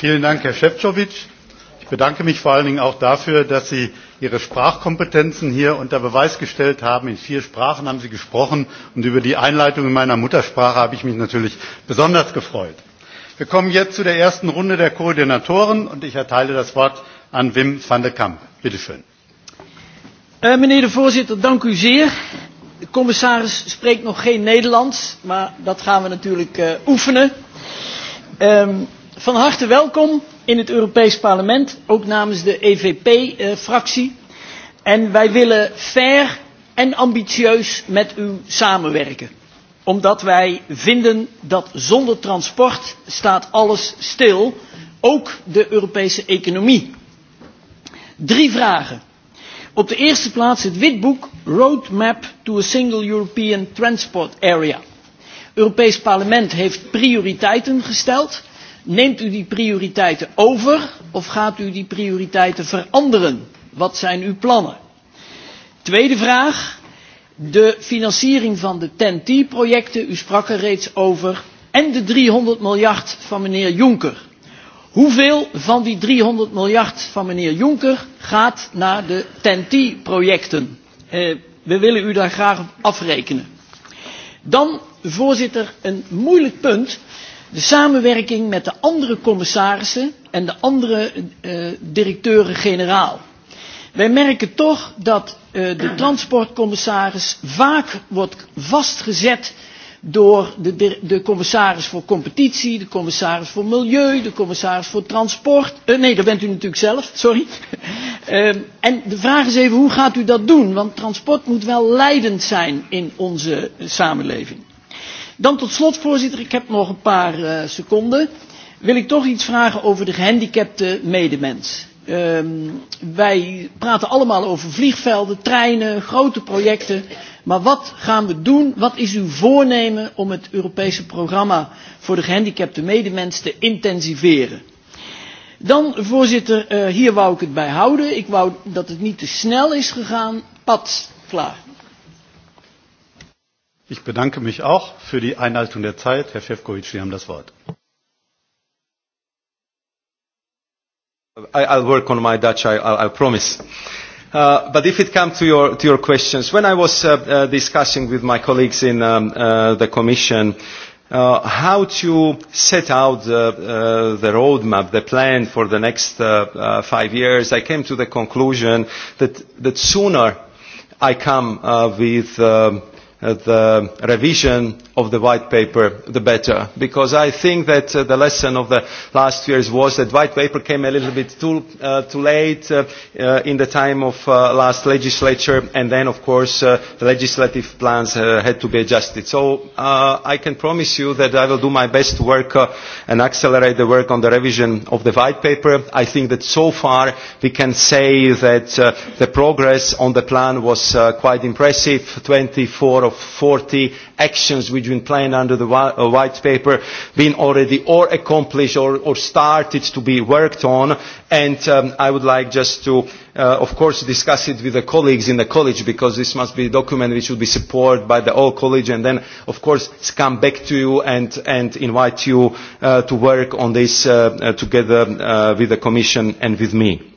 Vielen Dank, Herr Šefčovič. Ich bedanke mich vor allen Dingen auch dafür, dass Sie Ihre Sprachkompetenzen hier unter Beweis gestellt haben. In vier Sprachen haben Sie gesprochen und über die Einleitung in meiner Muttersprache habe ich mich natürlich besonders gefreut. Wir kommen jetzt zu der ersten Runde der Koordinatoren und ich erteile das Wort an Wim van de Kamp. Bitte schön. Äh, meneer de voorzitter, dank u sehr. De commissaris spreekt nog geen Nederlands, maar dat gaan we natuurlijk äh, oefenen. Ähm, van harte welkom in het Europees Parlement, ook namens de EVP-fractie. Eh, en wij willen fair en ambitieus met u samenwerken. Omdat wij vinden dat zonder transport staat alles stil, ook de Europese economie. Drie vragen. Op de eerste plaats het witboek Roadmap to a Single European Transport Area. Het Europees Parlement heeft prioriteiten gesteld Neemt u die prioriteiten over of gaat u die prioriteiten veranderen? Wat zijn uw plannen? Tweede vraag. De financiering van de TEN-T-projecten, u sprak er reeds over, en de 300 miljard van meneer Juncker. Hoeveel van die 300 miljard van meneer Juncker gaat naar de TEN-T-projecten? Eh, we willen u daar graag op afrekenen. Dan, voorzitter, een moeilijk punt. De samenwerking met de andere commissarissen en de andere uh, directeuren-generaal. Wij merken toch dat uh, de transportcommissaris vaak wordt vastgezet door de, de, de commissaris voor competitie, de commissaris voor milieu, de commissaris voor transport. Uh, nee, dat bent u natuurlijk zelf, sorry. uh, en de vraag is even, hoe gaat u dat doen? Want transport moet wel leidend zijn in onze samenleving. Dan tot slot, voorzitter, ik heb nog een paar uh, seconden. Wil ik toch iets vragen over de gehandicapte medemens. Um, wij praten allemaal over vliegvelden, treinen, grote projecten. Maar wat gaan we doen? Wat is uw voornemen om het Europese programma voor de gehandicapte medemens te intensiveren? Dan, voorzitter, uh, hier wou ik het bij houden. Ik wou dat het niet te snel is gegaan. Pat, klaar. Ich bedanke mich auch für die Einhaltung der Zeit. Herr Šefkovic, Sie haben das Wort. I, I'll work on my Dutch, I, I, I promise. Uh, but if it comes to your, to your questions, when I was uh, uh, discussing with my colleagues in um, uh, the Commission uh, how to set out uh, uh, the roadmap, the plan for the next uh, uh, five years, I came to the conclusion that, that sooner I come uh, with um, Uh, the revision of the white paper, the better. Because I think that uh, the lesson of the last years was that white paper came a little bit too, uh, too late uh, uh, in the time of uh, last legislature, and then, of course, uh, the legislative plans uh, had to be adjusted. So uh, I can promise you that I will do my best to work uh, and accelerate the work on the revision of the white paper. I think that so far we can say that uh, the progress on the plan was uh, quite impressive. 24 of 40 actions which have been planned under the uh, white paper been already or accomplished or, or started to be worked on. And um, I would like just to, uh, of course, discuss it with the colleagues in the college because this must be a document which will be supported by the whole college and then, of course, come back to you and, and invite you uh, to work on this uh, uh together uh, with the Commission and with me.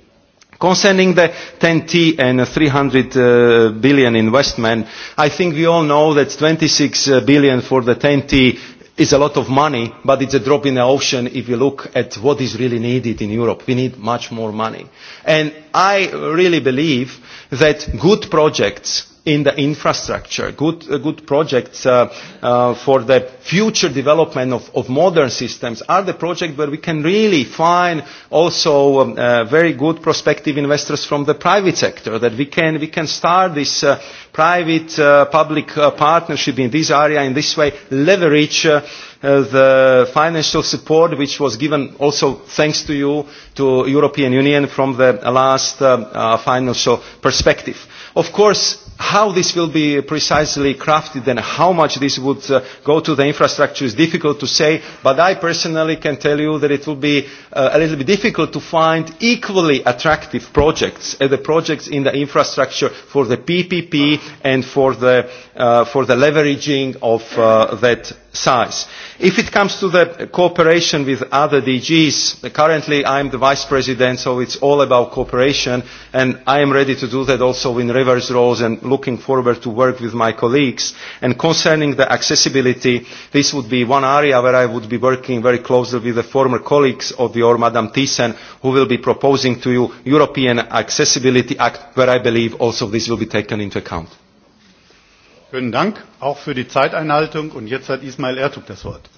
Concerning the 10T and 300 uh, billion investment, I think we all know that 26 uh, billion for the 10T is a lot of money, but it's a drop in the ocean if you look at what is really needed in Europe. We need much more money. And I really believe that good projects in the infrastructure, good, uh, good projects uh, uh, for the future development of, of modern systems are the projects where we can really find also um, uh, very good prospective investors from the private sector, that we can, we can start this uh, private uh, public uh, partnership in this area in this way, leverage uh, uh, the financial support which was given also thanks to you, to European Union from the last uh, uh, financial perspective. Of course, How this will be precisely crafted and how much this would uh, go to the infrastructure is difficult to say, but I personally can tell you that it will be uh, a little bit difficult to find equally attractive projects as uh, the projects in the infrastructure for the PPP and for the, uh, for the leveraging of uh, that size. If it comes to the cooperation with other DGs, currently I'm the vice president, so it's all about cooperation, and I am ready to do that also in reverse roles and looking forward to work with my colleagues. And concerning the accessibility, this would be one area where I would be working very closely with the former colleagues of your Madam Thyssen, who will be proposing to you European Accessibility Act, where I believe also this will be taken into account. Vielen Dank auch für die Zeiteinhaltung. Und jetzt hat Ismail Ertug das Wort.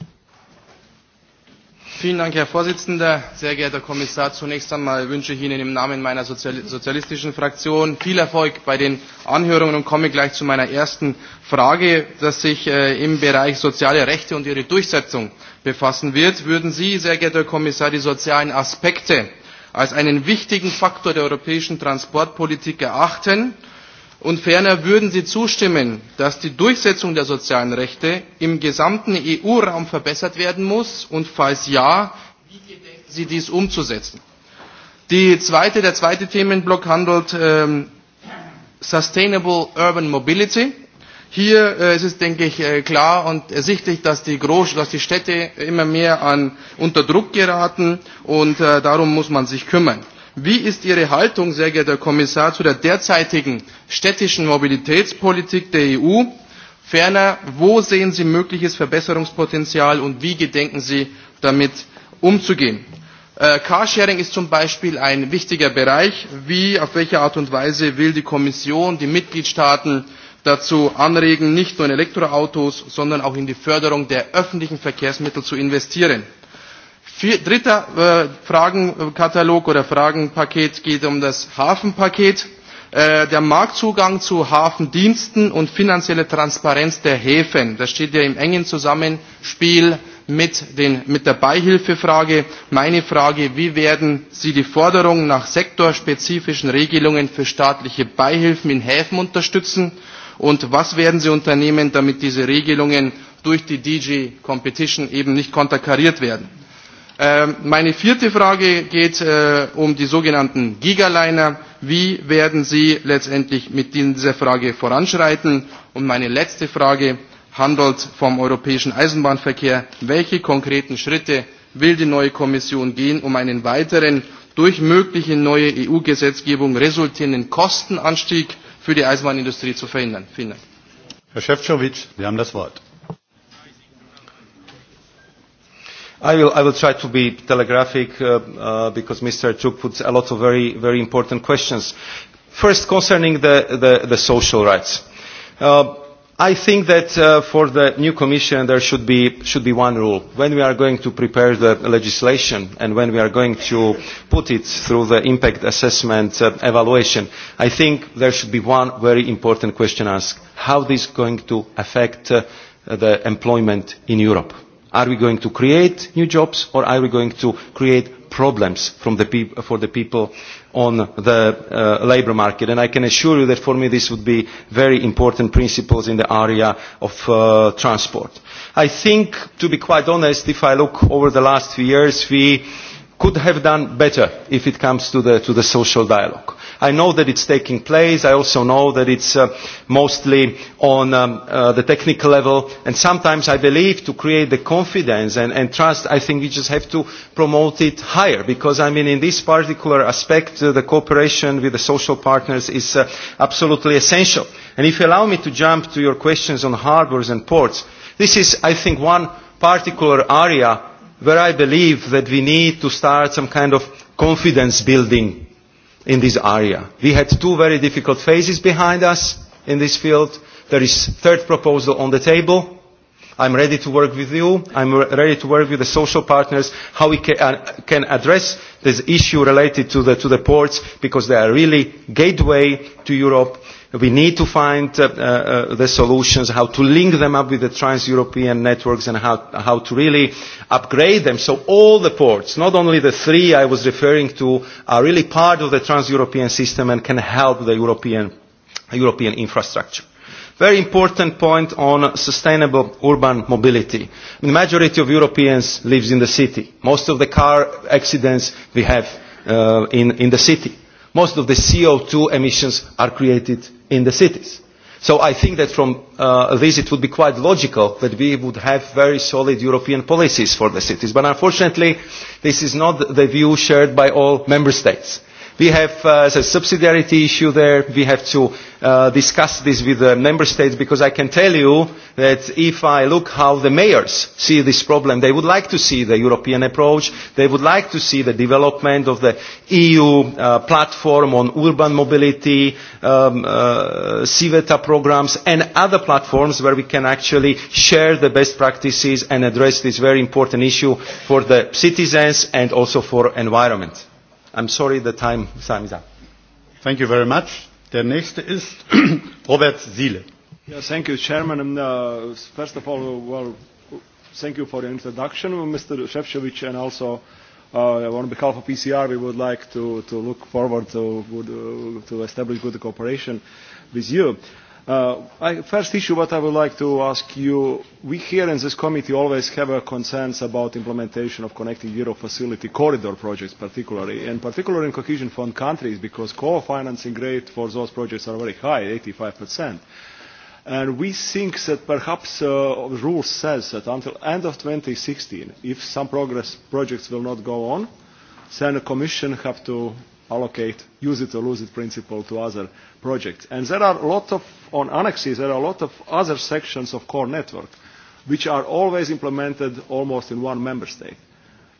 Vielen Dank, Herr Vorsitzender. Sehr geehrter Kommissar, zunächst einmal wünsche ich Ihnen im Namen meiner Sozial sozialistischen Fraktion viel Erfolg bei den Anhörungen und komme gleich zu meiner ersten Frage, dass sich äh, im Bereich soziale Rechte und ihre Durchsetzung befassen wird. Würden Sie, sehr geehrter Herr Kommissar, die sozialen Aspekte als einen wichtigen Faktor der europäischen Transportpolitik erachten? Und ferner würden Sie zustimmen, dass die Durchsetzung der sozialen Rechte im gesamten EU-Raum verbessert werden muss? Und falls ja, wie gedenken Sie dies umzusetzen? Die zweite, der zweite Themenblock handelt ähm, Sustainable Urban Mobility. Hier äh, es ist es, denke ich, äh, klar und ersichtlich, dass die, Groß dass die Städte immer mehr an, unter Druck geraten und äh, darum muss man sich kümmern. Wie ist Ihre Haltung, sehr geehrter Kommissar, zu der derzeitigen städtischen Mobilitätspolitik der EU? Ferner, wo sehen Sie mögliches Verbesserungspotenzial und wie gedenken Sie damit umzugehen? Äh, Carsharing ist zum Beispiel ein wichtiger Bereich. Wie, auf welche Art und Weise will die Kommission die Mitgliedstaaten dazu anregen, nicht nur in Elektroautos, sondern auch in die Förderung der öffentlichen Verkehrsmittel zu investieren? Vier, dritter äh, Fragenkatalog oder Fragenpaket geht um das Hafenpaket. Äh, der Marktzugang zu Hafendiensten und finanzielle Transparenz der Häfen. Das steht ja im engen Zusammenspiel mit, den, mit der Beihilfefrage. Meine Frage, wie werden Sie die Forderung nach sektorspezifischen Regelungen für staatliche Beihilfen in Häfen unterstützen? Und was werden Sie unternehmen, damit diese Regelungen durch die DG Competition eben nicht konterkariert werden? Ähm, meine vierte Frage geht äh, um die sogenannten Gigaliner. Wie werden Sie letztendlich mit dieser Frage voranschreiten? Und meine letzte Frage handelt vom europäischen Eisenbahnverkehr. Welche konkreten Schritte will die neue Kommission gehen, um einen weiteren durch mögliche neue EU-Gesetzgebung resultierenden Kostenanstieg für die Eisenbahnindustrie zu verhindern? Vielen Dank. Herr Schäfczowitsch, Sie haben das Wort. I will, I will try to be telegraphic uh, uh, because Mr. Chuk puts a lot of very, very important questions. First, concerning the, the, the social rights. Uh, I think that uh, for the new Commission there should be, should be one rule. When we are going to prepare the legislation and when we are going to put it through the impact assessment uh, evaluation, I think there should be one very important question asked. How this is going to affect uh, the employment in Europe? Are we going to create new jobs or are we going to create problems from the for the people on the uh, labour market? And I can assure you that for me this would be very important principles in the area of uh, transport. I think, to be quite honest, if I look over the last few years, we could have done better if it comes to the, to the social dialogue I know that it's taking place. I also know that it's uh, mostly on um, uh, the technical level. And sometimes I believe to create the confidence and, and trust, I think we just have to promote it higher. Because, I mean, in this particular aspect, uh, the cooperation with the social partners is uh, absolutely essential. And if you allow me to jump to your questions on harbors and ports, this is, I think, one particular area where I believe that we need to start some kind of confidence building in this area. We had two very difficult phases behind us in this field. There is third proposal on the table. I'm ready to work with you. I'm ready to work with the social partners, how we can, uh, can address this issue related to the, to the ports, because they are really gateway to Europe We need to find uh, uh, uh, the solutions, how to link them up with the trans-European networks and how, how to really upgrade them. So all the ports, not only the three I was referring to, are really part of the trans-European system and can help the European, European infrastructure. Very important point on sustainable urban mobility. The majority of Europeans lives in the city. Most of the car accidents we have uh, in, in the city. Most of the CO2 emissions are created in the cities. So I think that from uh, this it would be quite logical that we would have very solid European policies for the cities. But unfortunately, this is not the view shared by all member states. We have uh, a subsidiarity issue there. We have to uh, discuss this with the member states because I can tell you that if I look how the mayors see this problem, they would like to see the European approach. They would like to see the development of the EU uh, platform on urban mobility, um, uh, CIVETA programs and other platforms where we can actually share the best practices and address this very important issue for the citizens and also for environment. I'm sorry, the time, time is up. Thank you very much. Der nächste ist Robert Siele. Yeah, thank you, Chairman. And, uh, first of all, well, thank you for the introduction, Mr. Shevchevich, and also uh, on behalf of PCR, e we would like to, to look forward to, uh, to establish good cooperation with you. Uh, Uh, I, first issue what I would like to ask you, we here in this committee always have a concerns about implementation of Connecting Europe facility corridor projects particularly, and particularly in cohesion fund countries because co-financing rate for those projects are very high, 85%. And we think that perhaps uh, the rule says that until end of 2016, if some progress projects will not go on, then the Commission have to allocate use it or lose it principle to other projects. And there are a lot of on annexes, there are a lot of other sections of core network which are always implemented almost in one member state.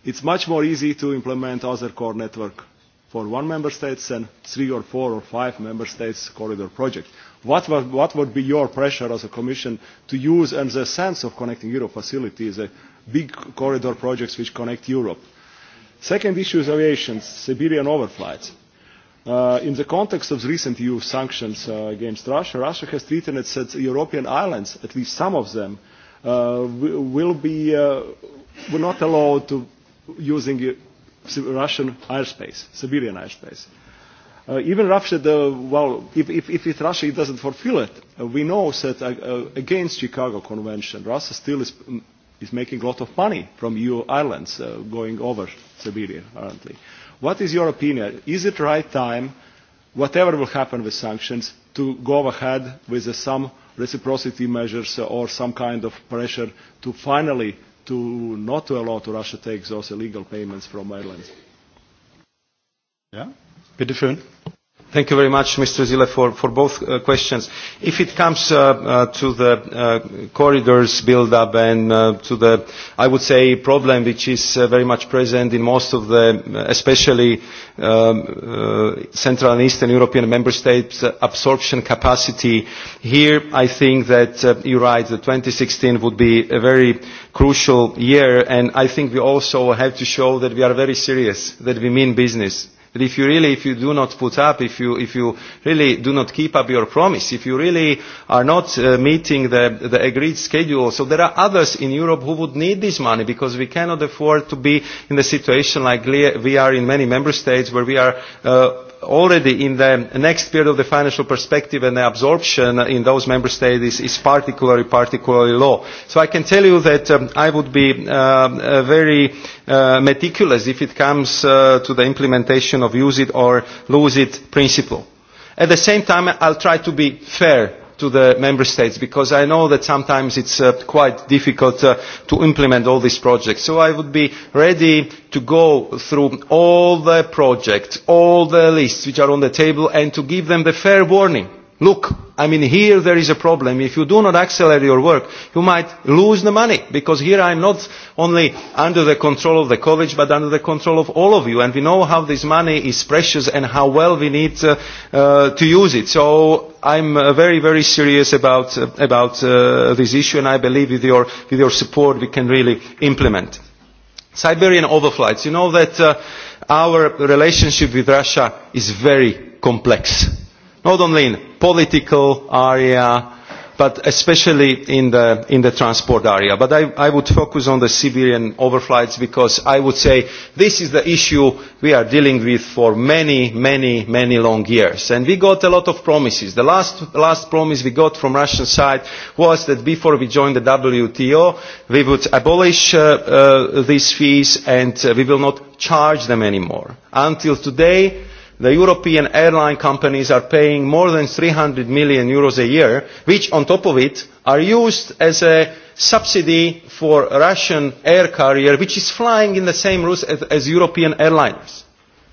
It's much more easy to implement other core network for one member state than three or four or five member states corridor project. What, was, what would be your pressure as a commission to use and the sense of connecting Europe facilities, the big corridor projects which connect Europe? Second issue is aviation, Siberian overflights. Uh, in the context of the recent EU sanctions uh, against Russia, Russia has treated it that European islands, at least some of them, uh, will be uh, will not allowed to using Russian airspace, Siberian airspace. Uh, even Russia, the, well, if, if, if it, Russia it doesn't fulfill it, uh, we know that uh, uh, against Chicago Convention, Russia still is, mm, is making a lot of money from EU islands uh, going over Siberia, currently. Uh, What is your opinion? Is it right time, whatever will happen with sanctions, to go ahead with uh, some reciprocity measures or some kind of pressure to finally to not to allow to Russia take those illegal payments from Ireland? Yeah, bitte schön. Thank you very much, Mr. Zille, for, for both uh, questions. If it comes uh, uh, to the uh, corridors build-up and uh, to the, I would say, problem which is uh, very much present in most of the, uh, especially um, uh, Central and Eastern European member states, uh, absorption capacity, here I think that uh, you're right, the 2016 would be a very crucial year, and I think we also have to show that we are very serious, that we mean business But if you really, if you do not put up, if you, if you really do not keep up your promise, if you really are not uh, meeting the, the agreed schedule, so there are others in Europe who would need this money because we cannot afford to be in the situation like we are in many member states where we are uh, already in the next period of the financial perspective and the absorption in those member states is, is particularly, particularly low. So I can tell you that um, I would be uh, uh, very uh, meticulous if it comes uh, to the implementation of use it or lose it principle. At the same time, I'll try to be fair to the member states because I know that sometimes it's uh, quite difficult uh, to implement all these projects. So I would be ready to go through all the projects, all the lists which are on the table and to give them the fair warning look, I mean, here there is a problem. If you do not accelerate your work, you might lose the money because here I'm not only under the control of the college but under the control of all of you. And we know how this money is precious and how well we need uh, uh, to use it. So I'm uh, very, very serious about, uh, about uh, this issue and I believe with your, with your support we can really implement. Siberian overflights. You know that uh, our relationship with Russia is very complex not only in political area, but especially in the, in the transport area. But I, I would focus on the Siberian overflights because I would say this is the issue we are dealing with for many, many, many long years. And we got a lot of promises. The last, last promise we got from Russian side was that before we joined the WTO, we would abolish uh, uh, these fees and uh, we will not charge them anymore. Until today, the European airline companies are paying more than 300 million euros a year, which on top of it are used as a subsidy for a Russian air carrier which is flying in the same routes as, as European airliners.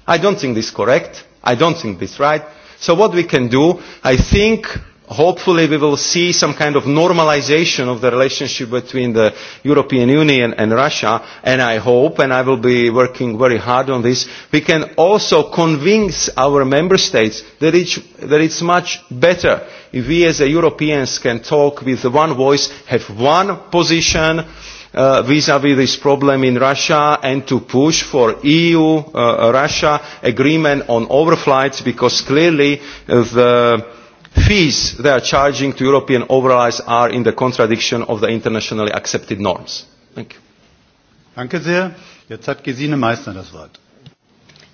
I don't think this is correct. I don't think this is right. So what we can do, I think hopefully we will see some kind of normalization of the relationship between the European Union and Russia and I hope and I will be working very hard on this we can also convince our member states that it's, that it's much better if we as Europeans can talk with one voice have one position uh, vis-à-vis uh, vis, this problem in Russia and to push for EU-Russia uh, agreement on overflights because clearly uh, the fees they are charging to European overrides are in the contradiction of the internationally accepted norms. Thank you. Danke sehr. Jetzt hat Gesine Meissner das Wort.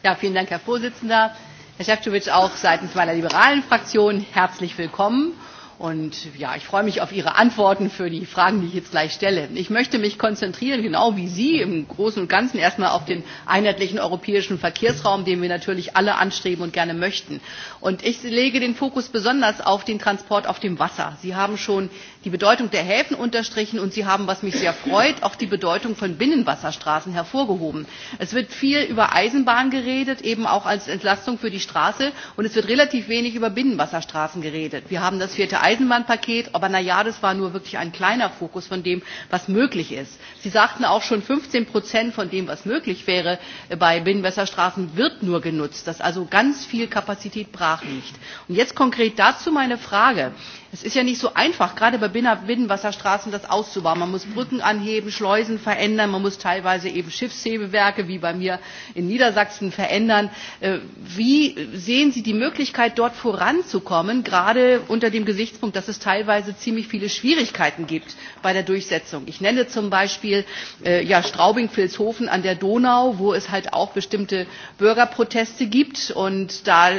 Ja, vielen Dank, Herr Vorsitzender. Herr Šefčovic, auch seitens meiner liberalen Fraktion herzlich willkommen. Und ja, ich freue mich auf Ihre Antworten für die Fragen, die ich jetzt gleich stelle. Ich möchte mich konzentrieren, genau wie Sie im Großen und Ganzen, erstmal auf den einheitlichen europäischen Verkehrsraum, den wir natürlich alle anstreben und gerne möchten. Und ich lege den Fokus besonders auf den Transport auf dem Wasser. Sie haben schon die Bedeutung der Häfen unterstrichen und Sie haben, was mich sehr freut, auch die Bedeutung von Binnenwasserstraßen hervorgehoben. Es wird viel über Eisenbahn geredet, eben auch als Entlastung für die Straße und es wird relativ wenig über Binnenwasserstraßen geredet. Wir haben das vierte Eisenbahnpaket, aber naja, das war nur wirklich ein kleiner Fokus von dem, was möglich ist. Sie sagten auch schon 15 Prozent von dem, was möglich wäre äh, bei Binnenwasserstraßen, wird nur genutzt. Das also ganz viel Kapazität brach nicht. Und jetzt konkret dazu meine Frage. Es ist ja nicht so einfach, gerade bei Binnenwasserstraßen das auszubauen. Man muss Brücken anheben, Schleusen verändern, man muss teilweise eben Schiffshebewerke wie bei mir in Niedersachsen verändern. Äh, wie sehen Sie die Möglichkeit, dort voranzukommen, gerade unter dem Gesichtspunkt, dass es teilweise ziemlich viele Schwierigkeiten gibt bei der Durchsetzung? Ich nenne zum Beispiel äh, ja, Straubing-Vilshofen an der Donau, wo es halt auch bestimmte Bürgerproteste gibt und da,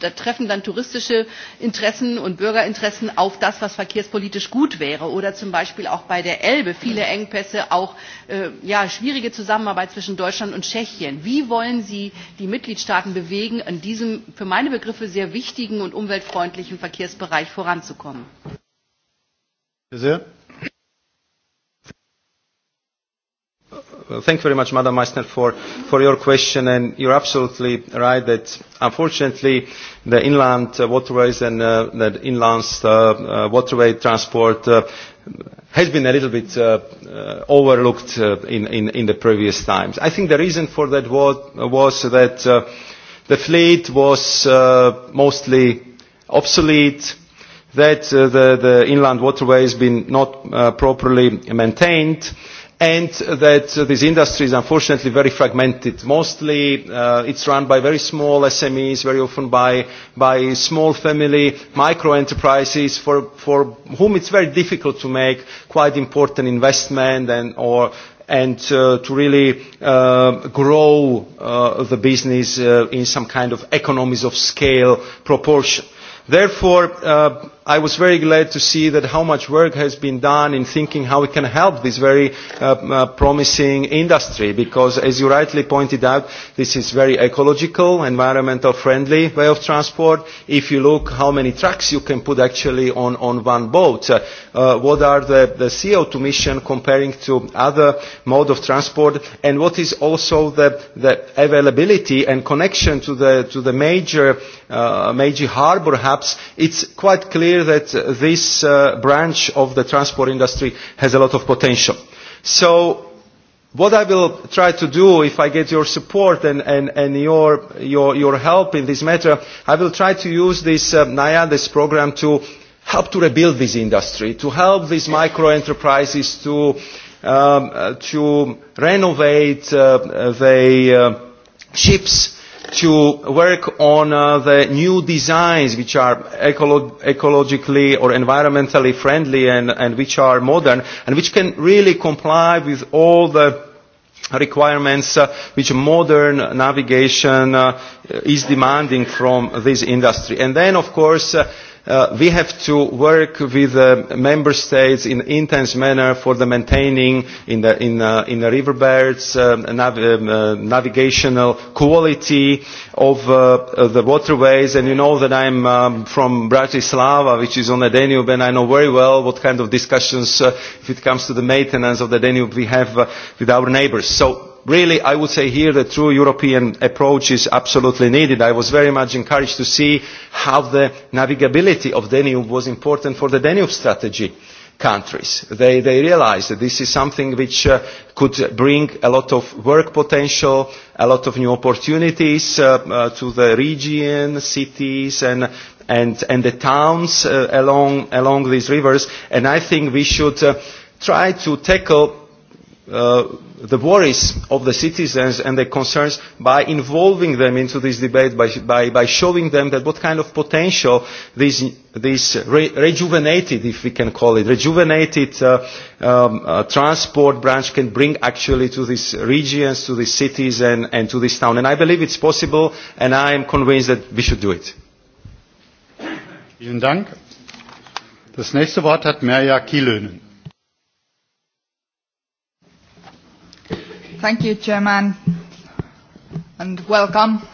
da treffen dann touristische Interessen und Bürgerinteressen auf das, was verkehrspolitisch gut wäre oder zum Beispiel auch bei der Elbe viele Engpässe, auch äh, ja, schwierige Zusammenarbeit zwischen Deutschland und Tschechien. Wie wollen Sie die Mitgliedstaaten bewegen, in diesem für meine Begriffe sehr wichtigen und umweltfreundlichen Verkehrsbereich voranzukommen? Sehr. Well, thank you very much, Madam Meissner, for, for your question. And you're absolutely right that, unfortunately, the inland uh, waterways and uh, the inland uh, uh, waterway transport uh, has been a little bit uh, uh, overlooked uh, in, in, in the previous times. I think the reason for that was, was that uh, the fleet was uh, mostly obsolete, that uh, the, the inland waterway has been not uh, properly maintained, and that uh, this industry is unfortunately very fragmented. Mostly uh, it's run by very small SMEs, very often by, by small family micro-enterprises for, for whom it's very difficult to make quite important investment and, or, and uh, to really uh, grow uh, the business uh, in some kind of economies of scale proportion. Therefore, uh, I was very glad to see that how much work has been done in thinking how we can help this very uh, uh, promising industry, because as you rightly pointed out, this is very ecological, environmental friendly way of transport. If you look how many trucks you can put actually on, on one boat, uh, uh, what are the, the CO2 emissions comparing to other modes of transport, and what is also the, the availability and connection to the, to the major, uh, major harbour hub maps, it's quite clear that this uh, branch of the transport industry has a lot of potential. So what I will try to do, if I get your support and, and, and your, your, your help in this matter, I will try to use this uh, NIA, this program, to help to rebuild this industry, to help these micro-enterprises to, um, uh, to renovate uh, the uh, ships to work on uh, the new designs which are ecolo ecologically or environmentally friendly and, and which are modern and which can really comply with all the requirements uh, which modern navigation uh, is demanding from this industry. And then, of course, uh, Uh, we have to work with the uh, member states in intense manner for the maintaining in the, in, uh, in the riverbeds, uh, nav um, uh, navigational quality of uh, uh, the waterways. And you know that I'm um, from Bratislava, which is on the Danube, and I know very well what kind of discussions, uh, if it comes to the maintenance of the Danube, we have uh, with our neighbors. So really, I would say here the true European approach is absolutely needed. I was very much encouraged to see how the navigability of Danube was important for the Danube strategy countries. They, they realized that this is something which uh, could bring a lot of work potential, a lot of new opportunities uh, uh, to the region, cities and, and, and the towns uh, along, along these rivers. And I think we should uh, try to tackle Uh, the worries of the citizens and their concerns by involving them into this debate, by, by, by showing them that what kind of potential this, this re rejuvenated, if we can call it, rejuvenated uh, um, uh, transport branch can bring actually to these regions, to these cities and, and to this town. And I believe it's possible and I am convinced that we should do it. Vielen Dank. Das nächste Wort hat Merja Kielönen. Thank you, Chairman, and welcome,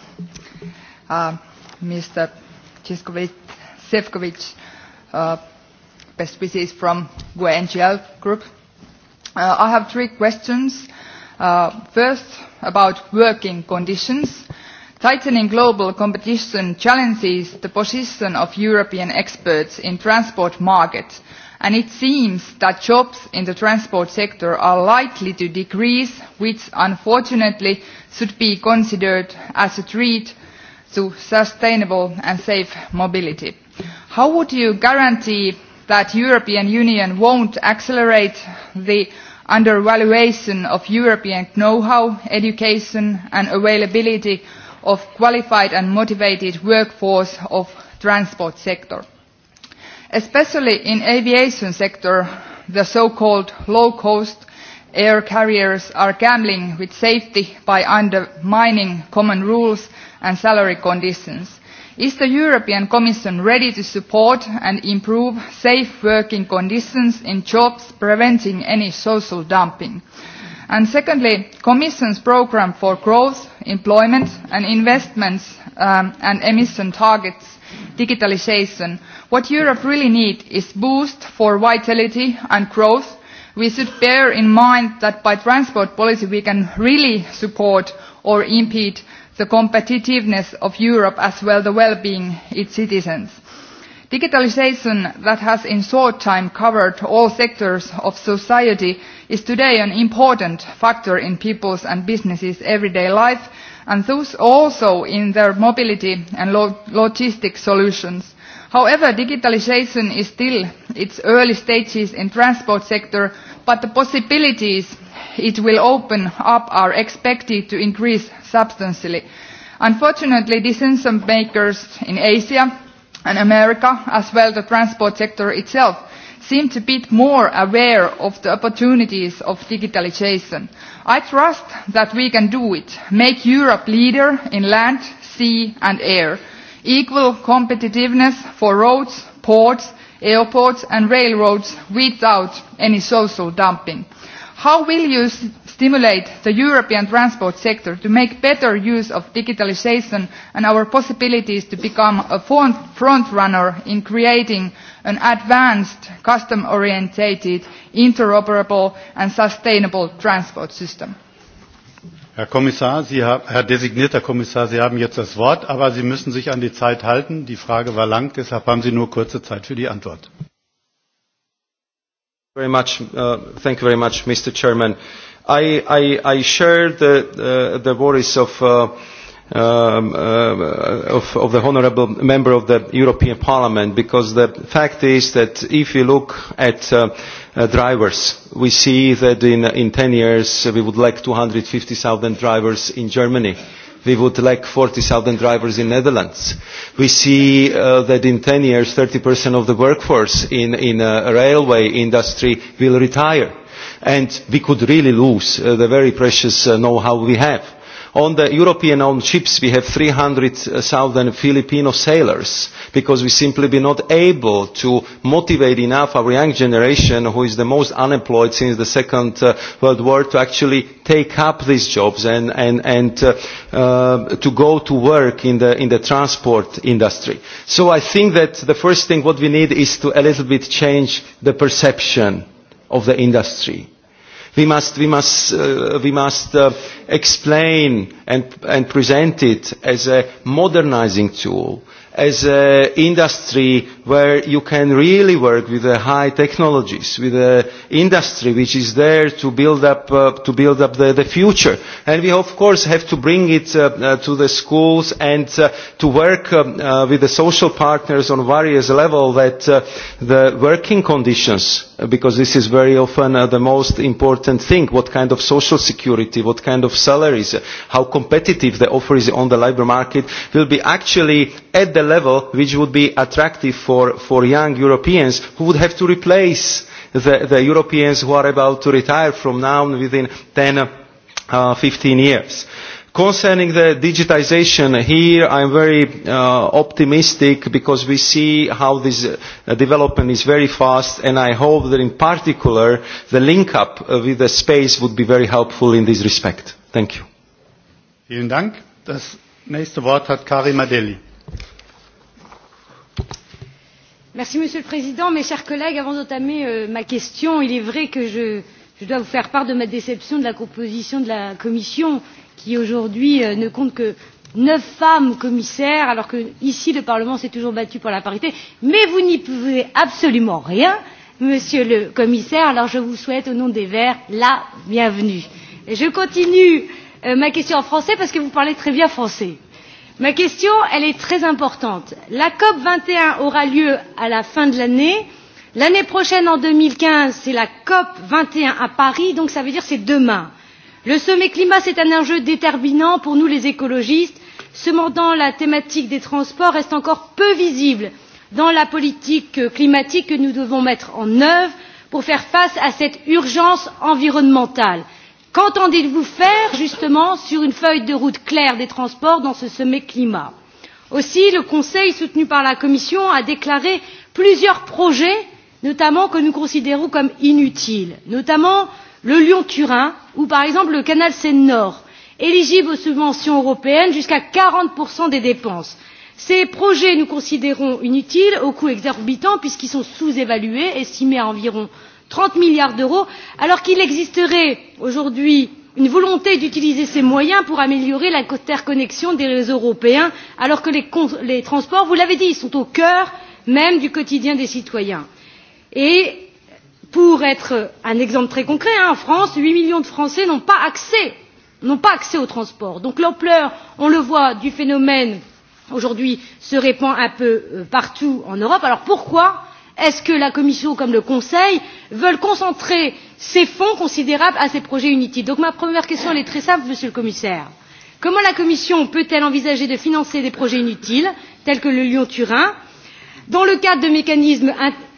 uh, Mr. Chiskovic, Sefcovic, uh, best wishes from GUE NGL Group. Uh, I have three questions. Uh, first, about working conditions. Tightening global competition challenges the position of European experts in transport markets and it seems that jobs in the transport sector are likely to decrease, which unfortunately should be considered as a threat to sustainable and safe mobility. How would you guarantee that European Union won't accelerate the undervaluation of European know-how, education and availability of qualified and motivated workforce of transport sector? Especially in aviation sector, the so-called low-cost air carriers are gambling with safety by undermining common rules and salary conditions. Is the European Commission ready to support and improve safe working conditions in jobs preventing any social dumping? And secondly, Commission's programme for growth, employment and investments um, and emission targets digitalization. What Europe really needs is boost for vitality and growth. We should bear in mind that by transport policy we can really support or impede the competitiveness of Europe as well the well-being its citizens. Digitalization that has in short time covered all sectors of society is today an important factor in people's and businesses' everyday life and those also in their mobility and lo logistic solutions. However, digitalization is still its early stages in transport sector, but the possibilities it will open up are expected to increase substantially. Unfortunately, decision makers in Asia and America, as well the transport sector itself, seem to be more aware of the opportunities of digitalization. I trust that we can do it, make Europe leader in land, sea and air, equal competitiveness for roads, ports, airports and railroads without any social dumping. How will you stimulate the European transport sector to make better use of digitalization and our possibilities to become a front runner in creating an advanced, custom-orientated, interoperable and sustainable transport system. Herr Kommissar, Sie, Herr designierter Kommissar, Sie haben jetzt das Wort, aber Sie müssen sich an die Zeit halten. Die Frage war lang, deshalb haben Sie nur kurze Zeit für die Antwort. Very much, uh, thank you very much, Mr. Chairman. I, I, I share the, uh, the worries of uh, um, uh, of, of the honorable member of the European Parliament because the fact is that if you look at uh, uh, drivers, we see that in, in 10 years we would lack 250,000 drivers in Germany. We would lack 40,000 drivers in Netherlands. We see uh, that in 10 years 30% of the workforce in, in a uh, railway industry will retire. And we could really lose uh, the very precious uh, know-how we have. On the European-owned ships, we have 300,000 Filipino sailors because we simply be not able to motivate enough our young generation, who is the most unemployed since the Second uh, World War, to actually take up these jobs and, and, and uh, uh, to go to work in the, in the transport industry. So I think that the first thing what we need is to a little bit change the perception of the industry We must, we must, uh, we must uh, explain and, and present it as a modernizing tool, as an industry where you can really work with the high technologies, with an industry which is there to build up, uh, to build up the, the future. And we, of course, have to bring it uh, uh, to the schools and uh, to work um, uh, with the social partners on various levels that uh, the working conditions because this is very often uh, the most important thing, what kind of social security, what kind of salaries, uh, how competitive the offer is on the labor market, will be actually at the level which would be attractive for, for young Europeans who would have to replace the, the Europeans who are about to retire from now within 10, uh, 15 years. Concerning the digitization, here I'm very uh, optimistic because we see how this uh, development is very fast and I hope that in particular the link up uh, with the space would be very helpful in this respect. Thank you. Vielen Dank. Das nächste Wort hat Kari Madeli. Merci Monsieur le Président. Mes chers collègues, avant d'entamer euh, ma question, il est vrai que je, je dois vous faire part de ma déception de la composition de la Commission qui aujourd'hui euh, ne compte que neuf femmes commissaires, alors que ici le Parlement s'est toujours battu pour la parité. Mais vous n'y pouvez absolument rien, Monsieur le Commissaire. Alors je vous souhaite au nom des Verts la bienvenue. Et je continue euh, ma question en français parce que vous parlez très bien français. Ma question, elle est très importante. La COP 21 aura lieu à la fin de l'année. L'année prochaine, en 2015, c'est la COP 21 à Paris, donc ça veut dire c'est demain. Le sommet climat, c'est un enjeu déterminant pour nous les écologistes. Cependant, la thématique des transports reste encore peu visible dans la politique climatique que nous devons mettre en œuvre pour faire face à cette urgence environnementale. Qu'entendez-vous faire justement sur une feuille de route claire des transports dans ce sommet climat Aussi, le Conseil, soutenu par la Commission, a déclaré plusieurs projets, notamment que nous considérons comme inutiles, notamment le Lyon-Turin ou par exemple le canal Seine-Nord, éligibles aux subventions européennes jusqu'à 40% des dépenses. Ces projets, nous considérons inutiles, au coût exorbitant, puisqu'ils sont sous-évalués, estimés à environ 30 milliards d'euros, alors qu'il existerait aujourd'hui une volonté d'utiliser ces moyens pour améliorer l'interconnexion des réseaux européens, alors que les, les transports, vous l'avez dit, sont au cœur même du quotidien des citoyens. Et pour être un exemple très concret, hein, en France, 8 millions de Français n'ont pas accès, n'ont pas accès au transport. Donc l'ampleur, on le voit, du phénomène aujourd'hui se répand un peu euh, partout en Europe. Alors pourquoi est-ce que la Commission comme le Conseil veulent concentrer ces fonds considérables à ces projets unitiques Donc ma première question, elle est très simple, Monsieur le Commissaire. Comment la Commission peut-elle envisager de financer des projets inutiles, tels que le Lyon-Turin, dans le cadre de mécanismes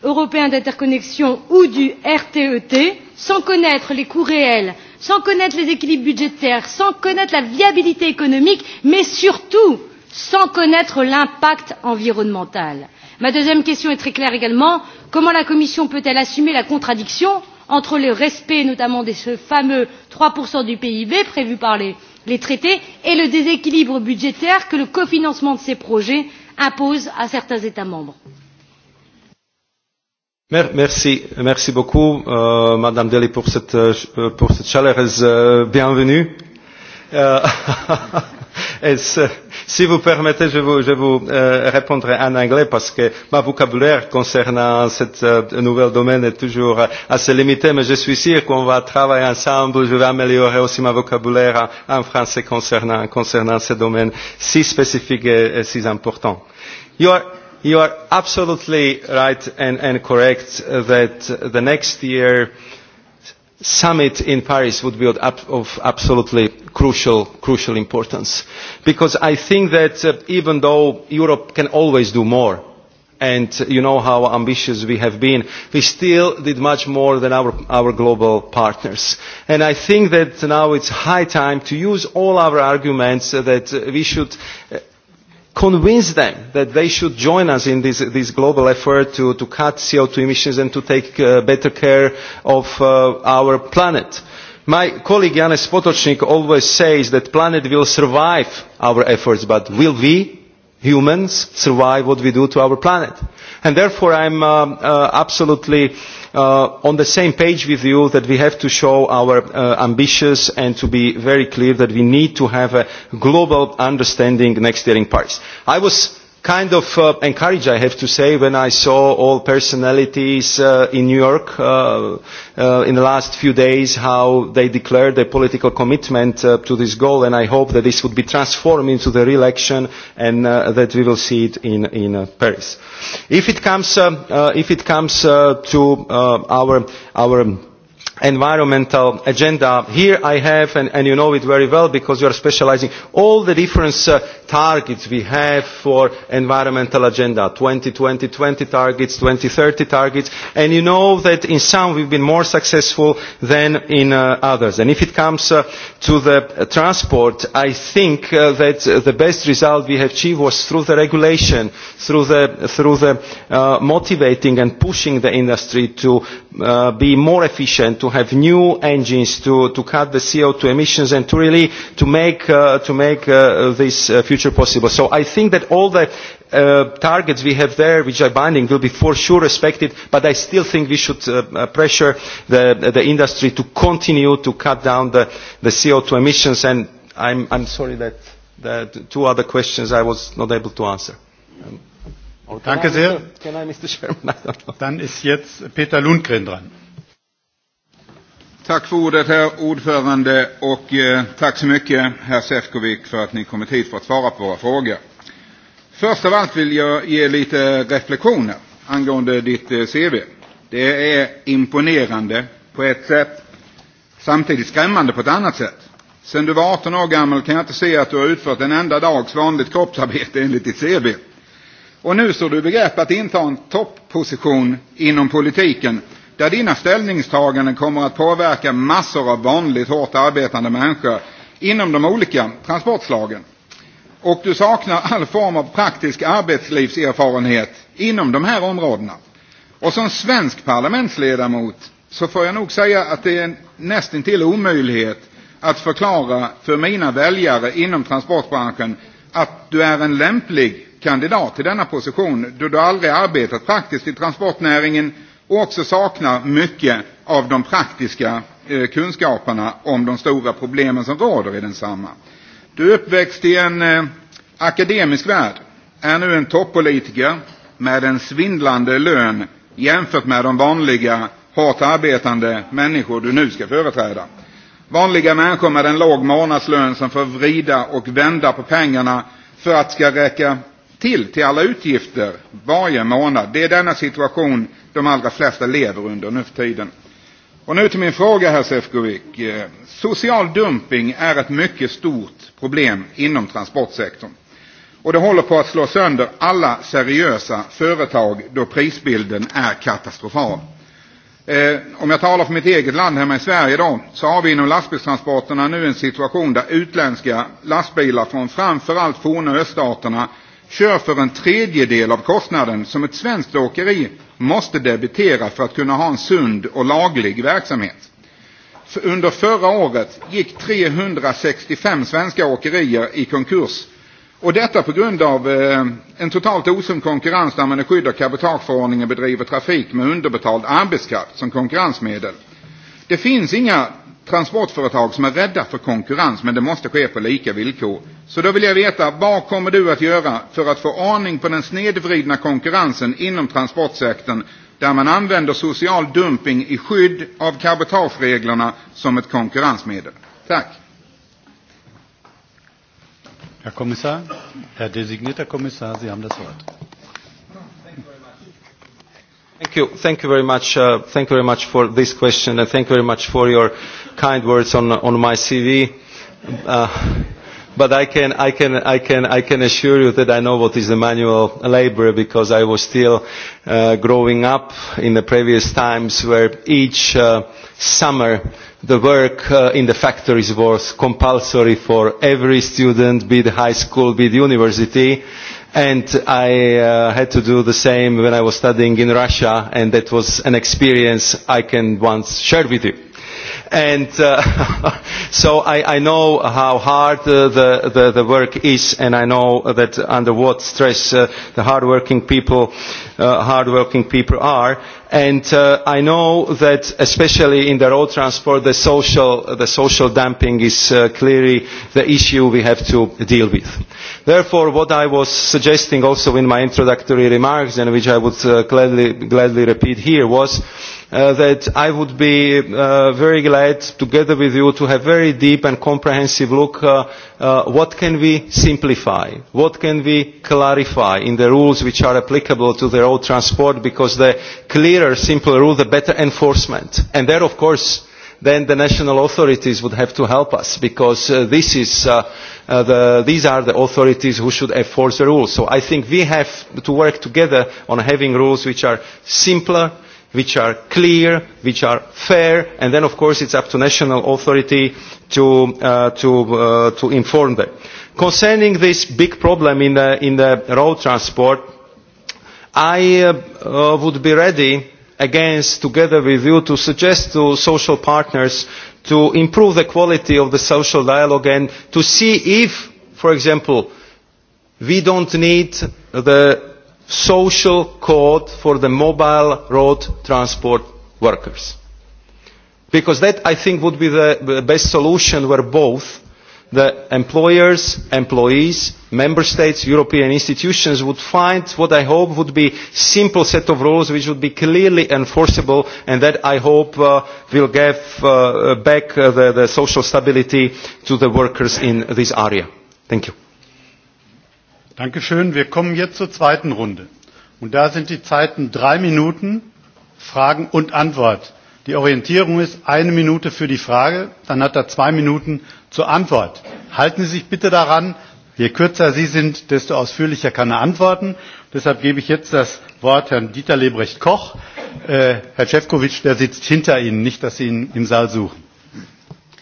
européen d'interconnexion ou du RTET e sans connaître les coûts réels, sans connaître les équilibres budgétaires, sans connaître la viabilité économique, mais surtout sans connaître l'impact environnemental. Ma deuxième question est très claire également. Comment la Commission peut-elle assumer la contradiction entre le respect notamment de ce fameux 3% du PIB prévu par les, les traités et le déséquilibre budgétaire que le cofinancement de ces projets impose à certains États membres Merci, merci beaucoup, euh, Madame Deli, pour cette, euh, euh, pour cette chaleureuse euh, bienvenue. Euh, et si vous permettez, je vous, je vous euh, répondrai en anglais parce que ma vocabulaire concernant ce euh, nouvel domaine est toujours euh, assez limité, mais je suis sûr qu'on va travailler ensemble. Je vais améliorer aussi ma vocabulaire en, en français concernant, concernant ce domaine si spécifique et, et si important. You are You are absolutely right and, and correct that the next year summit in Paris would be of absolutely crucial, crucial importance. Because I think that uh, even though Europe can always do more, and you know how ambitious we have been, we still did much more than our, our global partners. And I think that now it's high time to use all our arguments that we should uh, convince them that they should join us in this, this global effort to, to cut CO2 emissions and to take uh, better care of uh, our planet. My colleague Janis Potocnik always says that planet will survive our efforts, but will we? humans survive what we do to our planet. And therefore I'm um, uh, absolutely uh, on the same page with you that we have to show our uh, ambitions and to be very clear that we need to have a global understanding next year in Paris. I was kind of uh, encouraged, I have to say, when I saw all personalities uh, in New York uh, uh, in the last few days, how they declared their political commitment uh, to this goal, and I hope that this would be transformed into the re-election and uh, that we will see it in, in uh, Paris. If it comes, uh, uh, if it comes uh, to uh, our, our environmental agenda. Here I have, and, and you know it very well because you are specializing, all the different uh, targets we have for environmental agenda, 2020, 20 targets, 2030 targets, and you know that in some we've been more successful than in uh, others. And if it comes uh, to the transport, I think uh, that uh, the best result we have achieved was through the regulation, through the, through the uh, motivating and pushing the industry to uh, be more efficient, to have new engines to, to cut the CO2 emissions and to really to make, uh, to make uh, this uh, future possible. So I think that all the uh, targets we have there, which are binding, will be for sure respected, but I still think we should uh, uh pressure the, the industry to continue to cut down the, the CO2 emissions, and I'm, I'm sorry that the two other questions I was not able to answer. Oh, danke sehr. Dann ist jetzt Peter Lundgren dran. Tack för ordet, herr ordförande, och eh, tack så mycket, herr Sefcovic, för att ni kommit hit för att svara på våra frågor. Först av allt vill jag ge lite reflektioner angående ditt eh, CV. Det är imponerande på ett sätt, samtidigt skrämmande på ett annat sätt. Sen du var 18 år gammal kan jag inte se att du har utfört en enda dags vanligt kroppsarbete enligt ditt CV. Och nu står du i begrepp att inta en toppposition inom politiken där dina ställningstaganden kommer att påverka massor av vanligt hårt arbetande människor inom de olika transportslagen. Och du saknar all form av praktisk arbetslivserfarenhet inom de här områdena. Och som svensk parlamentsledamot så får jag nog säga att det är nästan till omöjlighet att förklara för mina väljare inom transportbranschen att du är en lämplig kandidat till denna position då du aldrig arbetat praktiskt i transportnäringen och också saknar mycket av de praktiska eh, kunskaperna om de stora problemen som råder i densamma. Du är uppväxt i en eh, akademisk värld, är nu en toppolitiker med en svindlande lön jämfört med de vanliga hårt arbetande människor du nu ska företräda. Vanliga människor med en låg månadslön som får vrida och vända på pengarna för att ska räcka till till alla utgifter varje månad. Det är denna situation de allra flesta lever under nu för tiden. Och nu till min fråga, herr Sefcovic. Social dumping är ett mycket stort problem inom transportsektorn. Och det håller på att slå sönder alla seriösa företag då prisbilden är katastrofal. Eh, om jag talar för mitt eget land hemma i Sverige då, så har vi inom lastbilstransporterna nu en situation där utländska lastbilar från framförallt forna öststaterna kör för en tredjedel av kostnaden som ett svenskt åkeri måste debitera för att kunna ha en sund och laglig verksamhet. För under förra året gick 365 svenska åkerier i konkurs och detta på grund av eh, en totalt osund konkurrens där man i skydd av kapitalförordningen bedriver trafik med underbetald arbetskraft som konkurrensmedel. Det finns inga transportföretag som är rädda för konkurrens men det måste ske på lika villkor. Så då vill jag veta, vad kommer du att göra för att få ordning på den snedvridna konkurrensen inom transportsektorn där man använder social dumping i skydd av cabotagereglerna som ett konkurrensmedel? Tack. Herr Kommissar, Herr designierter Kommissar, Sie haben das Wort. Thank you. Thank you very much. Uh, thank you very much for this question and thank you very much for your kind words on, on my CV. Uh, but I can, I, can, I, can, I can assure you that I know what is the manual labor because I was still uh, growing up in the previous times where each uh, summer the work uh, in the factories was compulsory for every student, be it high school, be it university And I uh, had to do the same when I was studying in Russia, and that was an experience I can once share with you. And uh, so I, I know how hard uh, the, the, the work is, and I know that under what stress uh, the hardworking people, uh, hardworking people are. And uh, I know that, especially in the road transport, the social, the social dumping is uh, clearly the issue we have to deal with. Therefore, what I was suggesting also in my introductory remarks, and which I would uh, gladly, gladly repeat here, was uh, that I would be uh, very glad, together with you, to have very deep and comprehensive look uh, uh, what can we simplify, what can we clarify in the rules which are applicable to the road transport, because the clearer, simpler rule, the better enforcement. And there, of course, then the national authorities would have to help us because uh, this is uh, uh, the, these are the authorities who should enforce the rules. So I think we have to work together on having rules which are simpler, which are clear, which are fair, and then of course it's up to national authority to, uh, to, uh, to inform them. Concerning this big problem in the, in the road transport, I uh, uh, would be ready against, together with you, to suggest to social partners to improve the quality of the social dialogue and to see if, for example, we don't need the social code for the mobile road transport workers. Because that, I think, would be the best solution where both the employers, employees, member states, European institutions would find what I hope would be a simple set of rules which would be clearly enforceable and that I hope uh, will give uh, back uh, the, the social stability to the workers in this area. Thank you. Dankeschön. Wir kommen jetzt zur zweiten Runde. Und da sind die Zeiten drei Minuten, Fragen und Antwort. Die Orientierung ist eine Minute für die Frage, dann hat er zwei Minuten Zur Antwort. Halten Sie sich bitte daran, je kürzer Sie sind, desto ausführlicher kann er antworten. Deshalb gebe ich jetzt das Wort Herrn Dieter Lebrecht Koch. Äh, Herr Cevkovic, der sitzt hinter Ihnen, nicht, dass Sie ihn im Saal suchen.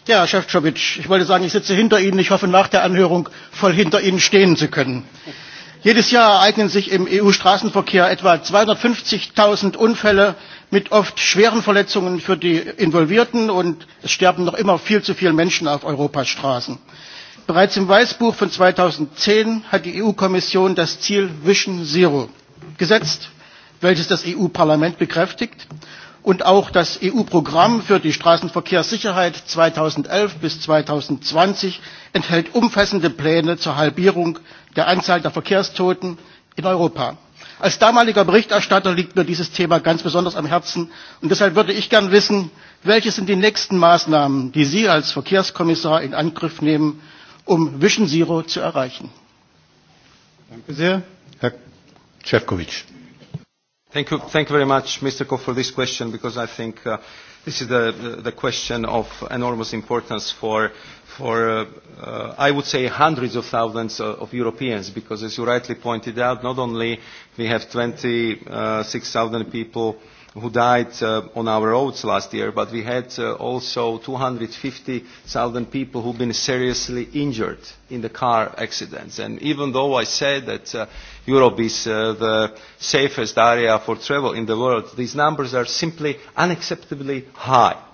Ja, Herr Šefčovič, ich wollte sagen, ich sitze hinter Ihnen. Ich hoffe, nach der Anhörung voll hinter Ihnen stehen zu können. Jedes Jahr ereignen sich im EU-Straßenverkehr etwa 250.000 Unfälle mit oft schweren Verletzungen für die Involvierten und es sterben noch immer viel zu viele Menschen auf Europas Straßen. Bereits im Weißbuch von 2010 hat die EU-Kommission das Ziel Vision Zero gesetzt, welches das EU-Parlament bekräftigt und auch das EU-Programm für die Straßenverkehrssicherheit 2011 bis 2020 enthält umfassende Pläne zur Halbierung der Anzahl der Verkehrstoten in Europa. Als damaliger Berichterstatter liegt mir dieses Thema ganz besonders am Herzen und deshalb würde ich gern wissen, welche sind die nächsten Maßnahmen, die Sie als Verkehrskommissar in Angriff nehmen, um Vision Zero zu erreichen? Danke sehr. Herr Cevkovic. Thank you, thank you very much, Mr. Koch, for this question because I think uh, this is the, the, the question of enormous importance for for, uh, uh, I would say, hundreds of thousands of uh, of Europeans, because as you rightly pointed out, not only we have 26,000 people who died uh, on our roads last year, but we had uh, also 250,000 people who've been seriously injured in the car accidents. And even though I said that uh, Europe is uh, the safest area for travel in the world, these numbers are simply unacceptably high.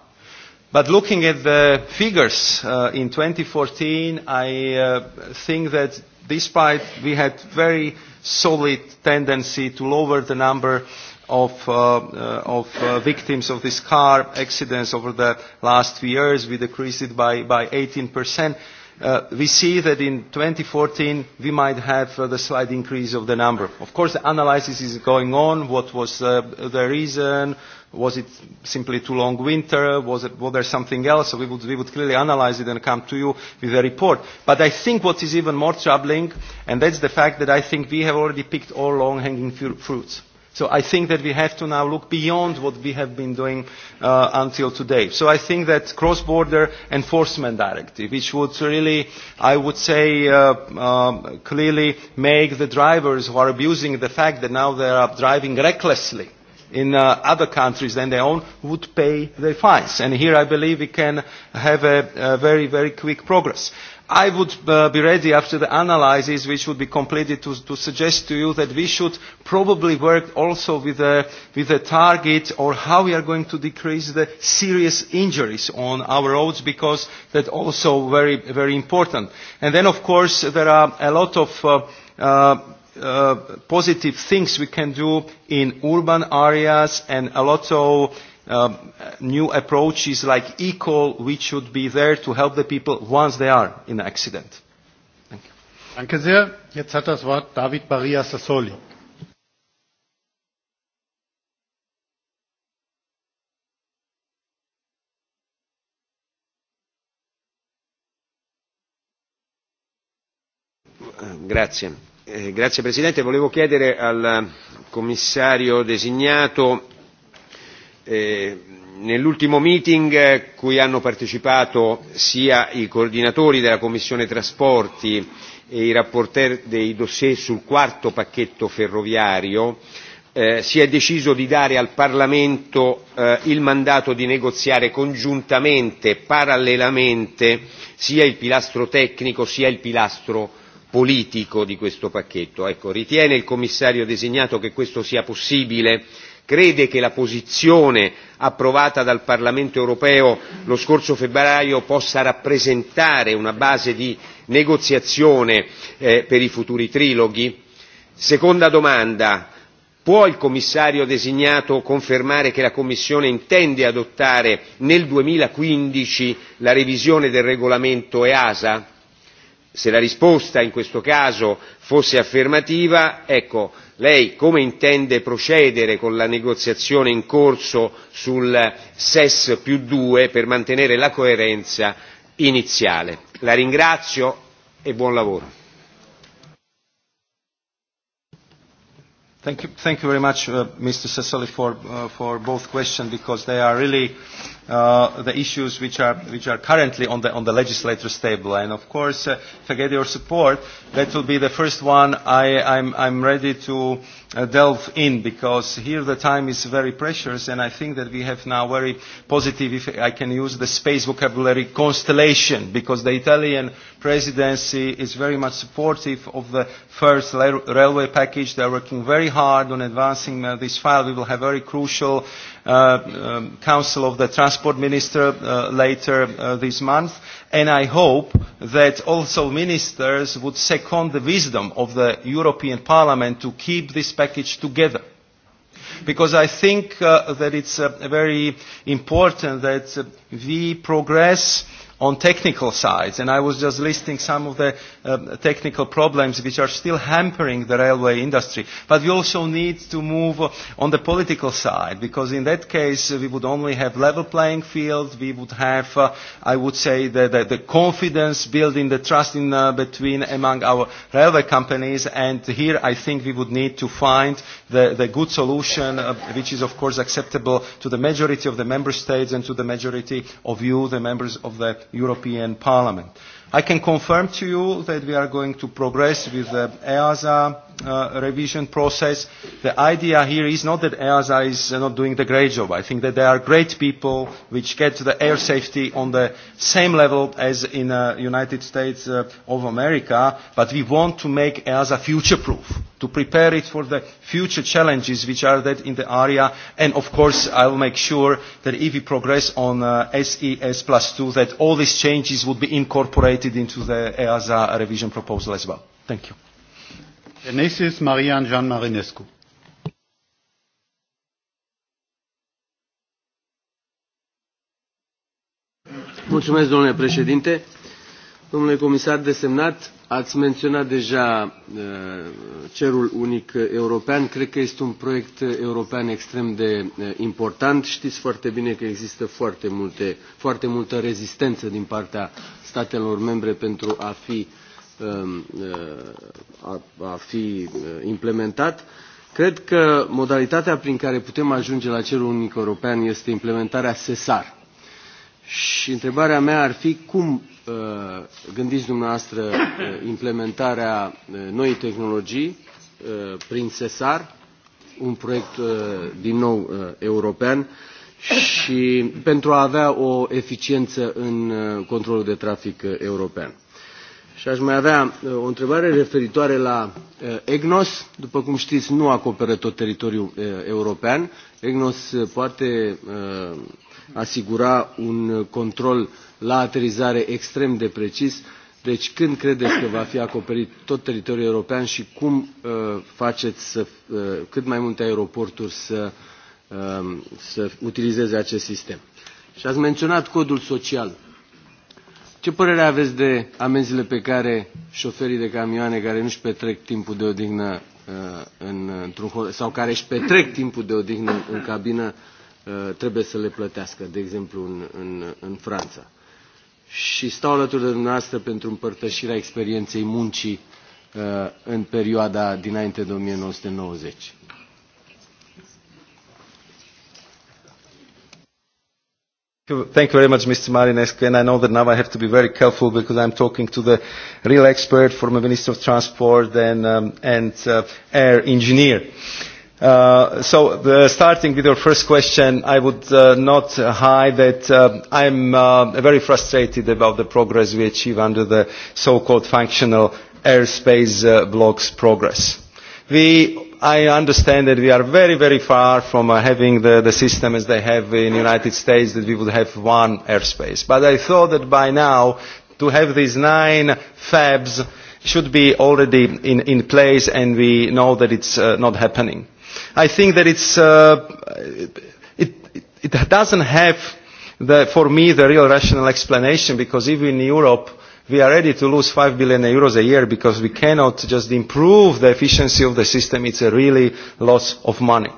But looking at the figures uh, in 2014, I uh, think that despite we had very solid tendency to lower the number of, uh, uh, of uh, victims of these car accidents over the last few years, we decreased it by, by 18 percent uh, we see that in 2014 we might have uh, the slight increase of the number. Of course, the analysis is going on. What was uh, the reason? Was it simply too long winter? Was, it, was there something else? So we would, we would clearly analyze it and come to you with a report. But I think what is even more troubling, and that's the fact that I think we have already picked all long-hanging fruits So I think that we have to now look beyond what we have been doing uh, until today. So I think that cross-border enforcement directive, which would really, I would say, uh, um, clearly make the drivers who are abusing the fact that now they are driving recklessly in uh, other countries than their own would pay their fines. And here I believe we can have a, a very, very quick progress. I would uh, be ready after the analysis, which would be completed, to, to suggest to you that we should probably work also with a, with a target or how we are going to decrease the serious injuries on our roads, because that's also very, very important. And then, of course, there are a lot of uh, uh, uh, positive things we can do in urban areas and a lot of um, new approaches like e-call, which should be there to help the people once they are in an accident. Thank you. Danke sehr. Jetzt hat das Wort David Maria Sassoli. Grazie. Eh, grazie Presidente. Volevo chiedere al eh, commissario designato Eh, nell'ultimo meeting eh, cui hanno partecipato sia i coordinatori della Commissione Trasporti e i rapporteur dei dossier sul quarto pacchetto ferroviario, eh, si è deciso di dare al Parlamento eh, il mandato di negoziare congiuntamente, parallelamente, sia il pilastro tecnico sia il pilastro politico di questo pacchetto. Ecco, ritiene il commissario designato che questo sia possibile crede che la posizione approvata dal Parlamento europeo lo scorso febbraio possa rappresentare una base di negoziazione eh, per i futuri triloghi? Seconda domanda. Può il commissario designato confermare che la Commissione intende adottare nel 2015 la revisione del regolamento EASA? Se la risposta in questo caso fosse affermativa, ecco, lei come intende procedere con la negoziazione in corso sul SES più 2 per mantenere la coerenza iniziale. La ringrazio e buon lavoro. Thank you, thank you very much, uh, Mr. Sassoli, for, uh, for both questions because they are really uh, the issues which are, which are currently on the, on the legislator's table. And of course, uh, if I get your support, that will be the first one I, I'm, I'm ready to uh, delve in because here the time is very precious and I think that we have now very positive, if I can use the space vocabulary, constellation because the Italian presidency is very much supportive of the first railway package. They are working very hard on advancing uh, this file. We will have very crucial uh, um, Council of the Transport Minister uh, later uh, this month. And I hope that also ministers would second the wisdom of the European Parliament to keep this package together because I think uh, that it's uh, very important that uh, we progress on technical sides. And I was just listing some of the um, technical problems which are still hampering the railway industry. But we also need to move on the political side because in that case uh, we would only have level playing field, we would have, uh, I would say, the, the, the confidence building, the trust in uh, between among our railway companies and here I think we would need to find the, the good solution uh, which is of course acceptable to the majority of the member states and to the majority of you, the members of the European Parliament. I can confirm to you that we are going to progress with the uh, EASA uh, revision process. The idea here is not that EASA is uh, not doing the great job. I think that there are great people which get the air safety on the same level as in the uh, United States uh, of America, but we want to make EASA future-proof, to prepare it for the future challenges which are that in the area. And of course, I will make sure that if we progress on uh, SES e plus 2, that all these changes would be incorporated into the EASA revision proposal as well. Thank you. Der Marian Jean Marinescu. Mulțumesc, domnule președinte. Domnule comisar desemnat, ați menționat deja uh, cerul unic european. Cred că este un proiect european extrem de uh, important. Știți foarte bine că există foarte, multe, foarte multă rezistență din partea statelor membre pentru a fi uh, Um, uh, a fi uh, implementat. Cred că modalitatea prin care putem ajunge la cerul unic european este implementarea SESAR. Și întrebarea mea ar fi cum uh, gândiți dumneavoastră implementarea noii tehnologii prin SESAR, un proiect din nou european, și pentru a avea o eficiență în controlul de trafic european. Și aș mai avea uh, o întrebare referitoare la uh, EGNOS. După cum știți, nu acoperă tot teritoriul uh, european. EGNOS poate asigura un control la aterizare extrem de precis. Deci când credeți că va fi acoperit tot teritoriul european și cum faceți să, cât mai multe aeroporturi să, um, să utilizeze acest sistem? Și ați menționat codul social. Ce părere aveți de amenziile pe care șoferii de camioane care nu-și petrec timpul de odihnă uh, în, într-un sau care își petrec timpul de odihnă în cabină uh, trebuie să le plătească, de exemplu în, în, în Franța? Și stau alături de dumneavoastră pentru împărtășirea experienței muncii uh, în perioada dinainte de 1990. Thank you very much, Mr. Marinescu, and I know that now I have to be very careful because I'm talking to the real expert from the Minister of Transport and, um, and uh, air engineer. Uh, so, the, starting with your first question, I would uh, not hide that uh, I'm uh, very frustrated about the progress we achieve under the so-called functional airspace uh, blocks progress. We I understand that we are very, very far from uh, having the, the system as they have in the United States, that we would have one airspace. But I thought that by now, to have these nine fabs should be already in, in place, and we know that it's uh, not happening. I think that it's, uh, it, it, it doesn't have, the, for me, the real rational explanation, because even in Europe, we are ready to lose 5 billion euros a year because we cannot just improve the efficiency of the system. It's a really loss of money.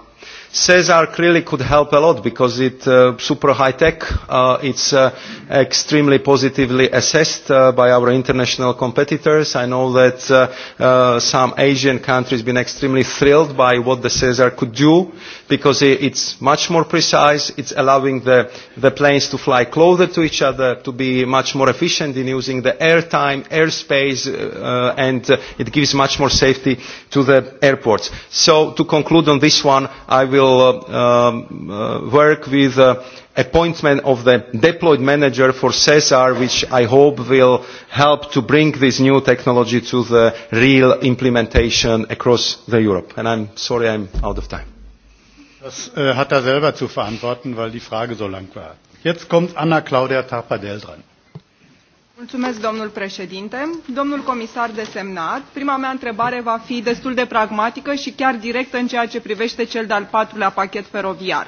Cesar clearly could help a lot because it's uh, super high tech, uh, it's uh, extremely positively assessed uh, by our international competitors. I know that uh, uh, some Asian countries have been extremely thrilled by what the Cesar could do because it's much more precise, it's allowing the, the planes to fly closer to each other, to be much more efficient in using the airtime, airspace, uh, and uh, it gives much more safety to the airports. So to conclude on this one, I will uh, um, uh, work with uh, appointment of the deployed manager for CESAR, which I hope will help to bring this new technology to the real implementation across the Europe. And I'm sorry I'm out of time. Das äh, hat er selber zu verantworten, weil die Frage so lang war. Jetzt kommt Anna Claudia Tapadel dran. Mulțumesc, domnul președinte. Domnul comisar desemnat, prima mea întrebare va fi destul de pragmatică și chiar directă în ceea ce privește cel de-al patrulea pachet feroviar.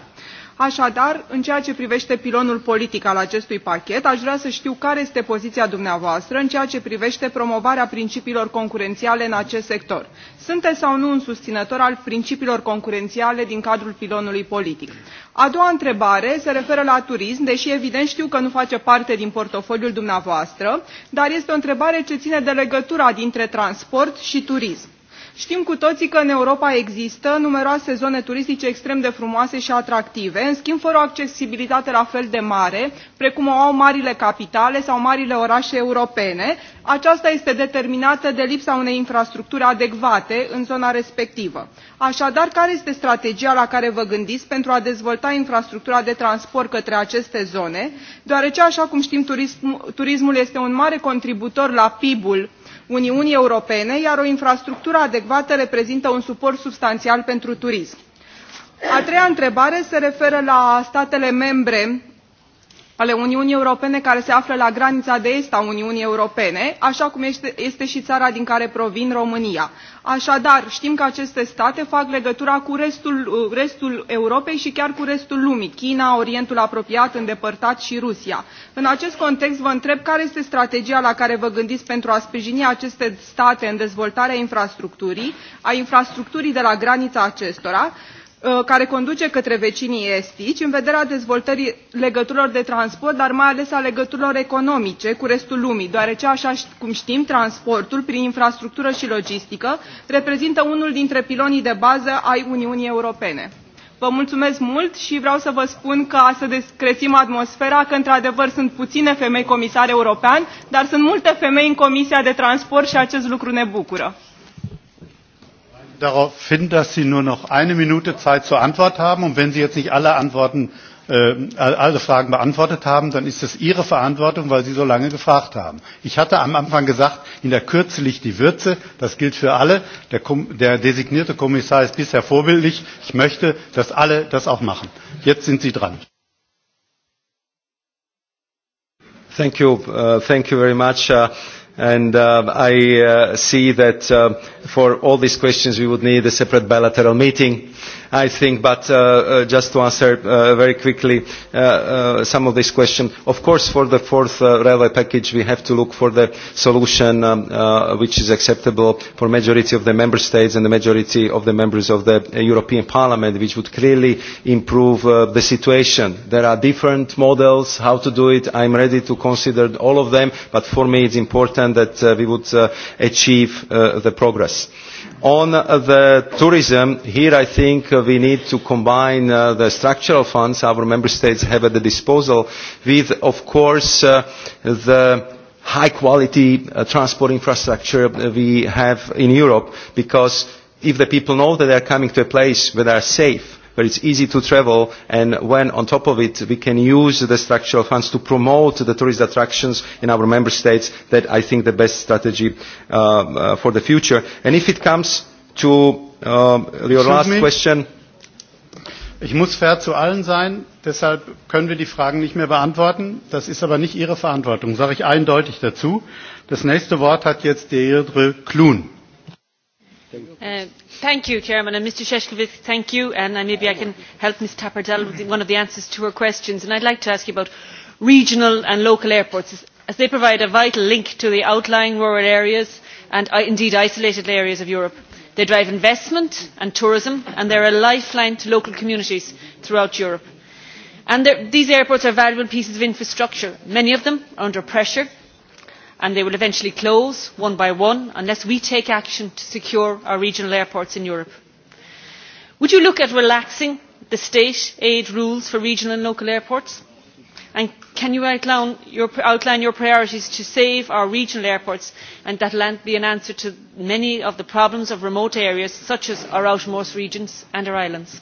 Așadar, în ceea ce privește pilonul politic al acestui pachet, aș vrea să știu care este poziția dumneavoastră în ceea ce privește promovarea principiilor concurențiale în acest sector. Sunteți sau nu un susținător al principiilor concurențiale din cadrul pilonului politic? A doua întrebare se referă la turism, deși evident știu că nu face parte din portofoliul dumneavoastră, dar este o întrebare ce ține de legătura dintre transport și turism Știm cu toții că în Europa există numeroase zone turistice extrem de frumoase și atractive, în schimb fără o accesibilitate la fel de mare, precum o au marile capitale sau marile orașe europene. Aceasta este determinată de lipsa unei infrastructuri adecvate în zona respectivă. Așadar, care este strategia la care vă gândiți pentru a dezvolta infrastructura de transport către aceste zone, deoarece, așa cum știm, turism, turismul este un mare contributor la PIB-ul Uniunii Europene, iar o infrastructură adecvată reprezintă un suport substanțial pentru turism. A treia întrebare se referă la statele membre ale Uniunii Europene care se află la granița de est a Uniunii Europene, așa cum este, este și țara din care provin România. Așadar, știm că aceste state fac legătura cu restul, uh, restul Europei și chiar cu restul lumii, China, Orientul apropiat, îndepărtat și Rusia. În acest context vă întreb care este strategia la care vă gândiți pentru a sprijini aceste state în dezvoltarea infrastructurii, a infrastructurii de la granița acestora, Uh, care conduce către vecinii estici în vederea dezvoltării legăturilor de transport, dar mai ales a legăturilor economice cu restul lumii, deoarece, așa cum știm, transportul prin infrastructură și logistică reprezintă unul dintre pilonii de bază ai Uniunii Europene. Vă mulțumesc mult și vreau să vă spun că să descrețim atmosfera, că într-adevăr sunt puține femei comisar european, dar sunt multe femei în Comisia de Transport și acest lucru ne bucură darauf hin, dass Sie nur noch eine Minute Zeit zur Antwort haben. Und wenn Sie jetzt nicht alle Antworten, äh, alle Fragen beantwortet haben, dann ist es Ihre Verantwortung, weil Sie so lange gefragt haben. Ich hatte am Anfang gesagt, in der Kürze liegt die Würze. Das gilt für alle. Der, Kom der designierte Kommissar ist bisher vorbildlich. Ich möchte, dass alle das auch machen. Jetzt sind Sie dran. Thank you. Uh, thank you very much. Uh, And uh, I uh, see that uh, for all these questions we would need a separate bilateral meeting I think, but uh, uh, just to answer uh, very quickly uh, uh, some of this question, of course for the fourth uh, railway package we have to look for the solution um, uh, which is acceptable for majority of the member states and the majority of the members of the European Parliament, which would clearly improve uh, the situation. There are different models how to do it. I'm ready to consider all of them, but for me it's important that uh, we would uh, achieve uh, the progress. On the tourism, here I think we need to combine uh, the structural funds our member states have at the disposal with, of course, uh, the high quality uh, transport infrastructure we have in Europe because if the people know that they are coming to a place where they are safe, where it's easy to travel and when on top of it we can use the structural funds to promote the tourist attractions in our member states that I think the best strategy uh, uh, for the future. And if it comes to um, your Excuse last me? question. Ich muss fair zu allen sein, deshalb können wir die Fragen nicht mehr beantworten. Das ist aber nicht Ihre Verantwortung, sage ich eindeutig dazu. Das nächste Wort hat jetzt Deirdre Klun. Uh, äh, Thank you, Chairman, and Mr. Sheshkovic, thank you, and uh, maybe I can help Ms. Tapardel with one of the answers to her questions. And I'd like to ask you about regional and local airports, as they provide a vital link to the outlying rural areas and uh, indeed isolated areas of Europe. They drive investment and tourism, and they're a lifeline to local communities throughout Europe. And these airports are valuable pieces of infrastructure. Many of them are under pressure and they will eventually close one by one unless we take action to secure our regional airports in Europe. Would you look at relaxing the state aid rules for regional and local airports? And can you outline your, outline your priorities to save our regional airports and that will be an answer to many of the problems of remote areas such as our outermost regions and our islands?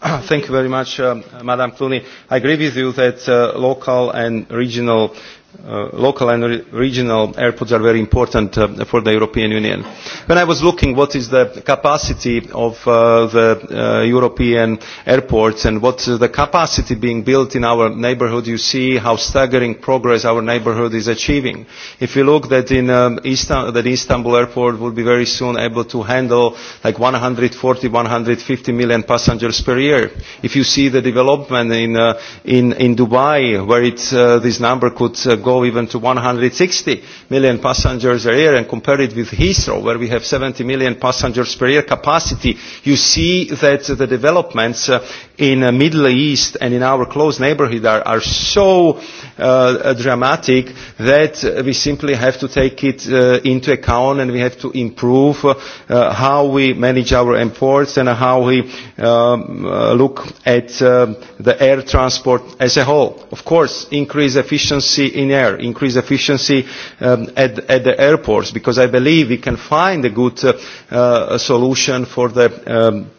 Thank you very much, uh, Madam Clooney. I agree with you that uh, local and regional uh, local and re regional airports are very important uh, for the European Union. When I was looking what is the capacity of uh, the uh, European airports and what is the capacity being built in our neighborhood, you see how staggering progress our neighborhood is achieving. If you look that in um, Istanbul, that Istanbul airport will be very soon able to handle like 140, 150 million passengers per year. If you see the development in, uh, in, in Dubai, where it's, uh, this number could uh, go even to 160 million passengers a year and compare it with Heathrow, where we have 70 million passengers per year capacity, you see that the developments uh, in the uh, Middle East and in our close neighborhood are, are so uh, dramatic that we simply have to take it uh, into account and we have to improve uh, uh, how we manage our imports and how we um, uh, look at uh, the air transport as a whole. Of course, increase efficiency in clean air, increase efficiency um, at, at the airports, because I believe we can find a good uh, uh, solution for the um,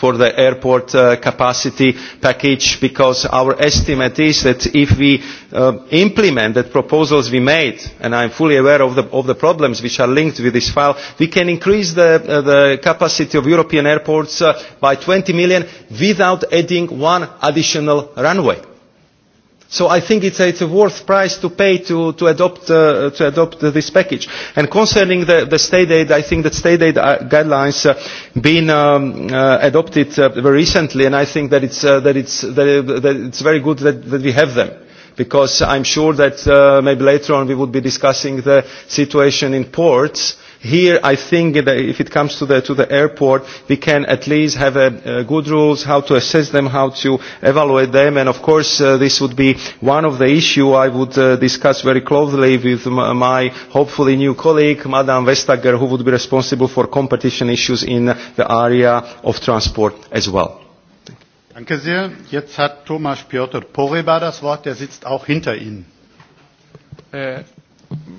for the airport uh, capacity package because our estimate is that if we uh, implement the proposals we made, and I'm fully aware of the, of the problems which are linked with this file, we can increase the, uh, the capacity of European airports uh, by 20 million without adding one additional runway. So I think it's a, it's a worth price to pay to, to adopt, uh, to adopt uh, this package. And concerning the, the state aid, I think that state aid uh, guidelines uh, been um, uh, adopted uh, very recently, and I think that it's, uh, that it's, that, that it's very good that, that we have them because I'm sure that uh, maybe later on we would be discussing the situation in ports Here, I think that if it comes to the, to the airport, we can at least have a, a good rules, how to assess them, how to evaluate them, and of course, uh, this would be one of the issues I would uh, discuss very closely with my hopefully new colleague, Madame Vestager, who would be responsible for competition issues in the area of transport as well. Danke sehr. Jetzt hat Thomas Piotr Poreba das Wort, der sitzt auch hinter Ihnen. Äh,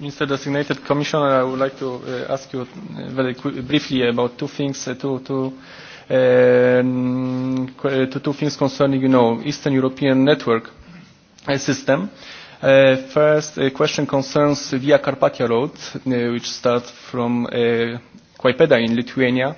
Mr. Designated Commissioner, I would like to uh, ask you uh, very briefly about two things, uh, two, two, um, uh, two, two things concerning, you know, Eastern European network uh, system. Uh, first, a question concerns Via Carpathia Road, uh, which starts from uh, Klaipeda in Lithuania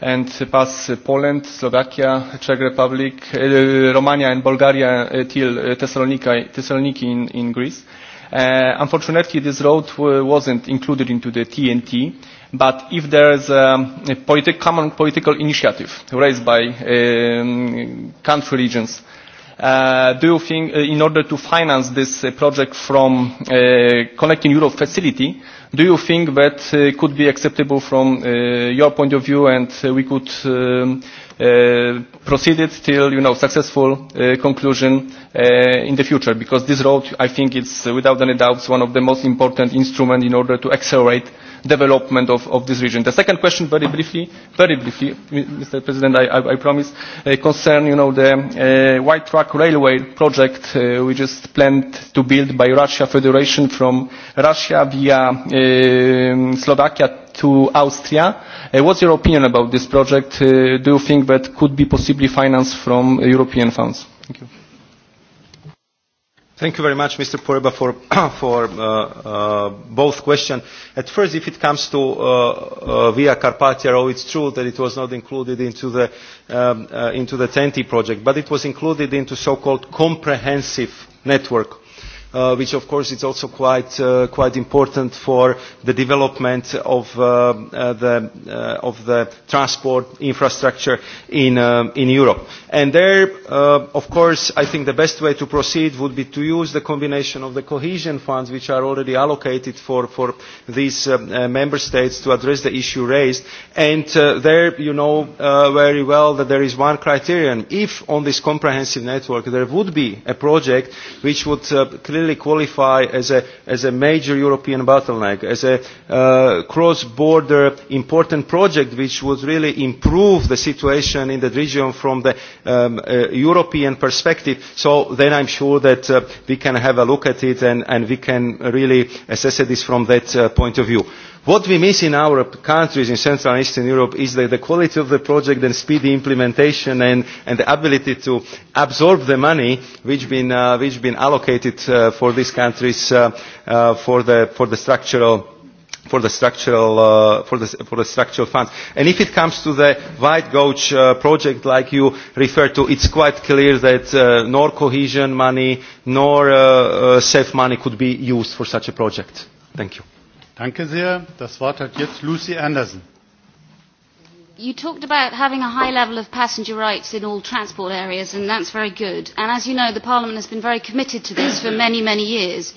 and pass Poland, Slovakia, Czech Republic, uh, Romania and Bulgaria uh, till uh, Thessaloniki, Thessaloniki in, in Greece. Uh, unfortunately, this road wasn't included into the TNT, but if there is um, a politi common political initiative raised by um, country regions, uh, do you think uh, in order to finance this uh, project from uh, Connecting Europe facility, do you think that uh, could be acceptable from uh, your point of view and uh, we could um, uh, proceeded till you know successful uh, conclusion uh, in the future because this road I think it's uh, without any doubts one of the most important instruments in order to accelerate development of, of this region. The second question very briefly, very briefly Mr. President I, I, I promise uh, concern you know the uh, White truck Railway project uh, which is planned to build by Russia Federation from Russia via uh, Slovakia to Austria. Uh, what's your opinion about this project? Uh, do you think that could be possibly financed from European funds? Thank you. Thank you very much, Mr. Poreba, for, for uh, uh, both questions. At first, if it comes to uh, uh, Via Carpatia oh it's true that it was not included into the, um, uh, into the TENTI project, but it was included into so-called comprehensive network uh, which of course is also quite, uh, quite important for the development of, uh, uh, the, uh, of the transport infrastructure in, uh, in Europe. And there, uh, of course, I think the best way to proceed would be to use the combination of the cohesion funds which are already allocated for, for these uh, uh, member states to address the issue raised. And uh, there, you know uh, very well that there is one criterion. If on this comprehensive network there would be a project which would uh, clearly clearly qualify as a, as a major European bottleneck, as a uh, cross-border important project which would really improve the situation in the region from the um, uh, European perspective. So then I'm sure that uh, we can have a look at it and, and we can really assess this from that uh, point of view. What we miss in our countries in Central and Eastern Europe is that the quality of the project and speedy implementation and, and the ability to absorb the money which been, uh, which been allocated uh, for these countries uh, uh, for, the, for the structural for the structural uh, for the for the structural funds and if it comes to the white gauge uh, project like you referred to it's quite clear that uh, nor cohesion money nor uh, uh, safe money could be used for such a project thank you Danke sehr. Das Wort hat jetzt Lucy Anderson. You talked about having a high level of passenger rights in all transport areas, and that's very good. And as you know, the Parliament has been very committed to this for many, many years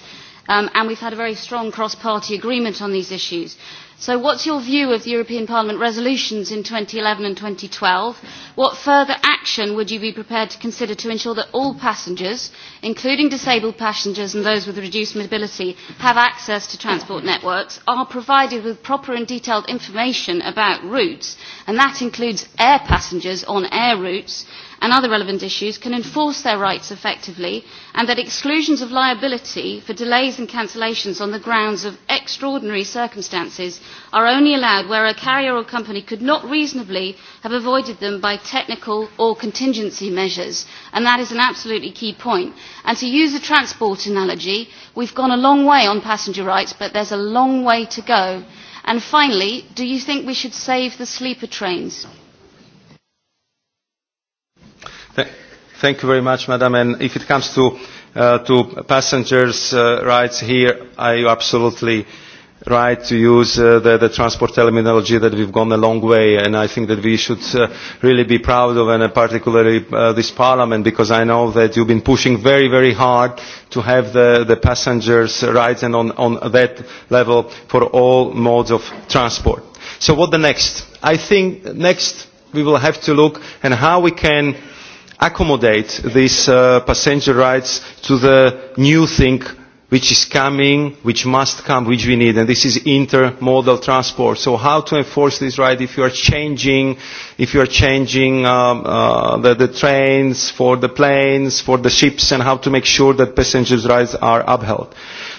um, and we've had a very strong cross-party agreement on these issues. So what's your view of the European Parliament resolutions in 2011 and 2012? What further action would you be prepared to consider to ensure that all passengers, including disabled passengers and those with reduced mobility, have access to transport networks, are provided with proper and detailed information about routes, and that includes air passengers on air routes, and other relevant issues can enforce their rights effectively and that exclusions of liability for delays and cancellations on the grounds of extraordinary circumstances are only allowed where a carrier or company could not reasonably have avoided them by technical or contingency measures and that is an absolutely key point and to use a transport analogy we've gone a long way on passenger rights but there's a long way to go and finally do you think we should save the sleeper trains? thank you very much, Madam. And if it comes to, uh, to passengers' uh, rights here, I absolutely right to use uh, the, the transport terminology that we've gone a long way and I think that we should uh, really be proud of and uh, particularly uh, this parliament because I know that you've been pushing very very hard to have the, the passengers rights and on, on that level for all modes of transport. So what the next? I think next we will have to look and how we can accommodate these uh, passenger rights to the new thing which is coming, which must come, which we need, and this is intermodal transport. So how to enforce this right if you are changing, if you are changing um, uh, the, the trains for the planes, for the ships, and how to make sure that passengers' rights are upheld.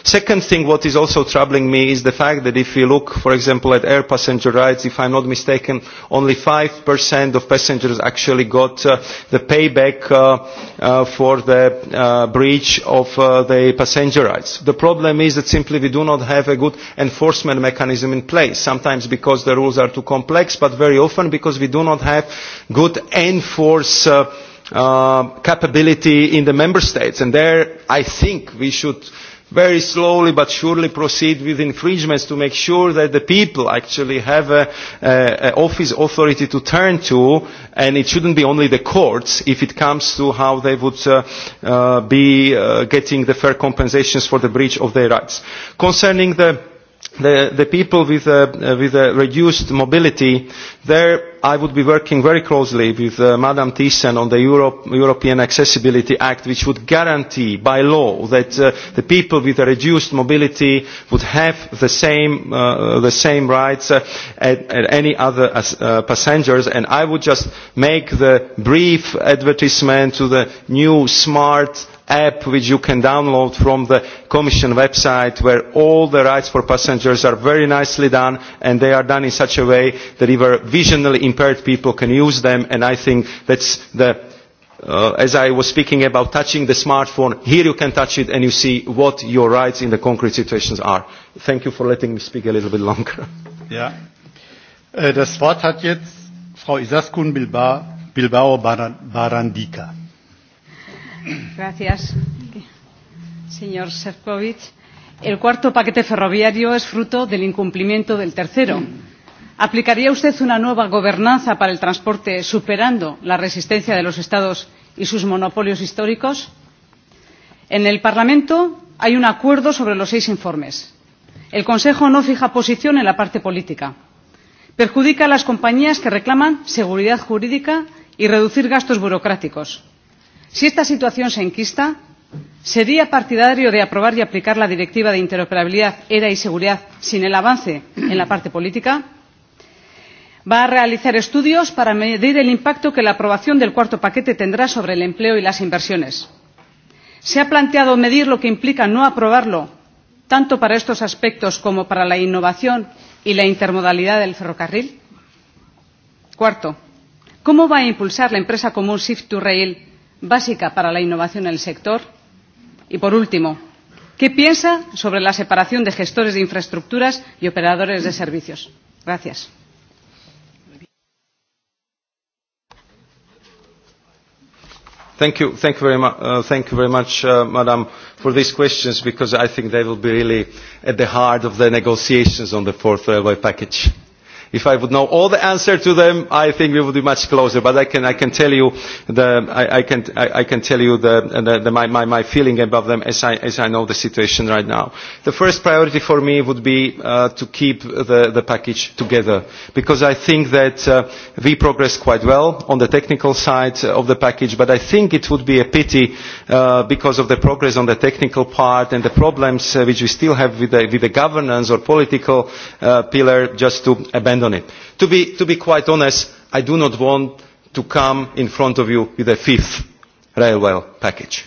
Second thing what is also troubling me is the fact that if you look, for example, at air passenger rights, if I'm not mistaken, only 5% of passengers actually got uh, the payback uh, uh, for the uh, breach of uh, the passenger rights. The problem is that simply we do not have a good enforcement mechanism in place, sometimes because the rules are too complex, but very often because we do not have good enforce uh, uh, capability in the member states. And there I think we should very slowly but surely proceed with infringements to make sure that the people actually have an a office authority to turn to and it shouldn't be only the courts if it comes to how they would uh, uh, be uh, getting the fair compensations for the breach of their rights. Concerning the the, the people with, uh, with a reduced mobility, there I would be working very closely with uh, Madam Thyssen on the Europe, European Accessibility Act, which would guarantee by law that uh, the people with a reduced mobility would have the same, uh, the same rights uh, as any other uh, passengers. And I would just make the brief advertisement to the new smart app which you can download from the Commission website where all the rights for passengers are very nicely done and they are done in such a way that even visionally impaired people can use them and I think that's the uh, as I was speaking about touching the smartphone, here you can touch it and you see what your rights in the concrete situations are. Thank you for letting me speak a little bit longer. Ja. Äh, das Wort hat jetzt Frau Isaskun Bilbao, Bilbao Barandika. Gracias, señor Sefcovic. El cuarto paquete ferroviario es fruto del incumplimiento del tercero. ¿Aplicaría usted una nueva gobernanza para el transporte superando la resistencia de los Estados y sus monopolios históricos? En el Parlamento hay un acuerdo sobre los seis informes. El Consejo no fija posición en la parte política. Perjudica a las compañías que reclaman seguridad jurídica y reducir gastos burocráticos. Si esta situación se enquista, ¿sería partidario de aprobar y aplicar la Directiva de Interoperabilidad, ERA y Seguridad sin el avance en la parte política? va a realizar estudios para medir el impacto que la aprobación del cuarto paquete tendrá sobre el empleo y las inversiones. Se ha planteado medir lo que implica no aprobarlo, tanto para estos aspectos como para la innovación y la intermodalidad del ferrocarril. Cuarto, ¿cómo va a impulsar la empresa común Shift to Rail básica para la innovación en el sector? Y por último, ¿qué piensa sobre la separación de gestores de infraestructuras y operadores de servicios? Gracias. Thank you, thank you very mu uh, thank you very much uh, Madam, for these questions because I think they will be really at the heart of the negotiations on the fourth railway package. If I would know all the answer to them, I think we would be much closer. But I can, I can tell you, the, I, I, can, I, I can tell you the, the, the, my, my, my feeling about them as I, as I know the situation right now. The first priority for me would be uh, to keep the, the package together. Because I think that uh, we progressed quite well on the technical side of the package, but I think it would be a pity uh, because of the progress on the technical part and the problems uh, which we still have with the, with the governance or political uh, pillar just to abandon on it. To be, to be quite honest, I do not want to come in front of you with a fifth railway package.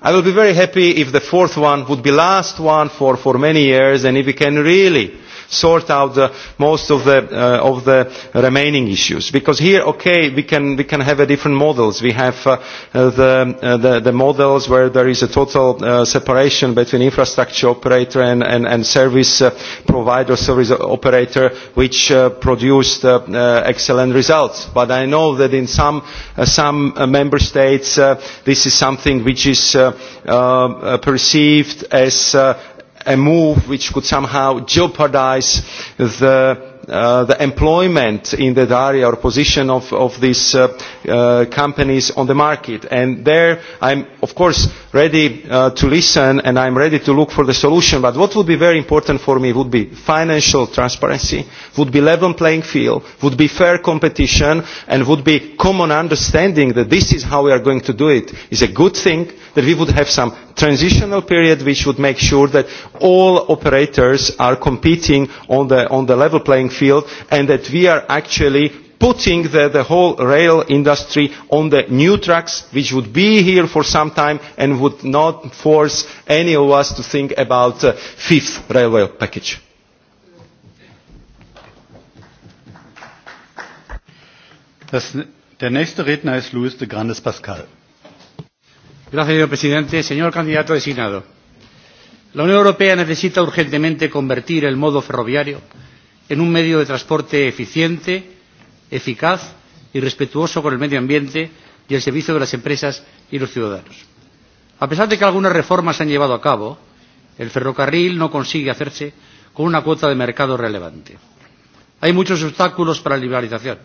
I will be very happy if the fourth one would be last one for, for many years and if we can really sort out the, most of the, uh, of the remaining issues. Because here, okay, we can, we can have a different models. We have uh, uh, the, uh, the, the models where there is a total uh, separation between infrastructure operator and, and, and service uh, provider, service operator, which uh, produced uh, uh, excellent results. But I know that in some, uh, some uh, member states, uh, this is something which is uh, uh, perceived as uh, a move which could somehow jeopardize the uh, the employment in that area or position of, of these uh, uh, companies on the market. And there I'm, of course, ready uh, to listen and I'm ready to look for the solution. But what would be very important for me would be financial transparency, would be level playing field, would be fair competition, and would be common understanding that this is how we are going to do it. It's a good thing that we would have some transitional period which would make sure that all operators are competing on the, on the level playing field and that we are actually putting the, the whole rail industry on the new tracks which would be here for some time and would not force any of us to think about the uh, fifth railway package. Das, der nächste Redner ist Luis de Grandes Pascal. Gracias, señor presidente. Señor candidato designado, la Unión Europea necesita urgentemente convertir el modo ferroviario en un medio de transporte eficiente eficaz y respetuoso con el medio ambiente y el servicio de las empresas y los ciudadanos. A pesar de que algunas reformas se han llevado a cabo, el ferrocarril no consigue hacerse con una cuota de mercado relevante. Hay muchos obstáculos para la liberalización,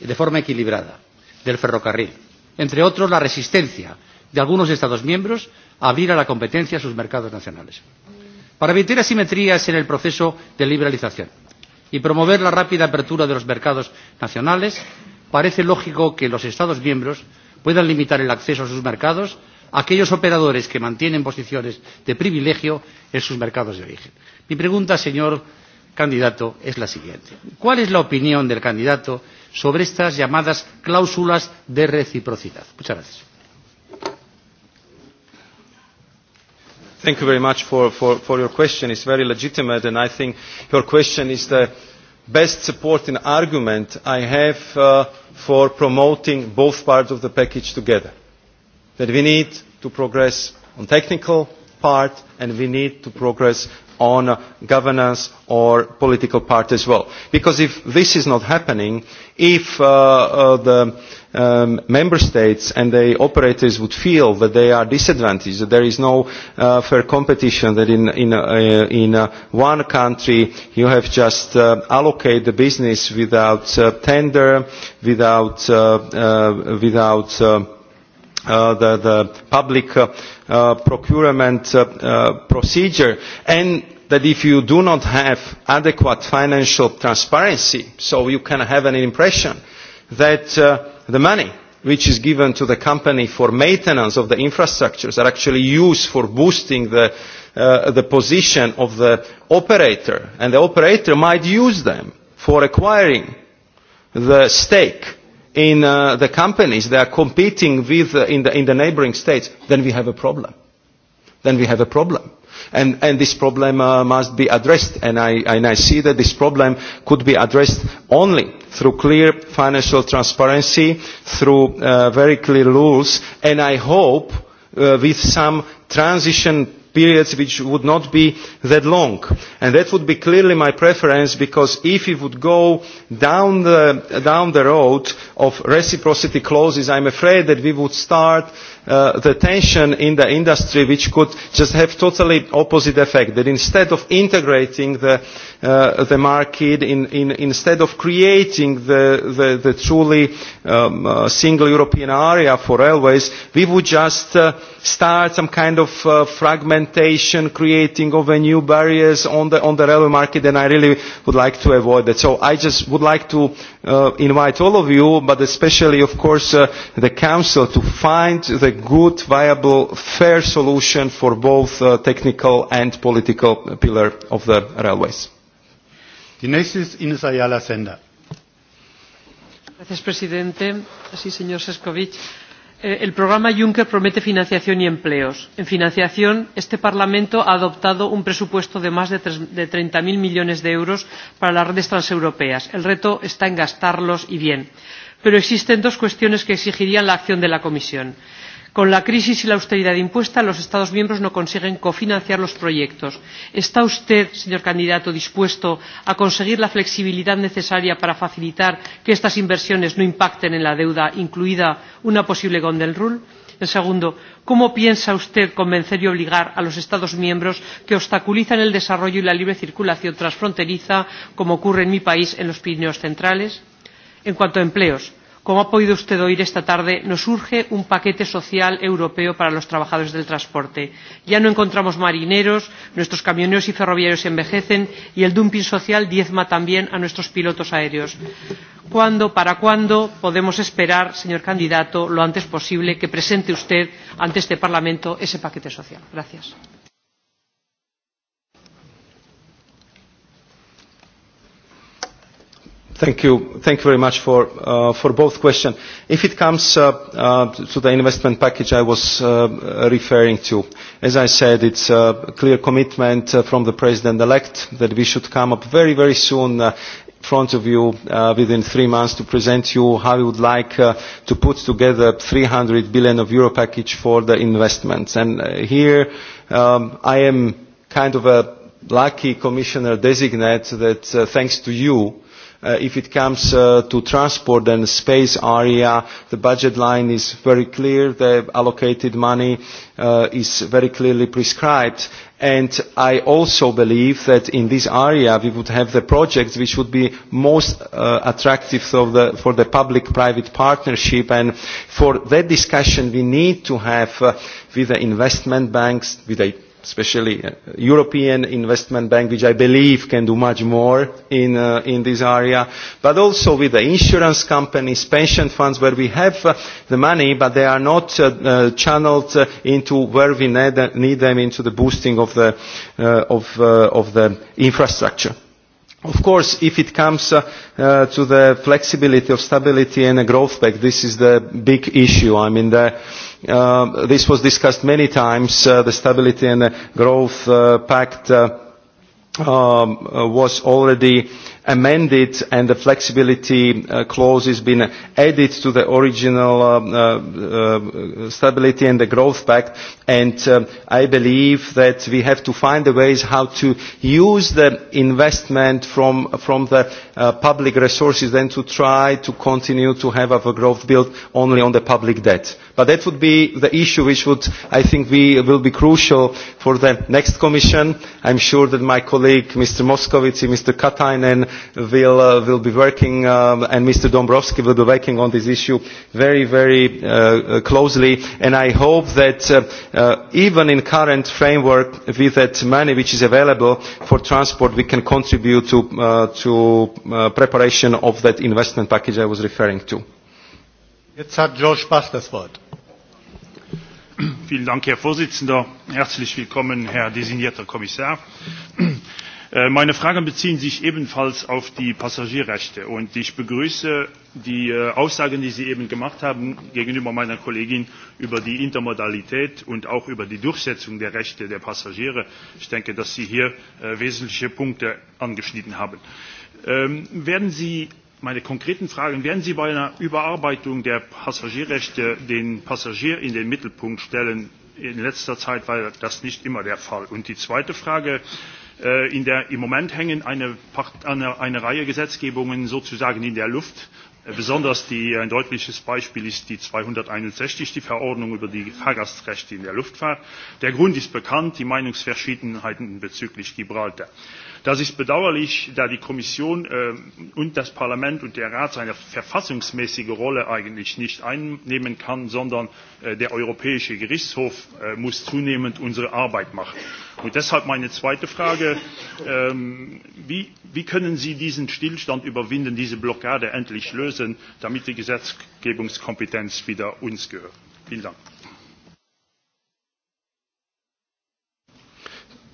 de forma equilibrada, del ferrocarril. Entre otros, la resistencia de algunos Estados miembros a abrir a la competencia sus mercados nacionales. Para evitar asimetrías en el proceso de liberalización, y promover la rápida apertura de los mercados nacionales, parece lógico que los Estados miembros puedan limitar el acceso a sus mercados a aquellos operadores que mantienen posiciones de privilegio en sus mercados de origen. Mi pregunta, señor candidato, es la siguiente. ¿Cuál es la opinión del candidato sobre estas llamadas cláusulas de reciprocidad? Muchas gracias. Thank you very much for, for, for your question. It's very legitimate, and I think your question is the best supporting argument I have uh, for promoting both parts of the package together. That we need to progress on technical part, and we need to progress on uh, governance or political part as well. Because if this is not happening, if uh, uh, the um, member states and the operators would feel that they are disadvantaged, that there is no uh, fair competition, that in, in, uh, in uh, one country you have just uh, allocate the business without uh, tender, without, uh, uh, without uh, uh, the, the public uh, uh, procurement uh, uh, procedure and that if you do not have adequate financial transparency, so you can have an impression that uh, the money which is given to the company for maintenance of the infrastructures are actually used for boosting the, uh, the position of the operator. And the operator might use them for acquiring the stake in uh, the companies that are competing with, uh, in, the, in the neighboring states. Then we have a problem. Then we have a problem and, and this problem uh, must be addressed. And I, and I see that this problem could be addressed only through clear financial transparency, through uh, very clear rules, and I hope uh, with some transition periods which would not be that long. And that would be clearly my preference because if it would go down the, down the road of reciprocity clauses, I'm afraid that we would start uh, the tension in the industry which could just have totally opposite effect that instead of integrating the, uh, the market in, in, instead of creating the, the, the truly um, uh, single European area for railways we would just uh, start some kind of uh, fragmentation creating of a new barriers on the, on the railway market and I really would like to avoid that so I just would like to uh, invite all of you, but especially, of course, uh, the Council to find the good, viable, fair solution for both uh, technical and political pillar of the railways. The next is Ines Ayala Senda. Gracias, presidente. Sí, señor Sescovich. Eh, el programa Juncker promete financiación y empleos. En financiación, este Parlamento ha adoptado un presupuesto de más de, treinta de 30.000 millones de euros para las redes transeuropeas. El reto está en gastarlos y bien. Pero existen dos cuestiones que exigirían la acción de la Comisión. Con la crisis y la austeridad impuesta, los Estados miembros no consiguen cofinanciar los proyectos. ¿Está usted, señor candidato, dispuesto a conseguir la flexibilidad necesaria para facilitar que estas inversiones no impacten en la deuda, incluida una posible Golden Rule? En segundo, ¿cómo piensa usted convencer y obligar a los Estados miembros que obstaculizan el desarrollo y la libre circulación transfronteriza, como ocurre en mi país, en los Pirineos centrales? En cuanto a empleos, Como ha podido usted oír esta tarde, nos urge un paquete social europeo para los trabajadores del transporte. Ya no encontramos marineros, nuestros camioneros y ferroviarios envejecen y el dumping social diezma también a nuestros pilotos aéreos. ¿Cuándo, para cuándo podemos esperar, señor candidato, lo antes posible que presente usted ante este Parlamento ese paquete social? Gracias. Thank you. Thank you very much for, uh, for both questions. If it comes uh, uh, to the investment package I was uh, referring to, as I said, it's a clear commitment uh, from the President-elect that we should come up very, very soon uh, front of you uh, within three months to present you how we would like uh, to put together 300 billion of euro package for the investments. And uh, here um, I am kind of a lucky commissioner designate that uh, thanks to you Uh, if it comes uh, to transport and space area, the budget line is very clear. The allocated money uh, is very clearly prescribed. And I also believe that in this area we would have the projects which would be most uh, attractive for the, for the public-private partnership. And for that discussion we need to have uh, with the investment banks, with the especially uh, European Investment Bank, which I believe can do much more in, uh, in this area, but also with the insurance companies, pension funds, where we have uh, the money, but they are not uh, uh, channeled uh, into where we need, uh, need them into the boosting of the, uh, of, uh, of the infrastructure. Of course, if it comes uh, uh, to the flexibility of stability and a growth pact, this is the big issue. I mean, the, uh, Uh, this was discussed many times. Uh, the Stability and Growth uh, Pact uh, um, uh, was already amended and the flexibility uh, clause has been added to the original uh, uh, uh, stability and the growth pact and um, I believe that we have to find the ways how to use the investment from, from the uh, public resources then to try to continue to have a growth built only on the public debt. But that would be the issue which would, I think, be, will be crucial for the next Commission. I'm sure that my colleague, Mr. Moscovici, Mr. Katainen, will, uh, will be working, um, and Mr. Dombrovski will be working on this issue very, very uh, uh, closely. And I hope that uh, uh, even in current framework, with that money which is available for transport, we can contribute to, uh, to uh, preparation of that investment package I was referring to. Jetzt hat George Bach das Wort. Vielen Dank, Herr Vorsitzender. Herzlich willkommen, Herr designierter Kommissar. Äh, meine Fragen beziehen sich ebenfalls auf die Passagierrechte und ich begrüße die äh, Aussagen, die Sie eben gemacht haben gegenüber meiner Kollegin über die Intermodalität und auch über die Durchsetzung der Rechte der Passagiere. Ich denke, dass Sie hier äh, wesentliche Punkte angeschnitten haben. Ähm, werden Sie meine konkreten Fragen, werden Sie bei einer Überarbeitung der Passagierrechte den Passagier in den Mittelpunkt stellen? In letzter Zeit war das nicht immer der Fall. Und die zweite Frage, äh, Äh, in der, Im Moment hängen eine, eine, eine Reihe Gesetzgebungen sozusagen in der Luft. Äh, besonders die, äh, ein deutliches Beispiel ist die 261, die Verordnung über die Fahrgastrechte in der Luftfahrt. Der Grund ist bekannt, die Meinungsverschiedenheiten bezüglich Gibraltar. Das ist bedauerlich, da die Kommission äh, und das Parlament und der Rat seine verfassungsmäßige Rolle eigentlich nicht einnehmen kann, sondern äh, der Europäische Gerichtshof äh, muss zunehmend unsere Arbeit machen. Und deshalb meine zweite Frage, ähm, wie, wie können Sie diesen Stillstand überwinden, diese Blockade endlich lösen, damit die Gesetzgebungskompetenz wieder uns gehört? Vielen Dank.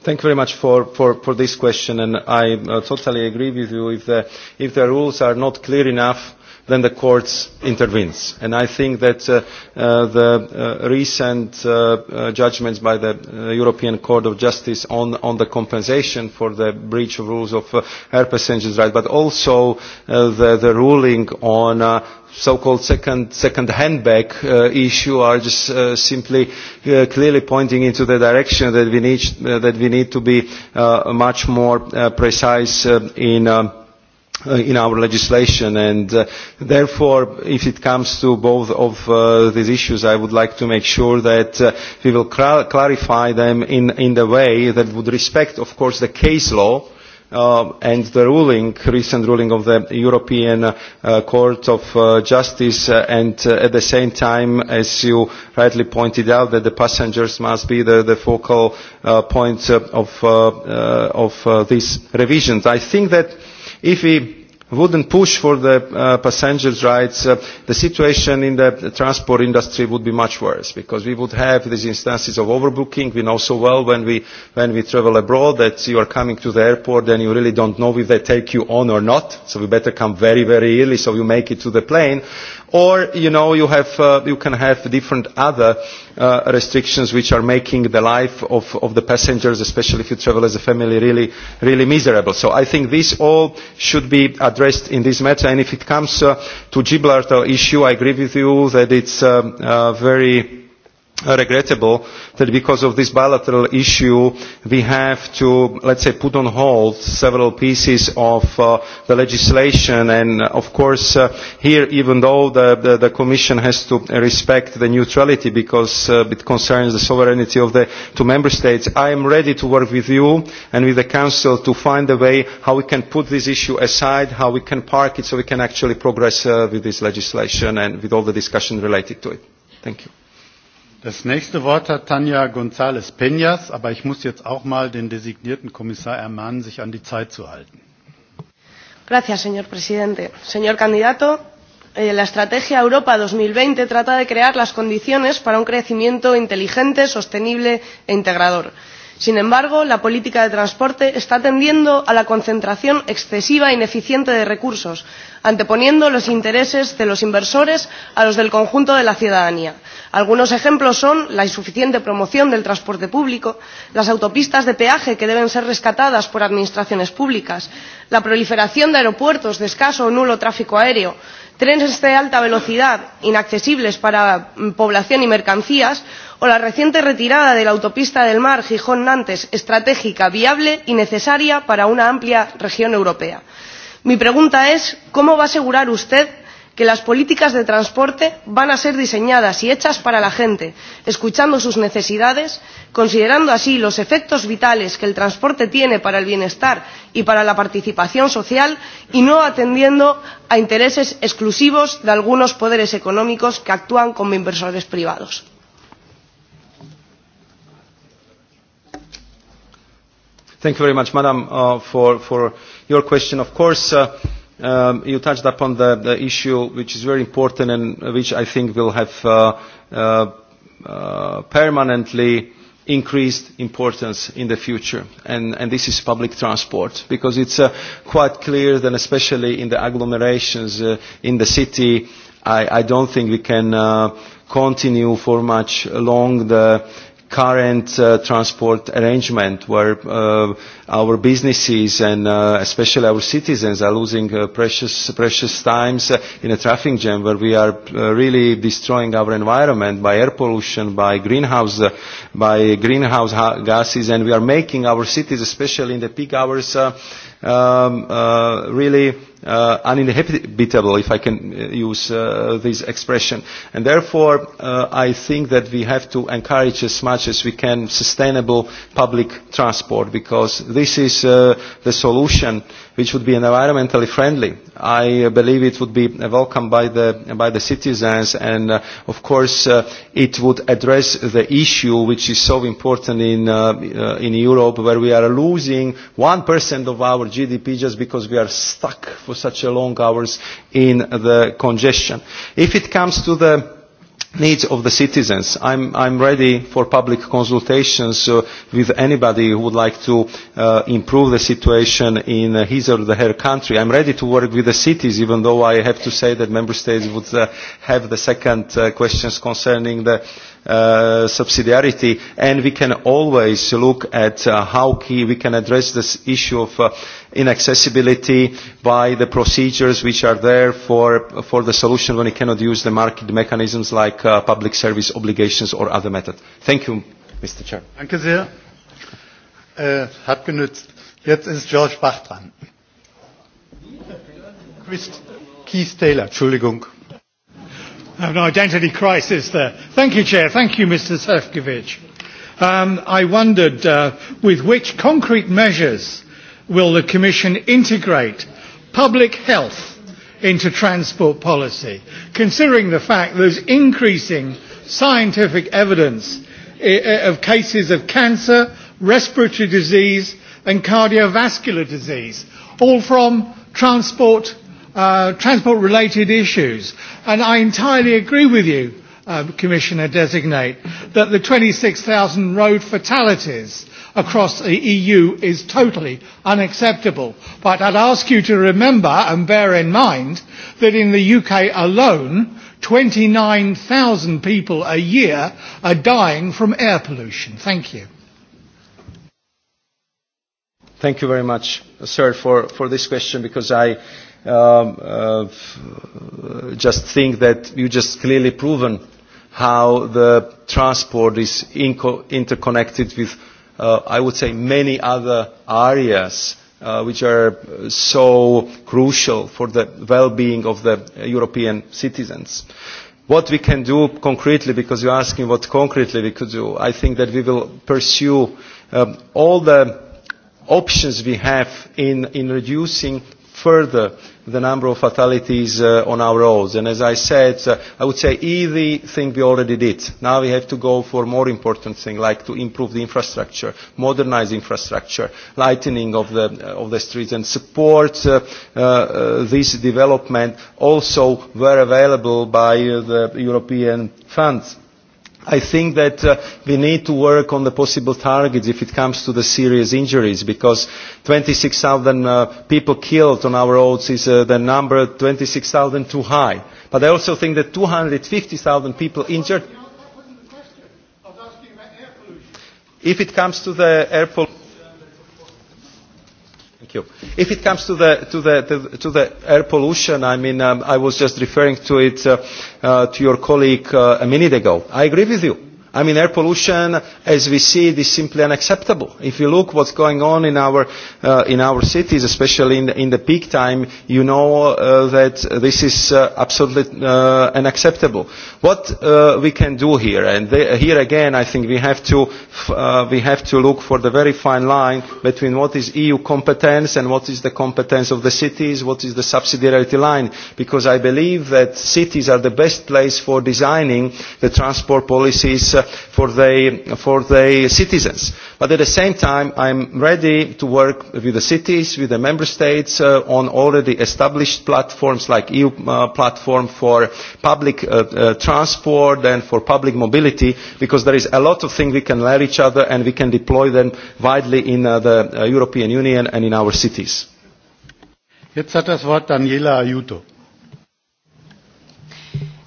Thank you very much for, for, for this question, and I uh, totally agree with you. If the, if the rules are not clear enough, then the courts intervenes. And I think that uh, uh, the uh, recent uh, uh, judgments by the uh, European Court of Justice on, on the compensation for the breach of rules of uh, air passengers' rights, but also uh, the, the ruling on uh, so-called second, second handbag uh, issue are just uh, simply uh, clearly pointing into the direction that we need, uh, that we need to be uh, much more uh, precise uh, in uh, uh, in our legislation and uh, therefore if it comes to both of uh, these issues I would like to make sure that uh, we will clarify them in, in the way that would respect of course the case law uh, and the ruling, recent ruling of the European uh, Court of uh, Justice uh, and uh, at the same time as you rightly pointed out that the passengers must be the, the focal uh, point uh, of, uh, uh, of uh, these revisions. I think that If we wouldn't push for the uh, passengers' rights, uh, the situation in the transport industry would be much worse because we would have these instances of overbooking. We know so well when we, when we travel abroad that you are coming to the airport and you really don't know if they take you on or not. So we better come very, very early so you make it to the plane. Or, you know, you, have, uh, you can have different other uh, restrictions which are making the life of, of the passengers, especially if you travel as a family, really, really miserable. So I think this all should be addressed in this matter. And if it comes uh, to Gibraltar issue, I agree with you that it's um, uh, very regrettable that because of this bilateral issue we have to, let's say, put on hold several pieces of uh, the legislation and uh, of course uh, here even though the, the, the Commission has to respect the neutrality because uh, it concerns the sovereignty of the two member states, I am ready to work with you and with the Council to find a way how we can put this issue aside, how we can park it so we can actually progress uh, with this legislation and with all the discussion related to it. Thank you. Das nächste Wort hat Tanja González Peñas, aber ich muss jetzt auch mal den designierten Kommissar ermahnen, sich an die Zeit zu halten. Gracias, señor presidente. Señor candidato, eh, la Estrategia Europa 2020 trata de crear las condiciones para un crecimiento inteligente, sostenible e integrador. Sin embargo, la política de transporte está tendiendo a la concentración excesiva e ineficiente de recursos, anteponiendo los intereses de los inversores a los del conjunto de la ciudadanía Algunos ejemplos son la insuficiente promoción del transporte público, las autopistas de peaje que deben ser rescatadas por administraciones públicas, la proliferación de aeropuertos de escaso o nulo tráfico aéreo, trenes de alta velocidad inaccesibles para mm, población y mercancías o la reciente retirada de la autopista del mar Gijón-Nantes, estratégica, viable y necesaria para una amplia región europea. Mi pregunta es, ¿cómo va a asegurar usted que las políticas de transporte van a ser diseñadas y hechas para la gente, escuchando sus necesidades, considerando así los efectos vitales que el transporte tiene para el bienestar y para la participación social y no atendiendo a intereses exclusivos de algunos poderes económicos que actúan como inversores privados. Thank you very much, Madam, uh, for, for your question. Of course, uh, Um, you touched upon the, the issue which is very important and which I think will have uh, uh, uh, permanently increased importance in the future and, and this is public transport because it's uh, quite clear that especially in the agglomerations uh, in the city I, I don't think we can uh, continue for much long the current uh, transport arrangement where uh, our businesses and uh, especially our citizens are losing uh, precious, precious times uh, in a traffic jam where we are uh, really destroying our environment by air pollution, by greenhouse, uh, by greenhouse gases, and we are making our cities, especially in the peak hours, uh, um, uh, really uh, uninhabitable, if I can uh, use uh, this expression. And therefore, uh, I think that we have to encourage as much as we can sustainable public transport because this this is uh, the solution which would be environmentally friendly. I uh, believe it would be welcomed by the, by the citizens and uh, of course uh, it would address the issue which is so important in, uh, uh, in Europe where we are losing 1% of our GDP just because we are stuck for such a long hours in the congestion. If it comes to the needs of the citizens. I'm, I'm ready for public consultations uh, with anybody who would like to uh, improve the situation in uh, his or her country. I'm ready to work with the cities, even though I have to say that member states would uh, have the second uh, questions concerning the uh, subsidiarity. And we can always look at uh, how key we can address this issue of uh, inaccessibility, by the procedures which are there for, for the solution when it cannot use the market mechanisms like uh, public service obligations or other methods. Thank you, Mr. Chair. Danke sehr. Äh, hat genützt. Jetzt ist George Bach dran. Chris Keith Taylor, Entschuldigung. I have an identity crisis there. Thank you, Chair. Thank you, Mr. Sefcovic. Um, I wondered uh, with which concrete measures will the Commission integrate public health into transport policy, considering the fact there's increasing scientific evidence eh, eh, of cases of cancer, respiratory disease and cardiovascular disease, all from transport, uh, transport related issues. And I entirely agree with you, uh, Commissioner Designate, that the 26,000 road fatalities across the EU is totally unacceptable. But I'd ask you to remember and bear in mind that in the UK alone, 29,000 people a year are dying from air pollution. Thank you. Thank you very much, sir, for, for this question because I um, uh, just think that you just clearly proven how the transport is interconnected with uh, I would say, many other areas uh, which are uh, so crucial for the well-being of the European citizens. What we can do concretely, because you're asking what concretely we could do, I think that we will pursue um, all the options we have in, in reducing further the number of fatalities uh, on our roads. And as I said, uh, I would say easy thing we already did. Now we have to go for more important thing, like to improve the infrastructure, modernize infrastructure, lightening of the, uh, of the streets, and support uh, uh, uh, this development also where available by uh, the European funds I think that uh, we need to work on the possible targets if it comes to the serious injuries because 26,000 uh, people killed on our roads is uh, the number 26,000 too high. But I also think that 250,000 people injured. If it comes to the air pollution, Thank you. If it comes to the, to the, to the, to the air pollution, I mean, um, I was just referring to it uh, uh, to your colleague uh, a minute ago. I agree with you I mean, air pollution, as we see it, is simply unacceptable. If you look what's going on in our, uh, in our cities, especially in the, in the peak time, you know uh, that this is uh, absolutely uh, unacceptable. What uh, we can do here, and the, here again, I think we have, to, uh, we have to look for the very fine line between what is EU competence and what is the competence of the cities, what is the subsidiarity line, because I believe that cities are the best place for designing the transport policies uh, for the, for the citizens. But at the same time, I'm ready to work with the cities, with the member states uh, on already established platforms like EU uh, platform for public uh, uh, transport and for public mobility because there is a lot of things we can learn each other and we can deploy them widely in uh, the uh, European Union and in our cities. Jetzt hat das Wort Daniela Ayuto.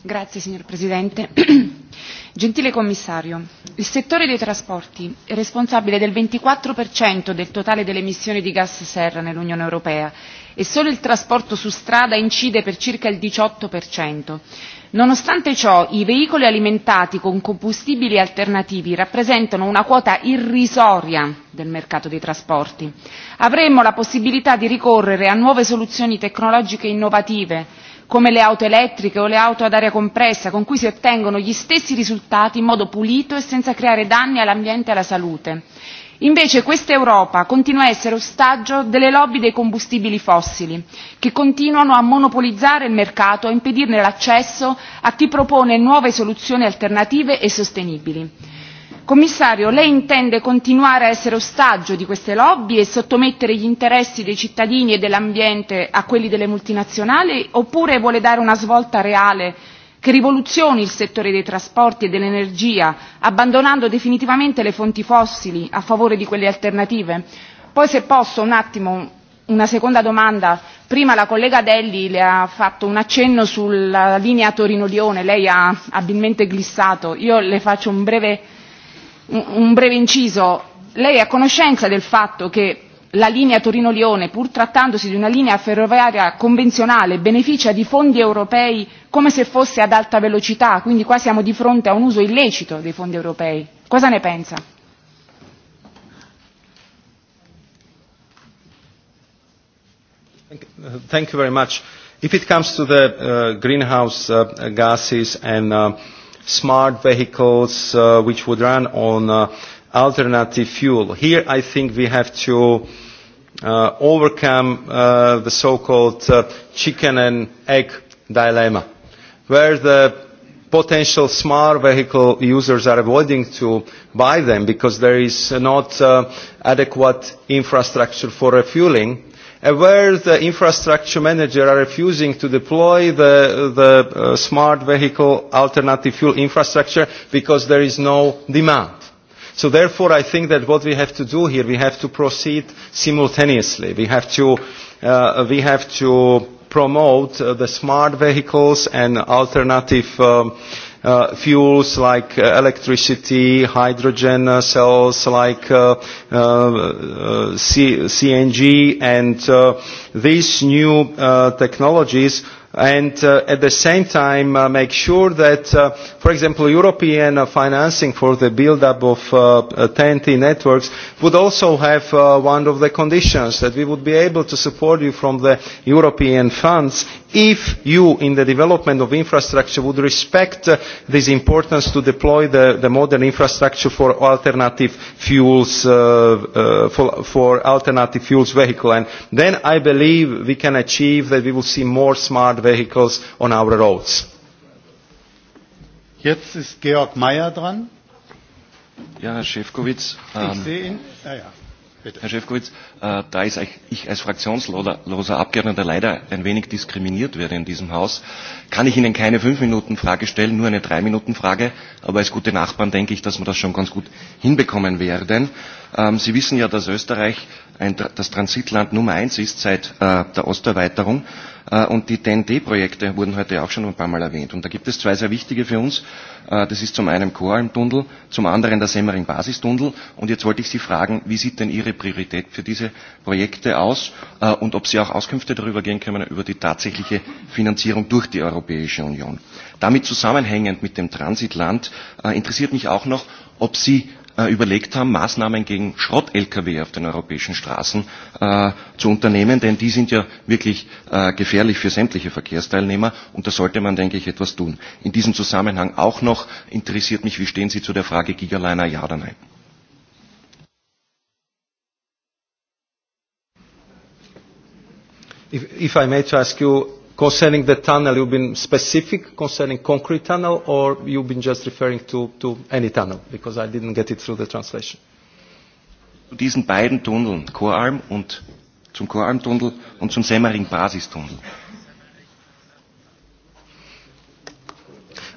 Grazie signor Presidente. Gentile Commissario, il settore dei trasporti è responsabile del 24% del totale delle emissioni di gas serra nell'Unione Europea e solo il trasporto su strada incide per circa il 18%. Nonostante ciò, i veicoli alimentati con combustibili alternativi rappresentano una quota irrisoria del mercato dei trasporti. Avremmo la possibilità di ricorrere a nuove soluzioni tecnologiche innovative come le auto elettriche o le auto ad aria compressa, con cui si ottengono gli stessi risultati in modo pulito e senza creare danni all'ambiente e alla salute. Invece questa Europa continua a essere ostaggio delle lobby dei combustibili fossili, che continuano a monopolizzare il mercato e impedirne l'accesso a chi propone nuove soluzioni alternative e sostenibili Commissario, lei intende continuare a essere ostaggio di queste lobby e sottomettere gli interessi dei cittadini e dell'ambiente a quelli delle multinazionali oppure vuole dare una svolta reale che rivoluzioni il settore dei trasporti e dell'energia, abbandonando definitivamente le fonti fossili a favore di quelle alternative? Poi se posso un attimo una seconda domanda. Prima la collega Delli le ha fatto un accenno sulla linea Torino-Lione, lei ha abilmente glissato. Io le faccio un breve un breve inciso, lei è a conoscenza del fatto che la linea Torino-Lione, pur trattandosi di una linea ferroviaria convenzionale, beneficia di fondi europei come se fosse ad alta velocità, quindi qua siamo di fronte a un uso illecito dei fondi europei. Cosa ne pensa? Thank you uh, very much. If it comes to the uh, greenhouse uh, gases and uh, smart vehicles uh, which would run on uh, alternative fuel. Here I think we have to uh, overcome uh, the so-called uh, chicken and egg dilemma, where the potential smart vehicle users are avoiding to buy them because there is not uh, adequate infrastructure for refueling where the infrastructure manager are refusing to deploy the, the uh, smart vehicle alternative fuel infrastructure because there is no demand. So therefore I think that what we have to do here, we have to proceed simultaneously. We have to, uh, we have to promote uh, the smart vehicles and alternative um, uh, fuels like uh, electricity, hydrogen uh, cells like uh, uh, uh C CNG and uh, these new uh, technologies and uh, at the same time uh, make sure that, uh, for example, European uh, financing for the build-up of uh, TNT uh, networks would also have uh, one of the conditions that we would be able to support you from the European funds if you, in the development of infrastructure, would respect uh, this importance to deploy the, the modern infrastructure for alternative fuels, uh, uh, for, for alternative fuels vehicle. And then I believe we can achieve that we will see more smart vehicles on our roads. Jetzt ist Georg Mayer dran. Ja, Herr Schäfkowitz. Ähm, ich sehe ihn. Ah, ja. Bitte. Herr Schäfkowitz, äh, da ist ich als fraktionsloser Abgeordneter leider ein wenig diskriminiert werde in diesem Haus, kann ich Ihnen keine Fünf-Minuten-Frage stellen, nur eine Drei-Minuten-Frage. Aber als gute Nachbarn denke ich, dass wir das schon ganz gut hinbekommen werden. Ähm, Sie wissen ja, dass Österreich ein, das Transitland Nummer eins ist seit äh, der Osterweiterung. Äh, und die TNT-Projekte wurden heute auch schon ein paar Mal erwähnt. Und da gibt es zwei sehr wichtige für uns. Äh, das ist zum einen Choralm-Tunnel, zum anderen der Semmering-Basistunnel. Und jetzt wollte ich Sie fragen, wie sieht denn Ihre Priorität für diese Projekte aus äh, und ob Sie auch Auskünfte darüber geben können, über die tatsächliche Finanzierung durch die Europäische Union. Damit zusammenhängend mit dem Transitland interessiert mich auch noch, ob Sie äh, überlegt haben, Maßnahmen gegen Schrott-Lkw auf den europäischen Straßen äh, zu unternehmen, denn die sind ja wirklich äh, gefährlich für sämtliche Verkehrsteilnehmer und da sollte man, denke ich, etwas tun. In diesem Zusammenhang auch noch interessiert mich, wie stehen Sie zu der Frage Gigaliner, ja oder nein? If, if I may to ask you Concerning the tunnel, you've been specific concerning concrete tunnel or you've been just referring to, to any tunnel? Because I didn't get it through the translation. Zu diesen beiden Tunneln, Chorarm und zum Chorarmtunnel und zum Semmering Basistunnel.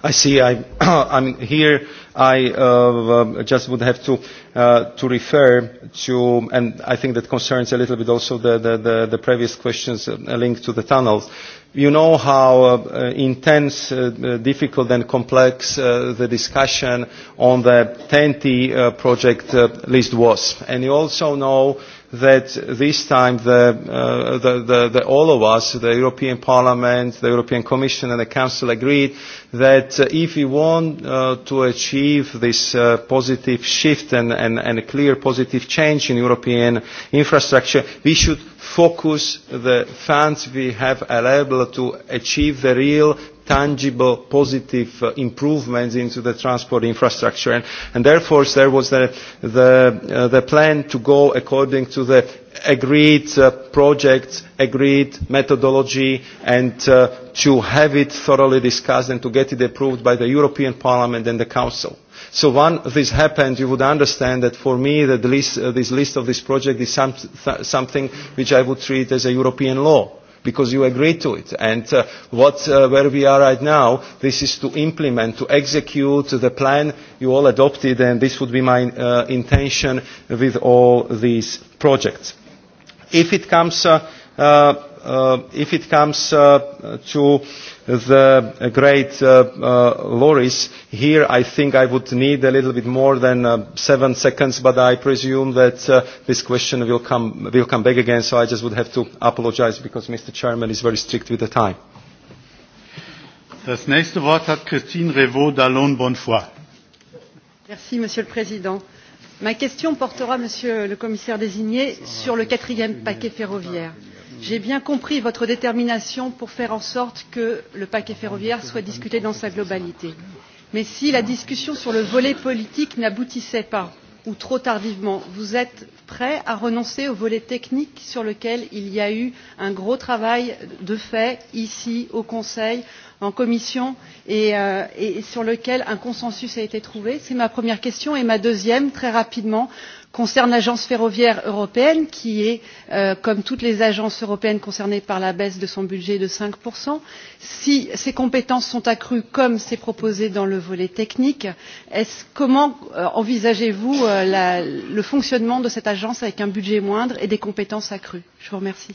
I see. I, I'm here. I uh, uh, just would have to uh, to refer to, and I think that concerns a little bit also the the, the, the previous questions uh, linked to the tunnels. You know how uh, uh intense, uh, uh, difficult and complex uh, the discussion on the TNT uh, project uh, list was. And you also know that this time the, uh, the, the, the, all of us, the European Parliament, the European Commission and the Council agreed that uh, if we want uh, to achieve this uh, positive shift and, and, and a clear positive change in European infrastructure, we should focus the funds we have available to achieve the real tangible, positive uh, improvements into the transport infrastructure. And, and therefore, there was the, the, uh, the plan to go according to the agreed uh, projects, agreed methodology, and uh, to have it thoroughly discussed and to get it approved by the European Parliament and the Council. So when this happened, you would understand that for me that list, uh, this list of this project is some, th something which I would treat as a European law because you agreed to it. And uh, what, uh, where we are right now, this is to implement, to execute the plan you all adopted, and this would be my uh, intention with all these projects. If it comes, uh, uh, uh, if it comes uh, to the great uh, uh, lorries. Here I think I would need a little bit more than uh, seven seconds, but I presume that uh, this question will come, will come back again, so I just would have to apologize because Mr. Chairman is very strict with the time. Das nächste Wort hat Christine d'Alon Merci, Monsieur le Président. Ma question portera, Monsieur le Commissaire désigné, sur le quatrième paquet ferroviaire. J'ai bien compris votre détermination pour faire en sorte que le paquet ferroviaire soit discuté dans sa globalité. Mais si la discussion sur le volet politique n'aboutissait pas, ou trop tardivement, vous êtes prêt à renoncer au volet technique sur lequel il y a eu un gros travail de fait ici au Conseil, en commission, et, euh, et sur lequel un consensus a été trouvé C'est ma première question. Et ma deuxième, très rapidement, euh, concerne l'agence ferroviaire européenne qui est, euh, comme toutes les agences européennes concernées par la baisse de son budget de 5%. Si ses compétences sont accrues comme c'est proposé dans le volet technique, est-ce, comment euh, envisagez-vous euh, le fonctionnement de cette agence avec un budget moindre et des compétences accrues Je vous remercie.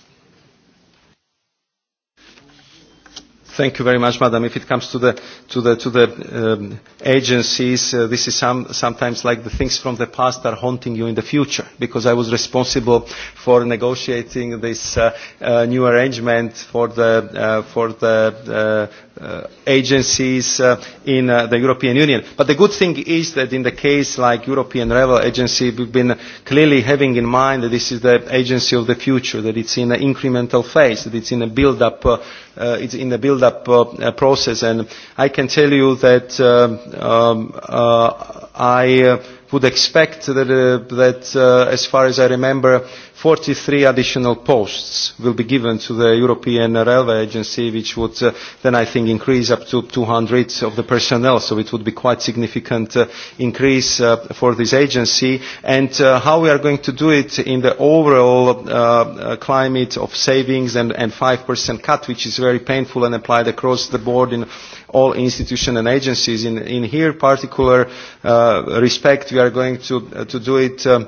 Thank you very much, Madam. If it comes to the, to the, to the um, agencies, uh, this is some, sometimes like the things from the past are haunting you in the future, because I was responsible for negotiating this uh, uh, new arrangement for the, uh, for the uh, uh, agencies uh, in uh, the European Union. But the good thing is that in the case like European Rail Agency, we've been clearly having in mind that this is the agency of the future, that it's in an incremental phase, that it's in a build-up uh, uh, it's in the build-up uh, uh, process. And I can tell you that uh, um, uh, I uh, would expect that, uh, that uh, as far as I remember, 43 additional posts will be given to the European Railway Agency, which would uh, then, I think, increase up to 200 of the personnel. So it would be quite significant uh, increase uh, for this agency. And uh, how we are going to do it in the overall uh, uh climate of savings and, and 5% cut, which is very painful and applied across the board in all institutions and agencies. In, in here particular uh, respect, we are going to, uh, to do it uh,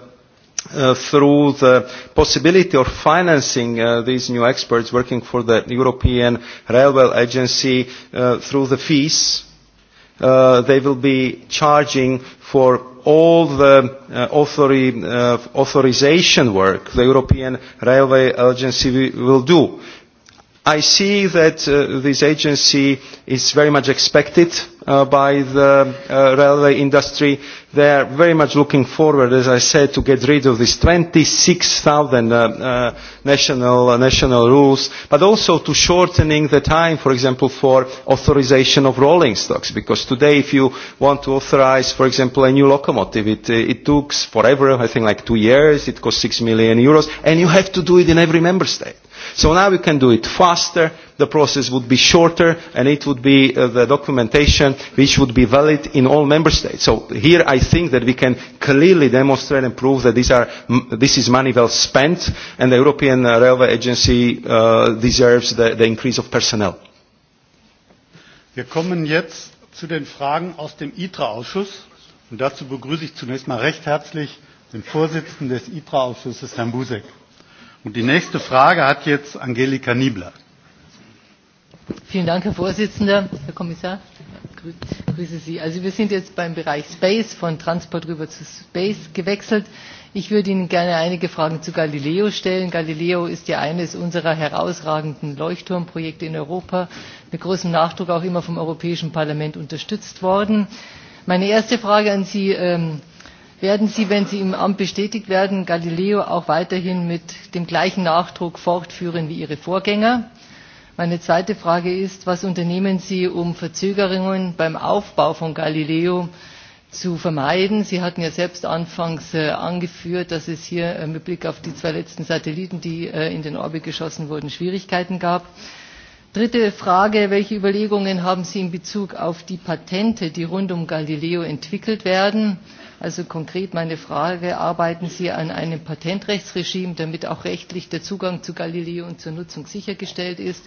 uh, through the possibility of financing uh, these new experts working for the European Railway Agency uh, through the fees. Uh, they will be charging for all the uh, authori uh, authorization work the European Railway Agency will do I see that uh, this agency is very much expected uh, by the uh, railway industry. They are very much looking forward, as I said, to get rid of these 26,000 uh, uh, national, uh, national rules, but also to shortening the time, for example, for authorization of rolling stocks, because today if you want to authorize, for example, a new locomotive, it, uh, it took forever, I think like two years, it costs 6 million euros, and you have to do it in every member state. So now we can do it faster, the process would be shorter, and it would be uh, the documentation which would be valid in all member states. So here I think that we can clearly demonstrate and prove that these are, this is money well spent, and the European uh, Railway Agency uh, deserves the, the increase of personnel. Wir kommen jetzt zu den Fragen aus dem ITRA-Ausschuss. Und dazu begrüße ich zunächst mal recht herzlich den Vorsitzenden des ITRA-Ausschusses, Herrn Busek. Und die nächste Frage hat jetzt Angelika Niebler. Vielen Dank, Herr Vorsitzender. Herr Kommissar, grüße Sie. Also wir sind jetzt beim Bereich Space, von Transport rüber zu Space gewechselt. Ich würde Ihnen gerne einige Fragen zu Galileo stellen. Galileo ist ja eines unserer herausragenden Leuchtturmprojekte in Europa, mit großem Nachdruck auch immer vom Europäischen Parlament unterstützt worden. Meine erste Frage an Sie, ähm, Werden Sie, wenn Sie im Amt bestätigt werden, Galileo auch weiterhin mit dem gleichen Nachdruck fortführen wie Ihre Vorgänger? Meine zweite Frage ist, was unternehmen Sie, um Verzögerungen beim Aufbau von Galileo zu vermeiden. Sie hatten ja selbst anfangs äh, angeführt, dass es hier äh, mit Blick auf die zwei letzten Satelliten, die äh, in den Orbit geschossen wurden, Schwierigkeiten gab. Dritte Frage, welche Überlegungen haben Sie in Bezug auf die Patente, die rund um Galileo entwickelt werden? Also konkret meine Frage, arbeiten Sie an einem Patentrechtsregime, damit auch rechtlich der Zugang zu Galileo und zur Nutzung sichergestellt ist?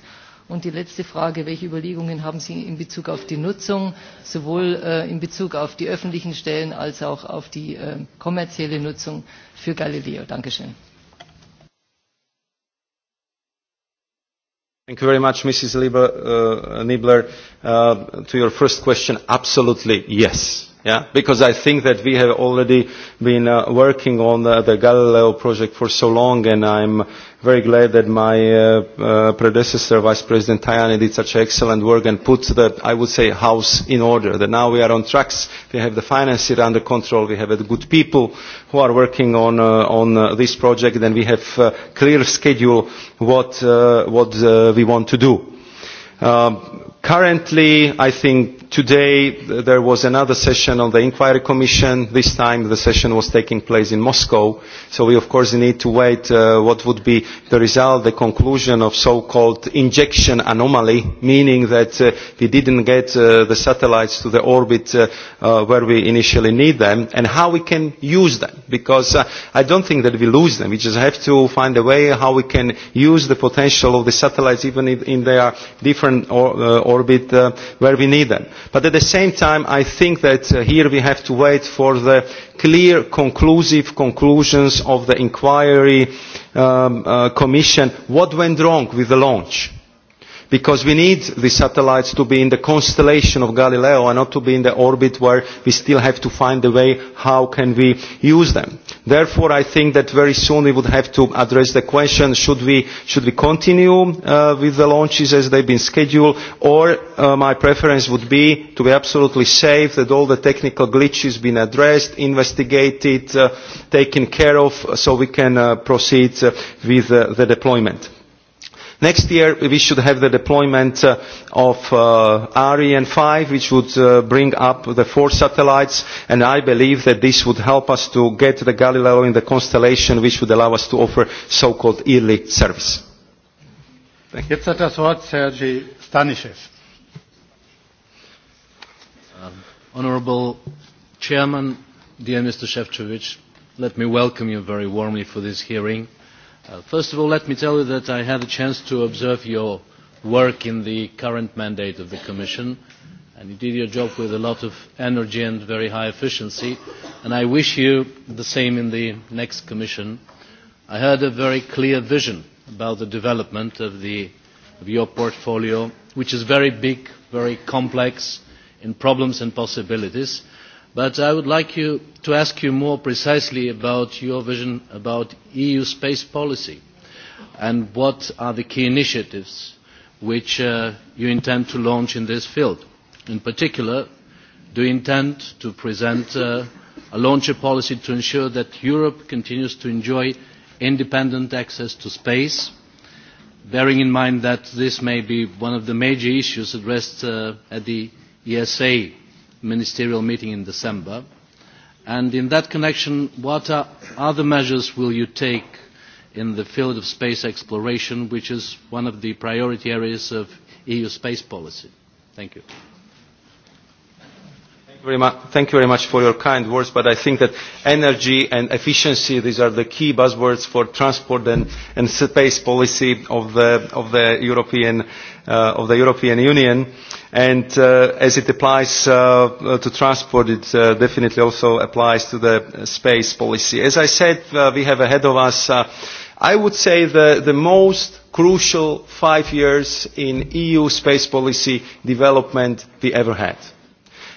Und die letzte Frage, welche Überlegungen haben Sie in Bezug auf die Nutzung, sowohl äh, in Bezug auf die öffentlichen Stellen als auch auf die äh, kommerzielle Nutzung für Galileo? Dankeschön. Thank you very much, Mrs. Lieber, uh, Nibbler. Uh, to your first question, absolutely yes Yeah? Because I think that we have already been uh, working on the, uh, the Galileo project for so long and I'm very glad that my uh, uh, predecessor, Vice President Tajani, did such excellent work and put the, I would say, house in order. That now we are on tracks, we have the finances under control, we have the good people who are working on, uh, on uh, this project and we have a uh, clear schedule what, uh, what uh, we want to do. Um, currently, I think today there was another session on the inquiry commission. This time the session was taking place in Moscow. So we of course need to wait uh, what would be the result, the conclusion of so-called injection anomaly, meaning that uh, we didn't get uh, the satellites to the orbit uh, uh, where we initially need them and how we can use them. Because uh, I don't think that we lose them. We just have to find a way how we can use the potential of the satellites even in their different or, uh, orbit uh, where we need them. But at the same time, I think that uh, here we have to wait for the clear, conclusive conclusions of the inquiry um, uh, commission. What went wrong with the launch? because we need the satellites to be in the constellation of Galileo and not to be in the orbit where we still have to find a way how can we use them. Therefore, I think that very soon we would have to address the question, should we, should we continue uh, with the launches as they've been scheduled, or uh, my preference would be to be absolutely safe that all the technical glitches been addressed, investigated, uh, taken care of, so we can uh, proceed uh, with uh, the deployment. Next year we should have the deployment uh, of uh, REN5 which would uh, bring up the four satellites and I believe that this would help us to get the Galileo in the constellation which would allow us to offer so-called yearly service. Thank you. Jetzt hat das Wort Sergei Stanishev. Um, Honorable Chairman, dear Mr. Shevchevich, let me welcome you very warmly for this hearing. Uh, first of all, let me tell you that I had a chance to observe your work in the current mandate of the Commission, and you did your job with a lot of energy and very high efficiency, and I wish you the same in the next Commission. I heard a very clear vision about the development of, the, of your portfolio, which is very big, very complex in problems and possibilities, But I would like you to ask you more precisely about your vision about EU space policy and what are the key initiatives which uh, you intend to launch in this field. In particular, do you intend to present uh, a launcher policy to ensure that Europe continues to enjoy independent access to space, bearing in mind that this may be one of the major issues addressed uh, at the ESA ministerial meeting in December. And in that connection, what are other measures will you take in the field of space exploration, which is one of the priority areas of EU space policy? Thank you. Thank you, very much, thank you very much for your kind words, but I think that energy and efficiency, these are the key buzzwords for transport and, and space policy of the, of the, European, uh, of the European Union. And uh, as it applies uh, uh, to transport, it uh, definitely also applies to the uh, space policy. As I said, uh, we have ahead of us, uh, I would say, the, the most crucial five years in EU space policy development we ever had.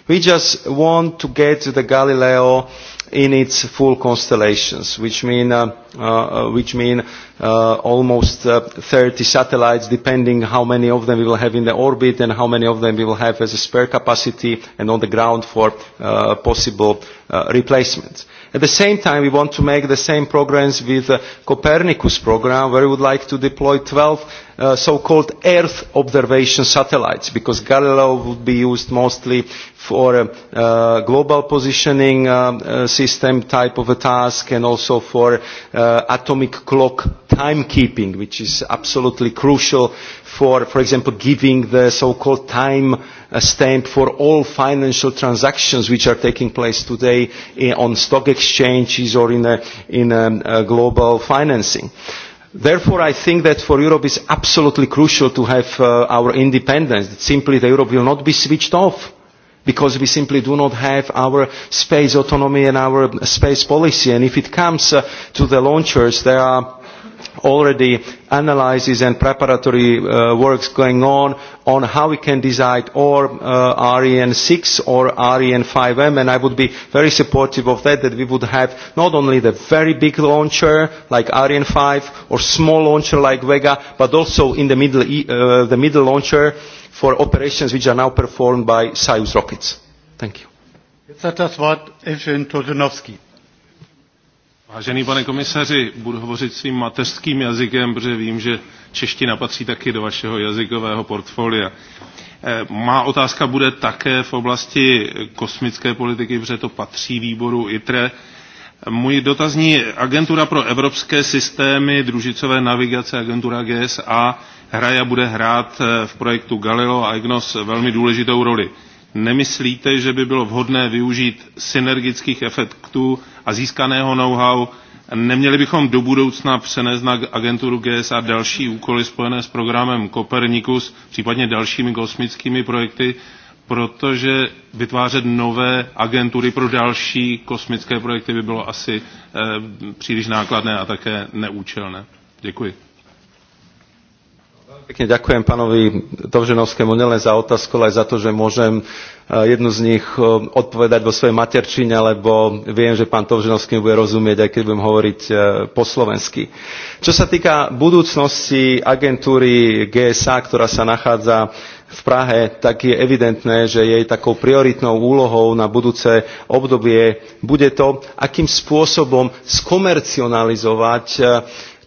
We just want to get to the Galileo in its full constellations, which mean, uh, uh, uh which mean uh, almost uh, 30 satellites, depending how many of them we will have in the orbit and how many of them we will have as a spare capacity and on the ground for uh, possible uh, replacements. At the same time, we want to make the same progress with the Copernicus program, where we would like to deploy 12 uh, so-called Earth observation satellites, because Galileo would be used mostly for a uh, uh, global positioning um, uh, system type of a task and also for uh, atomic clock timekeeping, which is absolutely crucial for, for example, giving the so-called time uh, a stamp for all financial transactions which are taking place today in, on stock exchanges or in, a, in a, a global financing. Therefore, I think that for Europe it's absolutely crucial to have uh, our independence. simply the Europe will not be switched off because we simply do not have our space autonomy and our space policy. And if it comes uh, to the launchers, there are already analyses and preparatory uh, works going on on how we can design or uh, REN 6 or REN 5M and I would be very supportive of that that we would have not only the very big launcher like REN 5 or small launcher like Vega but also in the middle, e, uh, the middle launcher for operations which are now performed by Soyuz rockets. Thank you. Jetzt hat das Wort Evgen Tosinowski. Vážený pane komisaři, budu hovořit svým mateřským jazykem, protože vím, že čeština patří taky do vašeho jazykového portfolia. Eh, má otázka bude také v oblasti kosmické politiky, protože to patří výboru ITRE. Můj dotazní agentura pro evropské systémy družicové navigace, agentura GSA, hraje a bude hrát eh, v projektu Galileo a EGNOS velmi důležitou roli. Nemyslíte, že by bylo vhodné využít synergických efektů a získaného know-how? Neměli bychom do budoucna přenést na agenturu GSA další úkoly spojené s programem Copernicus, případně dalšími kosmickými projekty, protože vytvářet nové agentury pro další kosmické projekty by bylo asi e, příliš nákladné a také neúčelné. Děkuji. Pekne ďakujem pánovi Dovženovskému nielen za otázku, ale aj za to, že môžem e, jednu z nich e, odpovedať vo svojej materčine, lebo viem, že pán Dovženovský bude rozumieť, aj keď budem hovoriť e, po slovensky. Čo sa týka budúcnosti agentúry GSA, ktorá sa nachádza v Prahe, tak je evidentné, že jej takou prioritnou úlohou na budúce obdobie bude to, akým spôsobom skomercionalizovať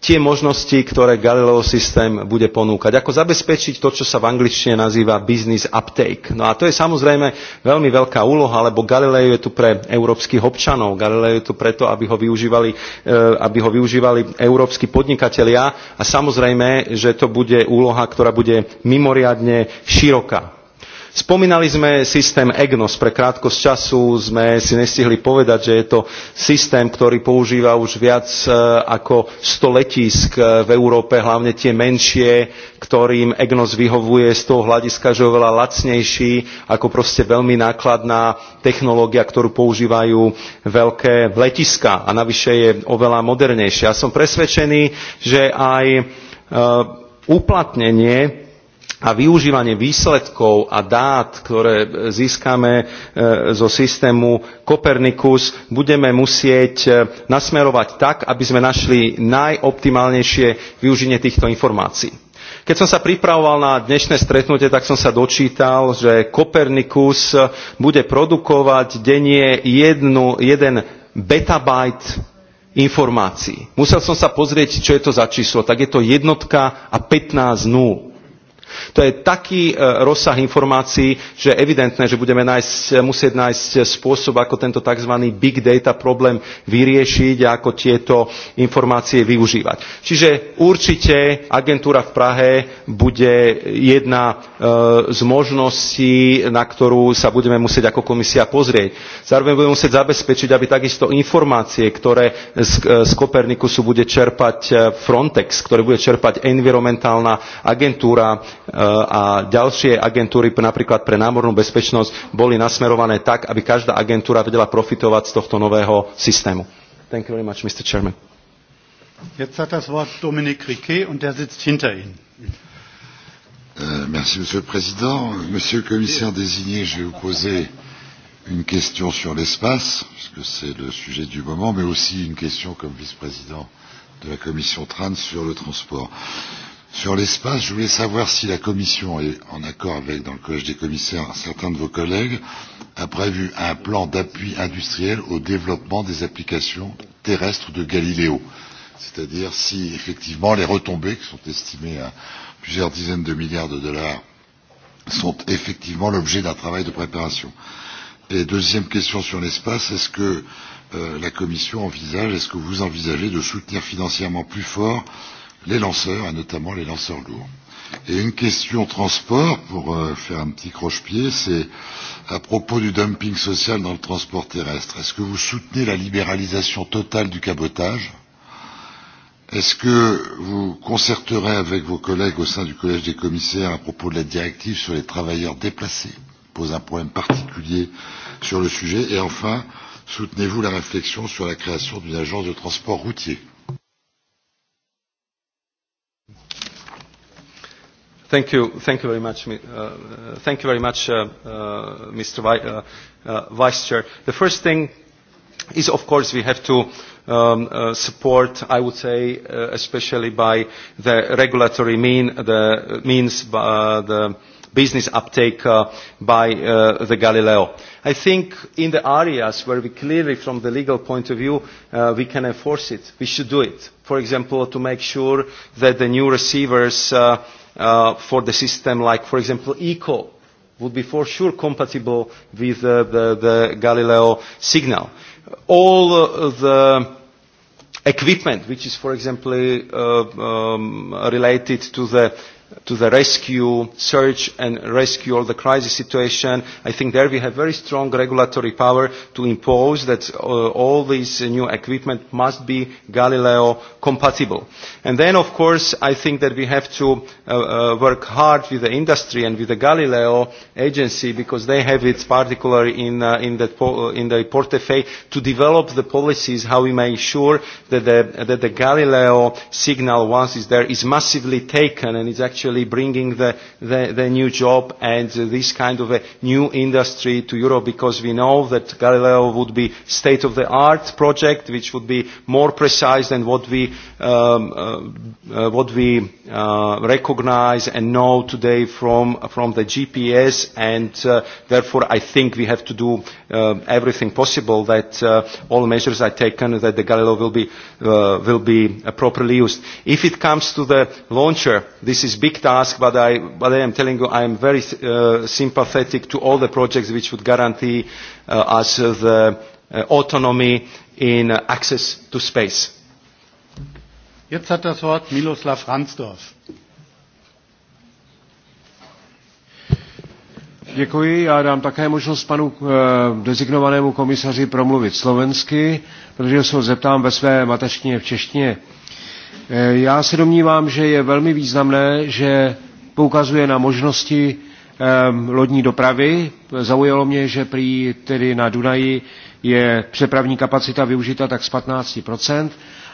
tie možnosti, ktoré Galileo systém bude ponúkať. Ako zabezpečiť to, čo sa v angličtine nazýva business uptake. No a to je samozrejme veľmi veľká úloha, lebo Galileo je tu pre európskych občanov. Galileo je tu preto, aby ho využívali, eh, aby ho využívali európsky podnikatelia a samozrejme, že to bude úloha, ktorá bude mimoriadne široká Spomínali sme systém EGNOS, pre krátkosť času sme si nestihli povedať, že je to systém, ktorý používa už viac e, ako 100 letisk e, v Európe, hlavne tie menšie, ktorým EGNOS vyhovuje z toho hľadiska, že je oveľa lacnejší ako proste veľmi nákladná technológia, ktorú používajú veľké letiska a navyše je oveľa modernejšia. Ja som presvedčený, že aj e, uplatnenie a využívanie výsledkov a dát, ktoré e, získame e, zo systému Copernicus, budeme musieť e, nasmerovať tak, aby sme našli najoptimálnejšie využitie týchto informácií. Keď som sa pripravoval na dnešné stretnutie, tak som sa dočítal, že Kopernikus bude produkovať denne jednu, jeden betabajt informácií. Musel som sa pozrieť, čo je to za číslo. Tak je to jednotka a 15 nul. To je taký e, rozsah informácií, že je evidentné, že budeme nájsť, e, musieť nájsť e, spôsob, ako tento tzv. big data problém vyriešiť a ako tieto informácie využívať. Čiže určite agentúra v Prahe bude jedna z možností, na ktorú sa budeme musieť ako komisia pozrieť. Zároveň budeme musieť zabezpečiť, aby takisto informácie, ktoré z, z Kopernikusu bude čerpať Frontex, ktoré bude čerpať environmentálna agentúra, Eh, a ďalšie agentúry, napríklad pre námornú bezpečnosť, boli nasmerované tak, aby každá agentúra vedela profitovať z tohto nového systému. Thank you very much, Mr. Chairman. Jetzt hat das Wort Dominik Riquet und der sitzt hinter Ihnen. Euh, merci, Monsieur le Président. Monsieur le Commissaire désigné, je vais vous poser une question sur l'espace, puisque c'est le sujet du moment, mais aussi une question comme vice-président de la Commission TRAN sur le transport. Euh, Sur l'espace, je voulais savoir si la Commission est en accord avec, dans le Collège des commissaires, certains de vos collègues, a prévu un plan d'appui industriel au développement des applications terrestres de Galiléo. C'est-à-dire si effectivement les retombées, qui sont estimées à plusieurs dizaines de milliards de dollars, sont effectivement l'objet d'un travail de préparation. Et deuxième question sur l'espace, est-ce que euh, la Commission envisage, est-ce que vous envisagez de soutenir financièrement plus fort euh, les lanceurs, et notamment les lanceurs lourds. Et une question transport, pour euh, faire un petit croche-pied, c'est à propos du dumping social dans le transport terrestre. Est-ce que vous soutenez la libéralisation totale du cabotage Est-ce que vous concerterez avec vos collègues au sein du Collège des commissaires à propos de la directive sur les travailleurs déplacés pose un problème particulier sur le sujet Et enfin, soutenez-vous la réflexion sur la création d'une agence de transport routier Thank you, thank you very much, uh, uh, thank you very much, uh, uh, Mr. Vi uh, uh, Vice Chair. The first thing is, of course, we have to um, uh, support, I would say, uh, especially by the regulatory mean, the means, uh, the business uptake uh, by uh, the Galileo. I think in the areas where we clearly, from the legal point of view, uh, we can enforce it, we should do it. For example, to make sure that the new receivers uh, uh, for the system like, for example, ECO would be for sure compatible with uh, the, the Galileo signal. All uh, the equipment, which is, for example, uh, um, related to the to the rescue, search and rescue all the crisis situation. I think there we have very strong regulatory power to impose that uh, all this uh, new equipment must be Galileo compatible. And then, of course, I think that we have to uh, uh, work hard with the industry and with the Galileo agency because they have it particularly in, uh, in, that po uh, in the portefeuille to develop the policies how we make sure that the, that the Galileo signal once is there is massively taken and it's actually actually bringing the, the, the new job and this kind of a new industry to Europe because we know that Galileo would be state-of-the-art project which would be more precise than what we, um, uh, uh what we uh, recognize and know today from, from the GPS and uh, therefore I think we have to do uh, everything possible that uh, all measures are taken that the Galileo will be, uh, will be uh, properly used. If it comes to the launcher, this is big task, but I, but I am telling you I am very uh, sympathetic to all the projects which would guarantee uh, us uh, the uh, autonomy in uh, access to space. Jetzt hat das Wort Miloslav Ransdorf. Děkuji, já dám také možnost panu uh, e, designovanému komisaři promluvit slovensky, protože se ho zeptám ve své mateřštině v češtině. Eh, já se domnívám, že je velmi významné, že poukazuje na možnosti ehm, lodní dopravy. Zaujalo mě, že prý tedy na Dunaji je přepravní kapacita využita tak z 15%.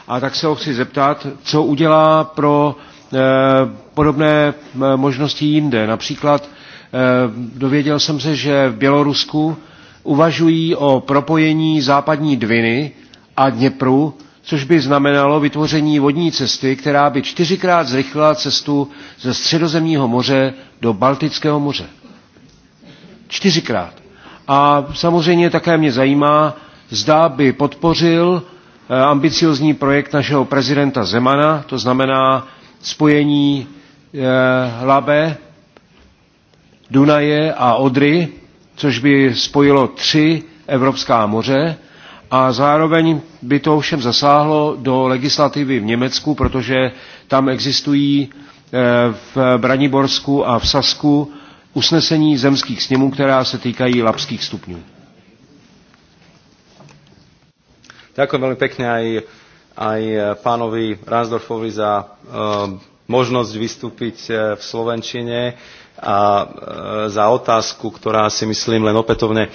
A tak se ho chci zeptat, co udělá pro eh, podobné eh, možnosti jinde. Například dověděl jsem se, že v Bělorusku uvažují o propojení západní Dviny a Dněpru což by znamenalo vytvoření vodní cesty, která by čtyřikrát zrychlila cestu ze Středozemního moře do Baltického moře. Čtyřikrát. A samozřejmě také mě zajímá, zda by podpořil eh, ambiciozní projekt našeho prezidenta Zemana, to znamená spojení eh, Labe, Dunaje a Odry, což by spojilo tři evropská moře a zároveň by to všem zasáhlo do legislativy v Německu, protože tam existují e, v Braniborsku a v Sasku usnesení zemských sněmů, která se týkají lapských stupňů. Ďakujem veľmi pekne aj, aj e, pánovi Ransdorfovi za um, možnosť vystúpiť v Slovenčine a e, za otázku, ktorá si myslím len opätovne e,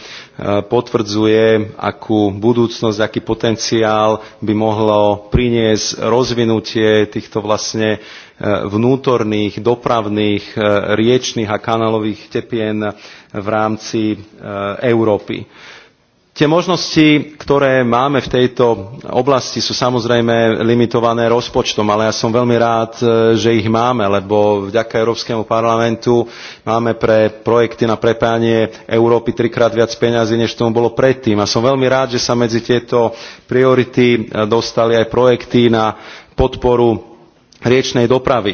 potvrdzuje, akú budúcnosť, aký potenciál by mohlo priniesť rozvinutie týchto vlastne e, vnútorných, dopravných, riečných a kanálových tepien v rámci Európy. Tie možnosti, ktoré máme v tejto oblasti, sú samozrejme limitované rozpočtom, ale ja som veľmi rád, e, že ich máme, lebo vďaka Európskemu parlamentu máme pre projekty na prepájanie Európy trikrát viac peňazí, než tomu bolo predtým. A som veľmi rád, že sa medzi tieto priority e, dostali aj projekty na podporu riečnej dopravy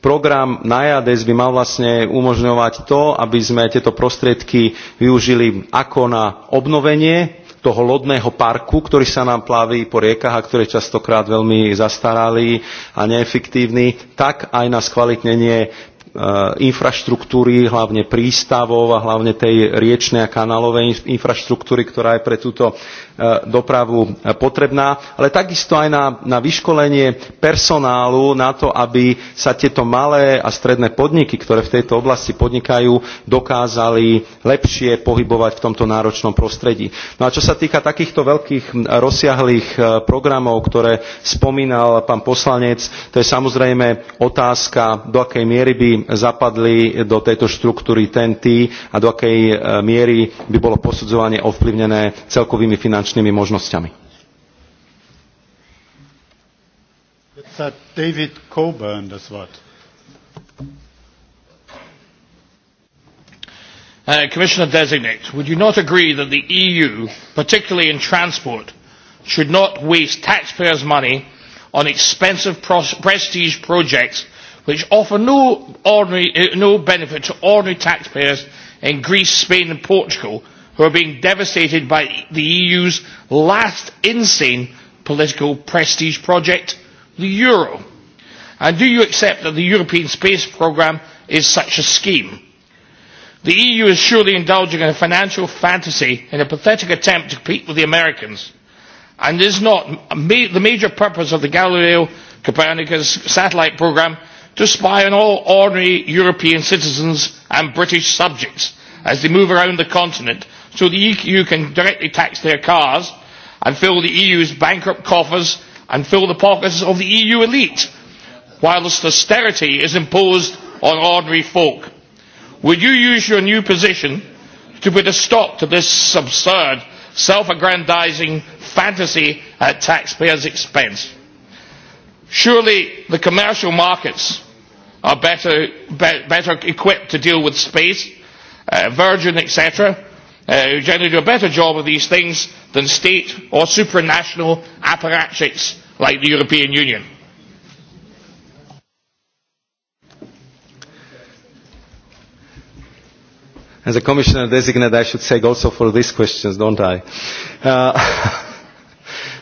program Najades by mal vlastne umožňovať to, aby sme tieto prostriedky využili ako na obnovenie toho lodného parku, ktorý sa nám plaví po riekach a ktoré častokrát veľmi zastaralý a neefektívny, tak aj na skvalitnenie Eh, infraštruktúry, hlavne prístavov a hlavne tej riečnej a kanálovej infraštruktúry, ktorá je pre túto eh, dopravu eh, potrebná, ale takisto aj na, na vyškolenie personálu na to, aby sa tieto malé a stredné podniky, ktoré v tejto oblasti podnikajú, dokázali lepšie pohybovať v tomto náročnom prostredí. No a čo sa týka takýchto veľkých rozsiahlých programov, ktoré spomínal pán poslanec, to je samozrejme otázka, do akej miery by zapadli do tejto štruktúry TNT a do akej e, miery by bolo posudzovanie ovplyvnené celkovými finančnými možnosťami. David Coburn das Wort. Uh, Commissioner designate, would you not agree that the EU, particularly in transport, should not waste taxpayers' money on expensive prestige projects which offer no, ordinary, eh, no benefit to ordinary taxpayers in Greece, Spain and Portugal who are being devastated by the EU's last insane political prestige project, the euro. And do you accept that the European Space Programme is such a scheme? The EU is surely indulging in a financial fantasy in a pathetic attempt to compete with the Americans and is not ma the major purpose of the Galileo Copernicus satellite programme to spy on all ordinary European citizens and British subjects as they move around the continent so the EU can directly tax their cars and fill the EU's bankrupt coffers and fill the pockets of the EU elite, whilst austerity is imposed on ordinary folk. Would you use your new position to put a stop to this absurd, self-aggrandizing fantasy at taxpayers' expense? Surely the commercial markets are better, be, better equipped to deal with space, uh, Virgin, etc., uh, who generally do a better job of these things than state or supranational apparatchiks like the European Union. As a commissioner designate, I should say also for these questions, don't I? Uh,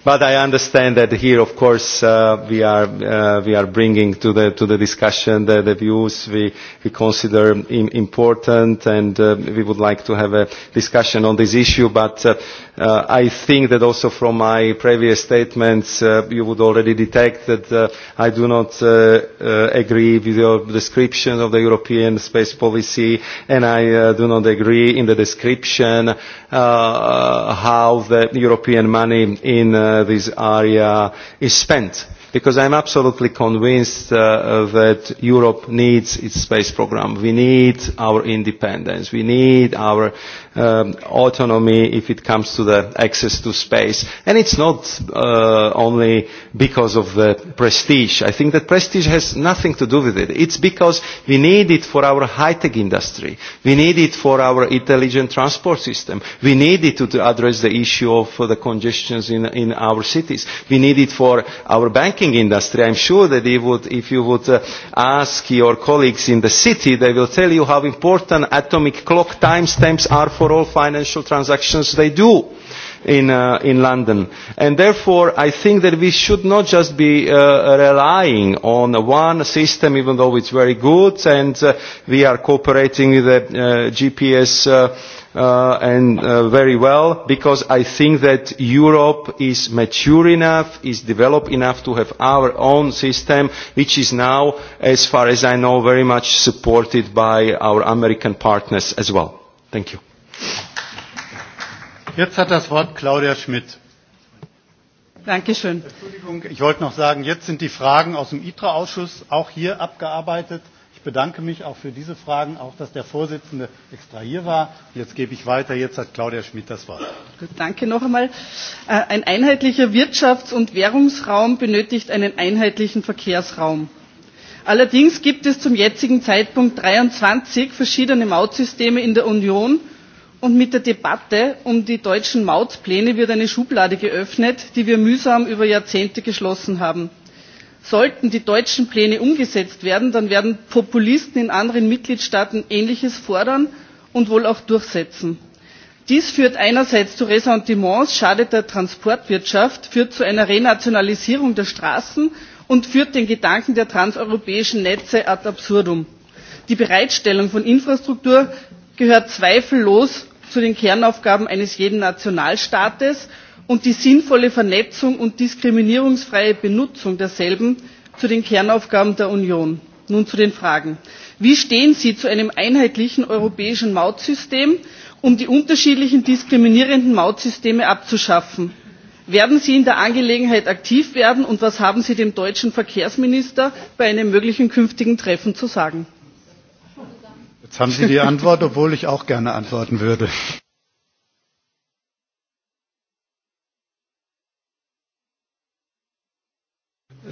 But I understand that here, of course, uh, we, are, uh, we are bringing to the, to the discussion the, the views we, we consider im important, and uh, we would like to have a discussion on this issue. But uh, uh, I think that also from my previous statements, uh, you would already detect that uh, I do not uh, uh, agree with your description of the European space policy, and I uh, do not agree in the description uh, how the European money in uh, uh, this area is spent because I'm absolutely convinced uh, that Europe needs its space program. We need our independence. We need our um, autonomy if it comes to the access to space. And it's not uh, only because of the prestige. I think that prestige has nothing to do with it. It's because we need it for our high-tech industry. We need it for our intelligent transport system. We need it to, address the issue of the congestions in, in our cities. We need it for our banking industry. I'm sure that if, would, if you would uh, ask your colleagues in the city, they will tell you how important atomic clock timestamps are for for all financial transactions they do in, uh, in London. And therefore, I think that we should not just be uh, relying on one system, even though it's very good, and uh, we are cooperating with the uh, GPS uh, uh, and uh, very well, because I think that Europe is mature enough, is developed enough to have our own system, which is now, as far as I know, very much supported by our American partners as well. Thank you. Jetzt hat das Wort Claudia Schmidt. Dankeschön. Entschuldigung, ich wollte noch sagen, jetzt sind die Fragen aus dem ITRA-Ausschuss auch hier abgearbeitet. Ich bedanke mich auch für diese Fragen, auch dass der Vorsitzende extra hier war. Jetzt gebe ich weiter. Jetzt hat Claudia Schmidt das Wort. Gut, danke noch einmal. Äh, ein einheitlicher Wirtschafts- und Währungsraum benötigt einen einheitlichen Verkehrsraum. Allerdings gibt es zum jetzigen Zeitpunkt 23 verschiedene Mautsysteme in der Union – Und mit der Debatte um die deutschen Mautpläne wird eine Schublade geöffnet, die wir mühsam über Jahrzehnte geschlossen haben. Sollten die deutschen Pläne umgesetzt werden, dann werden Populisten in anderen Mitgliedstaaten Ähnliches fordern und wohl auch durchsetzen. Dies führt einerseits zu Ressentiments, schadet der Transportwirtschaft, führt zu einer Renationalisierung der Straßen und führt den Gedanken der transeuropäischen Netze ad absurdum. Die Bereitstellung von Infrastruktur gehört zweifellos zu den Kernaufgaben eines jeden Nationalstaates und die sinnvolle Vernetzung und diskriminierungsfreie Benutzung derselben zu den Kernaufgaben der Union. Nun zu den Fragen. Wie stehen Sie zu einem einheitlichen europäischen Mautsystem, um die unterschiedlichen diskriminierenden Mautsysteme abzuschaffen? Werden Sie in der Angelegenheit aktiv werden und was haben Sie dem deutschen Verkehrsminister bei einem möglichen künftigen Treffen zu sagen? Jetzt haben Sie die Antwort, obwohl ich auch gerne antworten würde.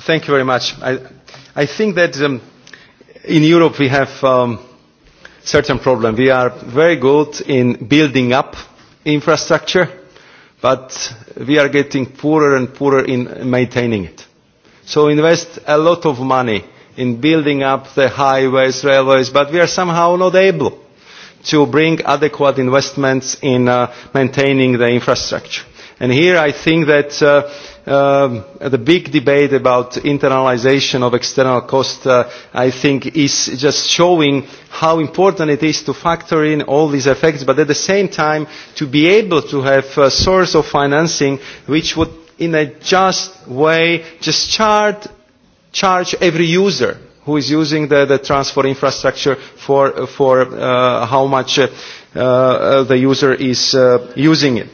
Thank you very much. I, I think that um, in Europe we have um, certain problem. We are very good in building up infrastructure, but we are getting poorer and poorer in maintaining it. So invest a lot of money in building up the highways, railways, but we are somehow not able to bring adequate investments in uh, maintaining the infrastructure. And here I think that uh, uh, the big debate about internalization of external cost, uh, I think, is just showing how important it is to factor in all these effects, but at the same time to be able to have a source of financing which would in a just way just chart charge every user who is using the, the transfer infrastructure for, for uh, how much uh, uh, the user is uh, using it.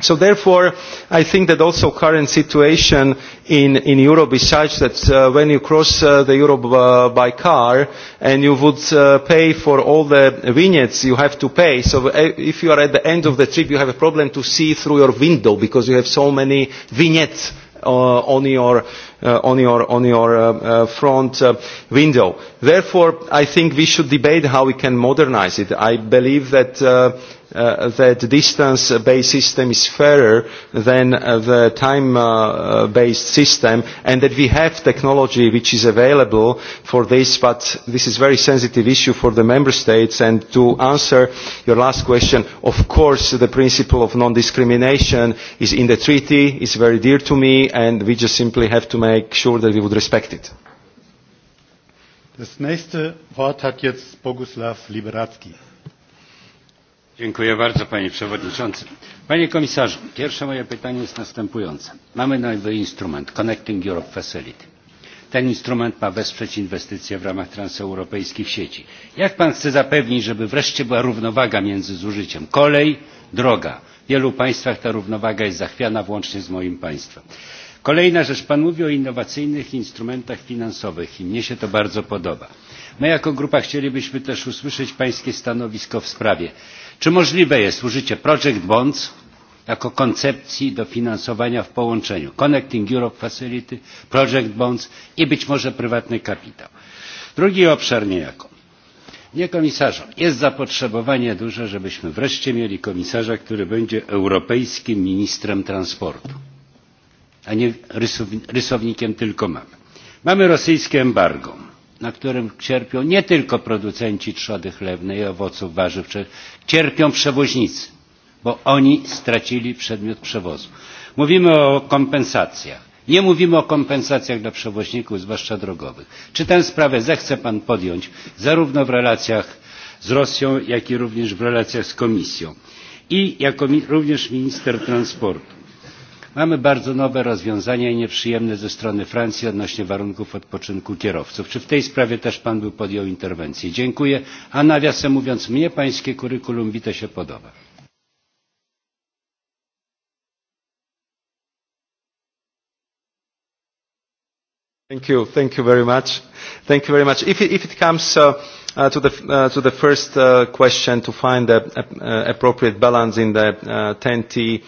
So therefore, I think that also current situation in, in Europe is such that uh, when you cross uh, the Europe uh, by car and you would uh, pay for all the vignettes you have to pay, so uh, if you are at the end of the trip, you have a problem to see through your window because you have so many vignettes uh, on your, uh, on your, on your uh, uh, front uh, window. Therefore, I think we should debate how we can modernize it. I believe that uh, uh, that distance-based system is fairer than uh, the time-based uh, uh system and that we have technology which is available for this, but this is a very sensitive issue for the member states. And to answer your last question, of course the principle of non-discrimination is in the treaty, is very dear to me, and we just simply have to make sure that we would respect it. Das nächste Wort hat jetzt Boguslav Liberatsky. Dziękuję bardzo Panie Przewodniczący. Panie Komisarzu, pierwsze moje pytanie jest następujące. Mamy nowy instrument Connecting Europe Facility. Ten instrument ma wesprzeć inwestycje w ramach transeuropejskich sieci. Jak Pan chce zapewnić, żeby wreszcie była równowaga między zużyciem kolej, droga? W wielu państwach ta równowaga jest zachwiana, włącznie z moim państwem. Kolejna rzecz, Pan mówi o innowacyjnych instrumentach finansowych i mnie się to bardzo podoba. My jako grupa chcielibyśmy też usłyszeć Pańskie stanowisko w sprawie Czy możliwe jest użycie Project Bonds jako koncepcji dofinansowania w połączeniu Connecting Europe Facility, Project Bonds i być może prywatny kapitał? Drugi obszar niejako. Nie komisarzu, jest zapotrzebowanie duże, żebyśmy wreszcie mieli komisarza, który będzie europejskim ministrem transportu, a nie rysownikiem tylko mamy. Mamy rosyjskie embargo na którym cierpią nie tylko producenci trzody chlewnej i owoców warzywczych, cierpią przewoźnicy, bo oni stracili przedmiot przewozu. Mówimy o kompensacjach. Nie mówimy o kompensacjach dla przewoźników, zwłaszcza drogowych. Czy tę sprawę zechce Pan podjąć zarówno w relacjach z Rosją, jak i również w relacjach z Komisją i jako również minister transportu? Mamy bardzo nowe rozwiązania i nieprzyjemne ze strony Francji odnośnie warunków odpoczynku kierowców. Czy w tej sprawie też Pan był podjął interwencję? Dziękuję. A nawiasem mówiąc, mnie Pańskie kurykulum wite się podoba. Thank you. Thank you very much. Thank you very much. If it, if it comes uh, uh, to, the, uh, to the first uh, question to find the uh, appropriate balance in the uh, 10T uh,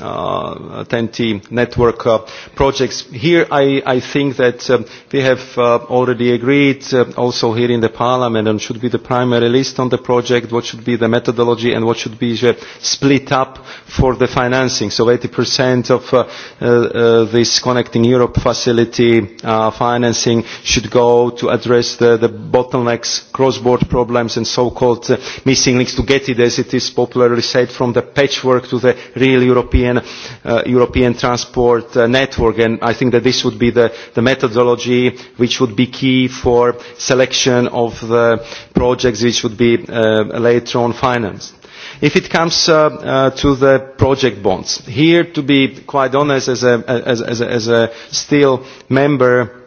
uh, TNT network uh, projects. Here I, I think that um, we have uh, already agreed uh, also here in the parliament and should be the primary list on the project, what should be the methodology and what should be uh, split up for the financing. So 80% of uh, uh, uh, this Connecting Europe facility uh, financing should go to address the, the bottlenecks, cross-border problems and so-called uh, missing links to get it as it is popularly said from the patchwork to the real European European, uh, European transport uh, network. And I think that this would be the, the methodology which would be key for selection of the projects which would be uh, later on financed. If it comes uh, uh, to the project bonds, here to be quite honest, as a, as, as a, as a still member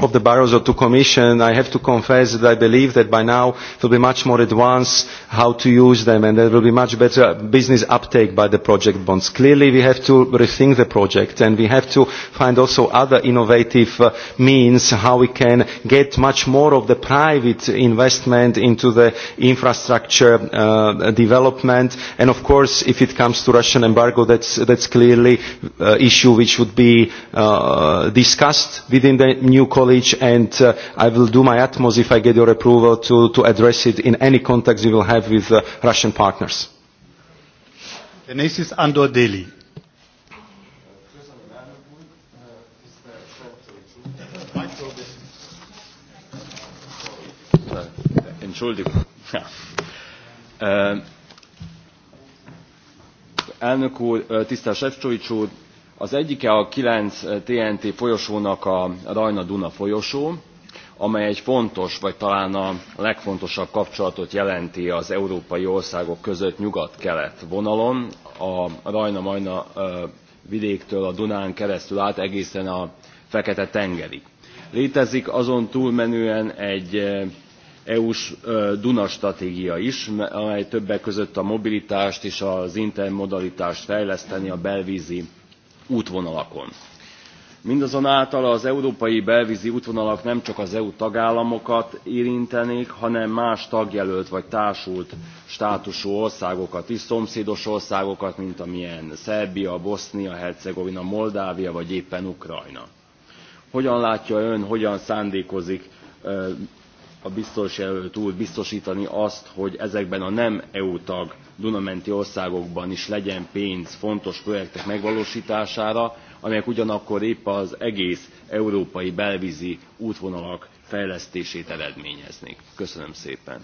of the Barroso II Commission, I have to confess that I believe that by now it will be much more advanced how to use them and there will be much better business uptake by the project bonds. Clearly we have to rethink the project and we have to find also other innovative uh, means how we can get much more of the private investment into the infrastructure uh, development and of course if it comes to Russian embargo that's, that's clearly an uh, issue which would be uh, discussed within the new college knowledge and uh, I will do my utmost if I get your approval to, to address it in any contacts you will have with uh, Russian partners. The next is Andor Deli. Entschuldigung. Ja. Ähm, Elnök úr, tisztelt Sefcsovics úr, Az egyike a 9 eh, TNT folyosónak a Rajna-Duna folyosó, amely egy fontos, vagy talán a legfontosabb kapcsolatot jelenti az európai országok között nyugat-kelet vonalon, a Rajna-Majna eh, vidéktől a Dunán keresztül át egészen a Fekete-tengerig. Létezik azon túlmenően egy EU-s eh, e Duna stratégia is, amely többek között a mobilitást és az intermodalitást fejleszteni a belvízi útvonalakon. Mindazonáltal az európai belvízi útvonalak nem csak az EU tagállamokat érintenék, hanem más tagjelölt vagy társult státusú országokat is, szomszédos országokat, mint amilyen Szerbia, Bosznia, Hercegovina, Moldávia vagy éppen Ukrajna. Hogyan látja ön, hogyan szándékozik a biztos jelölt úr biztosítani azt, hogy ezekben a nem EU tag Dunamenti országokban is legyen pénz fontos projektek megvalósítására, amelyek ugyanakkor épp az egész európai belvízi útvonalak fejlesztését eredményeznék. Köszönöm szépen!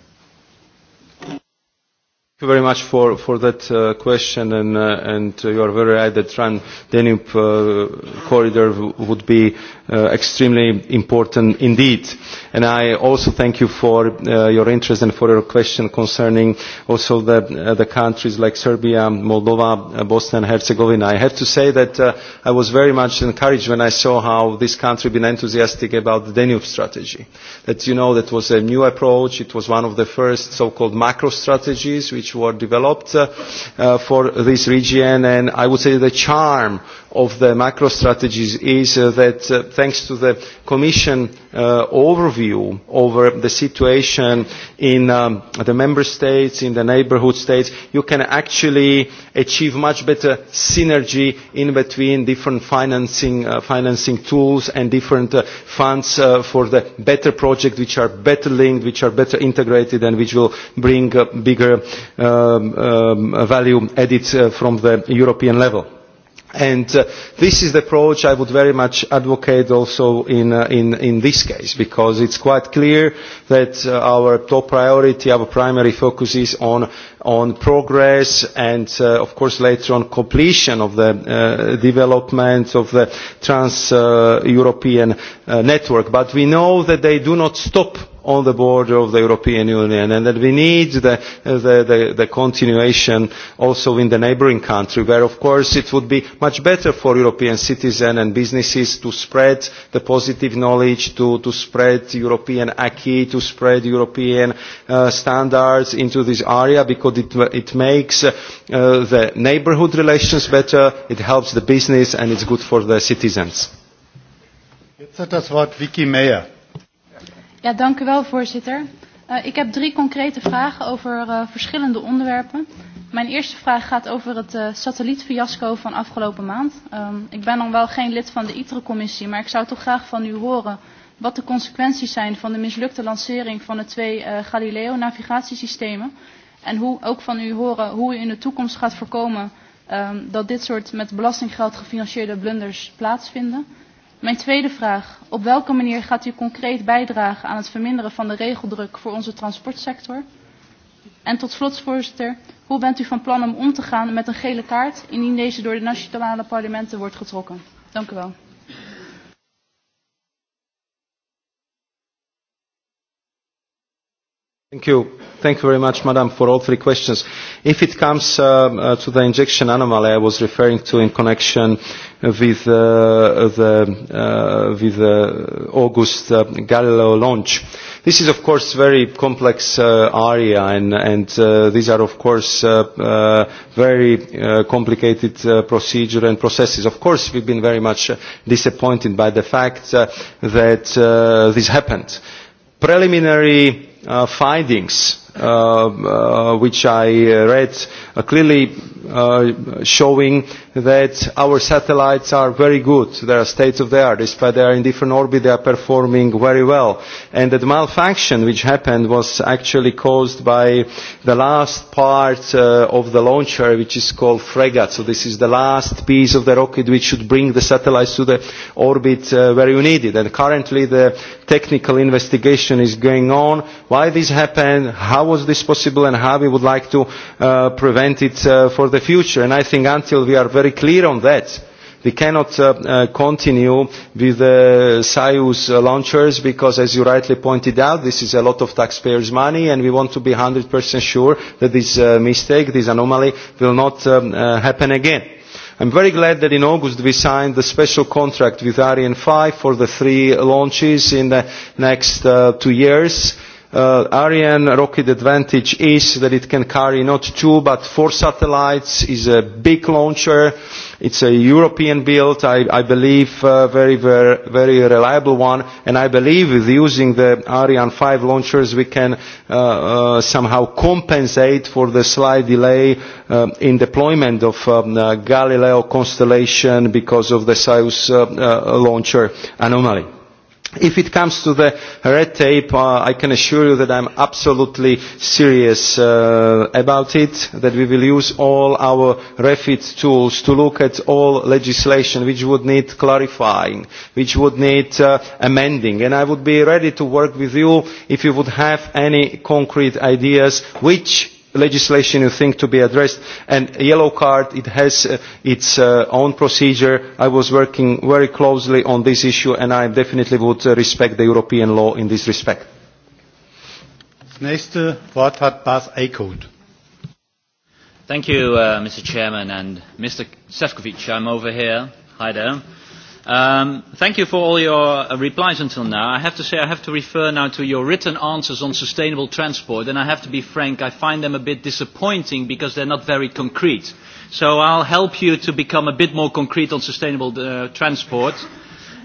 Thank you very much for, for that uh, question, and, uh, and you are very right that Trans Danube uh, corridor would be uh, extremely important indeed. And I also thank you for uh, your interest and for your question concerning also the, uh, the countries like Serbia, Moldova, uh, Bosnia and Herzegovina. I have to say that uh, I was very much encouraged when I saw how this country been enthusiastic about the Danube strategy. That you know that was a new approach. It was one of the first so-called macro strategies which which were developed uh, for this region and I would say the charm of the macro strategies is uh, that uh, thanks to the Commission uh, overview over the situation in um, the member states, in the neighborhood states, you can actually achieve much better synergy in between different financing, uh, financing tools and different uh, funds uh, for the better projects which are better linked, which are better integrated and which will bring uh, bigger um, um, value added uh, from the European level. And uh, this is the approach I would very much advocate also in, uh, in, in this case because it's quite clear that uh, our top priority, our primary focus is on, on progress and uh, of course later on completion of the uh, development of the trans-European uh, uh, network. But we know that they do not stop on the border of the European Union and that we need the, the, the, the continuation also in the neighboring country where of course it would be much better for European citizens and businesses to spread the positive knowledge, to, to spread European acquis, to spread European uh, standards into this area because it, it makes uh, the neighborhood relations better, it helps the business and it's good for the citizens. Jetzt hat das Wort Vicky Mayer. Ja, dank u wel, voorzitter. Uh, ik heb drie concrete vragen over uh, verschillende onderwerpen. Mijn eerste vraag gaat over het uh, satellietfiasco van afgelopen maand. Um, ik ben dan wel geen lid van de ITRE-commissie, maar ik zou toch graag van u horen wat de consequenties zijn van de mislukte lancering van de twee uh, Galileo-navigatiesystemen. En hoe, ook van u horen hoe u in de toekomst gaat voorkomen um, dat dit soort met belastinggeld gefinancierde blunders plaatsvinden. Mijn tweede vraag. Op welke manier gaat u concreet bijdragen aan het verminderen van de regeldruk voor onze transportsector? En tot slot, voorzitter, hoe bent u van plan om om te gaan met een gele kaart indien deze door de nationale parlementen wordt getrokken? Dank u wel. Thank you. Thank you very much, Madam, for all three questions. If it comes uh, uh, to the injection anomaly I was referring to in connection with uh, the uh, with the uh, August uh, Galileo launch, this is of course a very complex uh, area, and and uh, these are of course uh, uh, very uh, complicated uh, procedure and processes. Of course, we've been very much uh, disappointed by the fact uh, that uh, this happened. Preliminary uh, findings uh, uh, which I uh, read uh, clearly uh, showing that our satellites are very good. They are state of the art. Despite they are in different orbit, they are performing very well. And that malfunction which happened was actually caused by the last part uh, of the launcher, which is called Fregat. So this is the last piece of the rocket which should bring the satellites to the orbit uh, where you need it. And currently the technical investigation is going on. Why this happened, how was this possible, and how we would like to uh, prevent it uh, for the future. And I think until we are very very clear on that. We cannot uh, uh, continue with the uh, Soyuz uh, launchers because, as you rightly pointed out, this is a lot of taxpayers' money and we want to be 100% sure that this uh, mistake, this anomaly, will not um, uh, happen again. I'm very glad that in August we signed the special contract with Ariane 5 for the three launches in the next uh, two years uh, Ariane rocket advantage is that it can carry not two but four satellites, is a big launcher, it's a European built, I, I believe, uh, very, very, very reliable one, and I believe with using the Ariane 5 launchers we can uh, uh, somehow compensate for the slight delay um, in deployment of um, uh, Galileo constellation because of the Soyuz uh, uh, launcher anomaly. If it comes to the red tape, uh, I can assure you that I'm absolutely serious uh, about it, that we will use all our refit tools to look at all legislation which would need clarifying, which would need uh, amending. And I would be ready to work with you if you would have any concrete ideas which legislation you think to be addressed and yellow card it has uh, its uh, own procedure i was working very closely on this issue and i definitely would uh, respect the european law in this respect Next nächste hat bas Eickhout. thank you uh, mr chairman and mr sefcovic i'm over here hi there Um, thank you for all your uh, replies until now. I have to say I have to refer now to your written answers on sustainable transport, and I have to be frank, I find them a bit disappointing because they're not very concrete. So I'll help you to become a bit more concrete on sustainable uh, transport.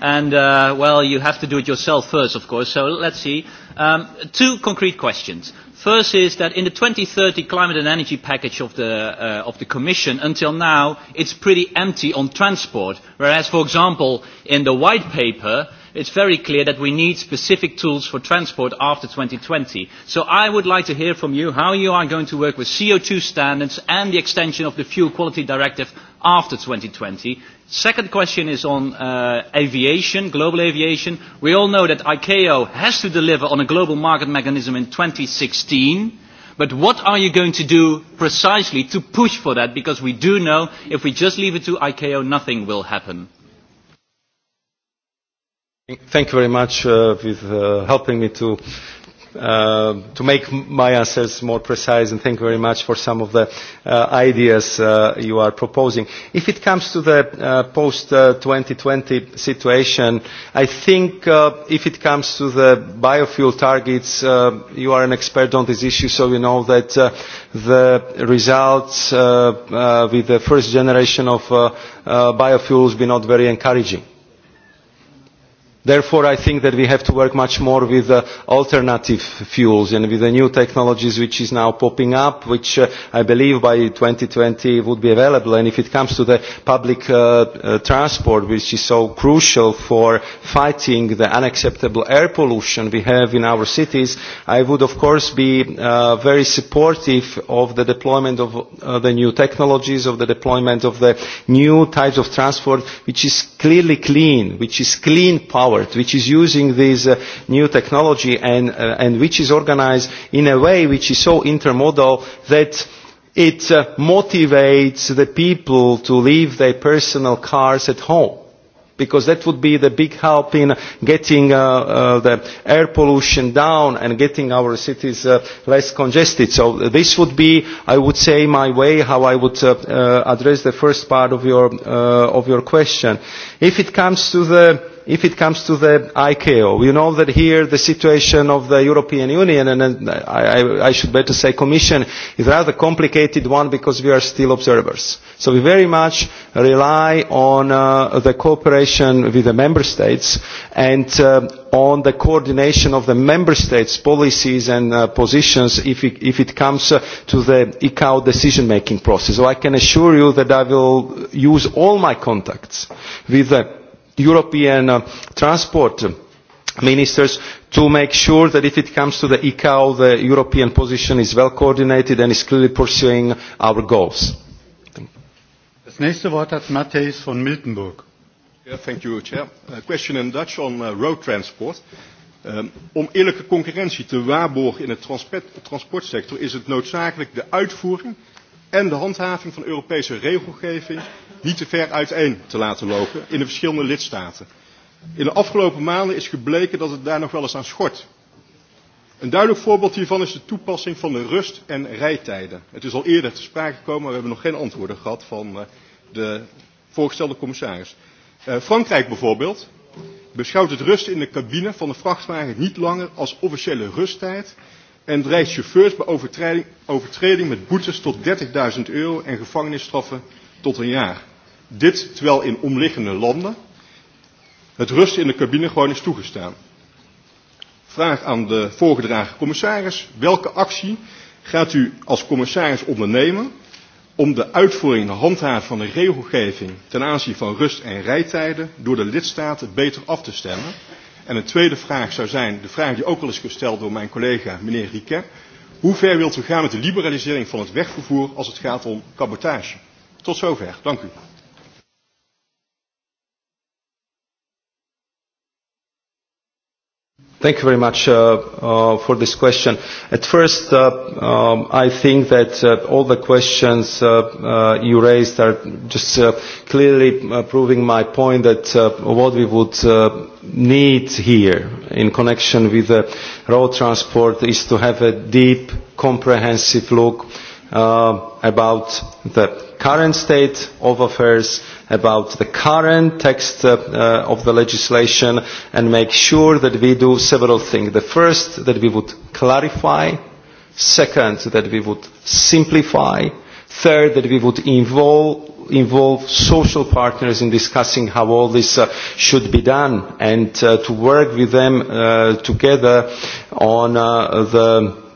And, uh, well, you have to do it yourself first, of course, so let's see. Um, two concrete questions. First is that in the 2030 climate and energy package of the, uh, of the Commission, until now, it's pretty empty on transport, whereas, for example, in the white paper, it's very clear that we need specific tools for transport after 2020. So I would like to hear from you how you are going to work with CO2 standards and the extension of the Fuel Quality Directive after 2020 Second question is on uh, aviation, global aviation. We all know that ICAO has to deliver on a global market mechanism in 2016. But what are you going to do precisely to push for that? Because we do know if we just leave it to ICAO, nothing will happen. Thank you very much uh, for uh, helping me to uh, to make my answers more precise and thank you very much for some of the uh, ideas uh, you are proposing. If it comes to the uh, post-2020 uh, situation, I think uh, if it comes to the biofuel targets, uh, you are an expert on this issue, so you know that uh, the results uh, uh, with the first generation of uh, uh, biofuels be not very encouraging. Therefore, I think that we have to work much more with uh, alternative fuels and with the new technologies which is now popping up, which uh, I believe by 2020 would be available. And if it comes to the public uh, uh, transport, which is so crucial for fighting the unacceptable air pollution we have in our cities, I would, of course, be uh, very supportive of the deployment of uh, the new technologies, of the deployment of the new types of transport, which is clearly clean, which is clean powered, which is using this uh, new technology and, uh, and which is organized in a way which is so intermodal that it uh, motivates the people to leave their personal cars at home because that would be the big help in getting uh, uh, the air pollution down and getting our cities uh, less congested. So this would be, I would say, my way how I would uh, uh, address the first part of your, uh, of your question. If it comes to the if it comes to the ICAO, you know that here the situation of the European Union, and I, I should better say Commission, is rather complicated one because we are still observers. So we very much rely on uh, the cooperation with the Member States and uh, on the coordination of the Member States' policies and uh, positions if it, if it comes uh, to the ICAO decision-making process. So I can assure you that I will use all my contacts with the European uh, transport ministers to make sure that if it comes to the ICAO, the European position is well coordinated and is clearly pursuing our goals. Das nächste Wort hat Matthäus von Miltenburg. Yeah, thank you, Chair. A question in Dutch on uh, road transport. Um, om eerlijke concurrentie te waarborgen in het transport, transportsector is het noodzakelijk de uitvoering en de handhaving van Europese regelgeving niet te ver uiteen te laten lopen in de verschillende lidstaten. In de afgelopen maanden is gebleken dat het daar nog wel eens aan schort. Een duidelijk voorbeeld hiervan is de toepassing van de rust- en rijtijden. Het is al eerder te sprake gekomen, maar we hebben nog geen antwoorden gehad van eh, de voorgestelde commissaris. Eh, Frankrijk bijvoorbeeld beschouwt het rust in de cabine van de vrachtwagen niet langer als officiële rusttijd, en dreigt chauffeurs bij overtreding, overtreding met boetes tot 30.000 euro en gevangenisstraffen tot een jaar. Dit terwijl in omliggende landen het rust in de cabine gewoon is toegestaan. Vraag aan de voorgedragen commissaris, welke actie gaat u als commissaris ondernemen om de uitvoering en handhaven van de regelgeving ten aanzien van rust en rijtijden door de lidstaten beter af te stemmen? En een tweede vraag zou zijn, de vraag die ook al is gesteld door mijn collega meneer Rieke. Hoe ver wilt u gaan met de liberalisering van het wegvervoer als het gaat om cabotage? Tot zover, dank u. Thank you very much uh, uh, for this question. At first, uh, um, I think that uh, all the questions uh, uh, you raised are just uh, clearly uh, proving my point that uh, what we would uh, need here in connection with uh, road transport is to have a deep, comprehensive look uh, about the current state of affairs, about the current text uh, uh, of the legislation and make sure that we do several things. The first, that we would clarify. Second, that we would simplify. Third, that we would involve involve social partners in discussing how all this uh, should be done and uh, to work with them uh, together on uh, the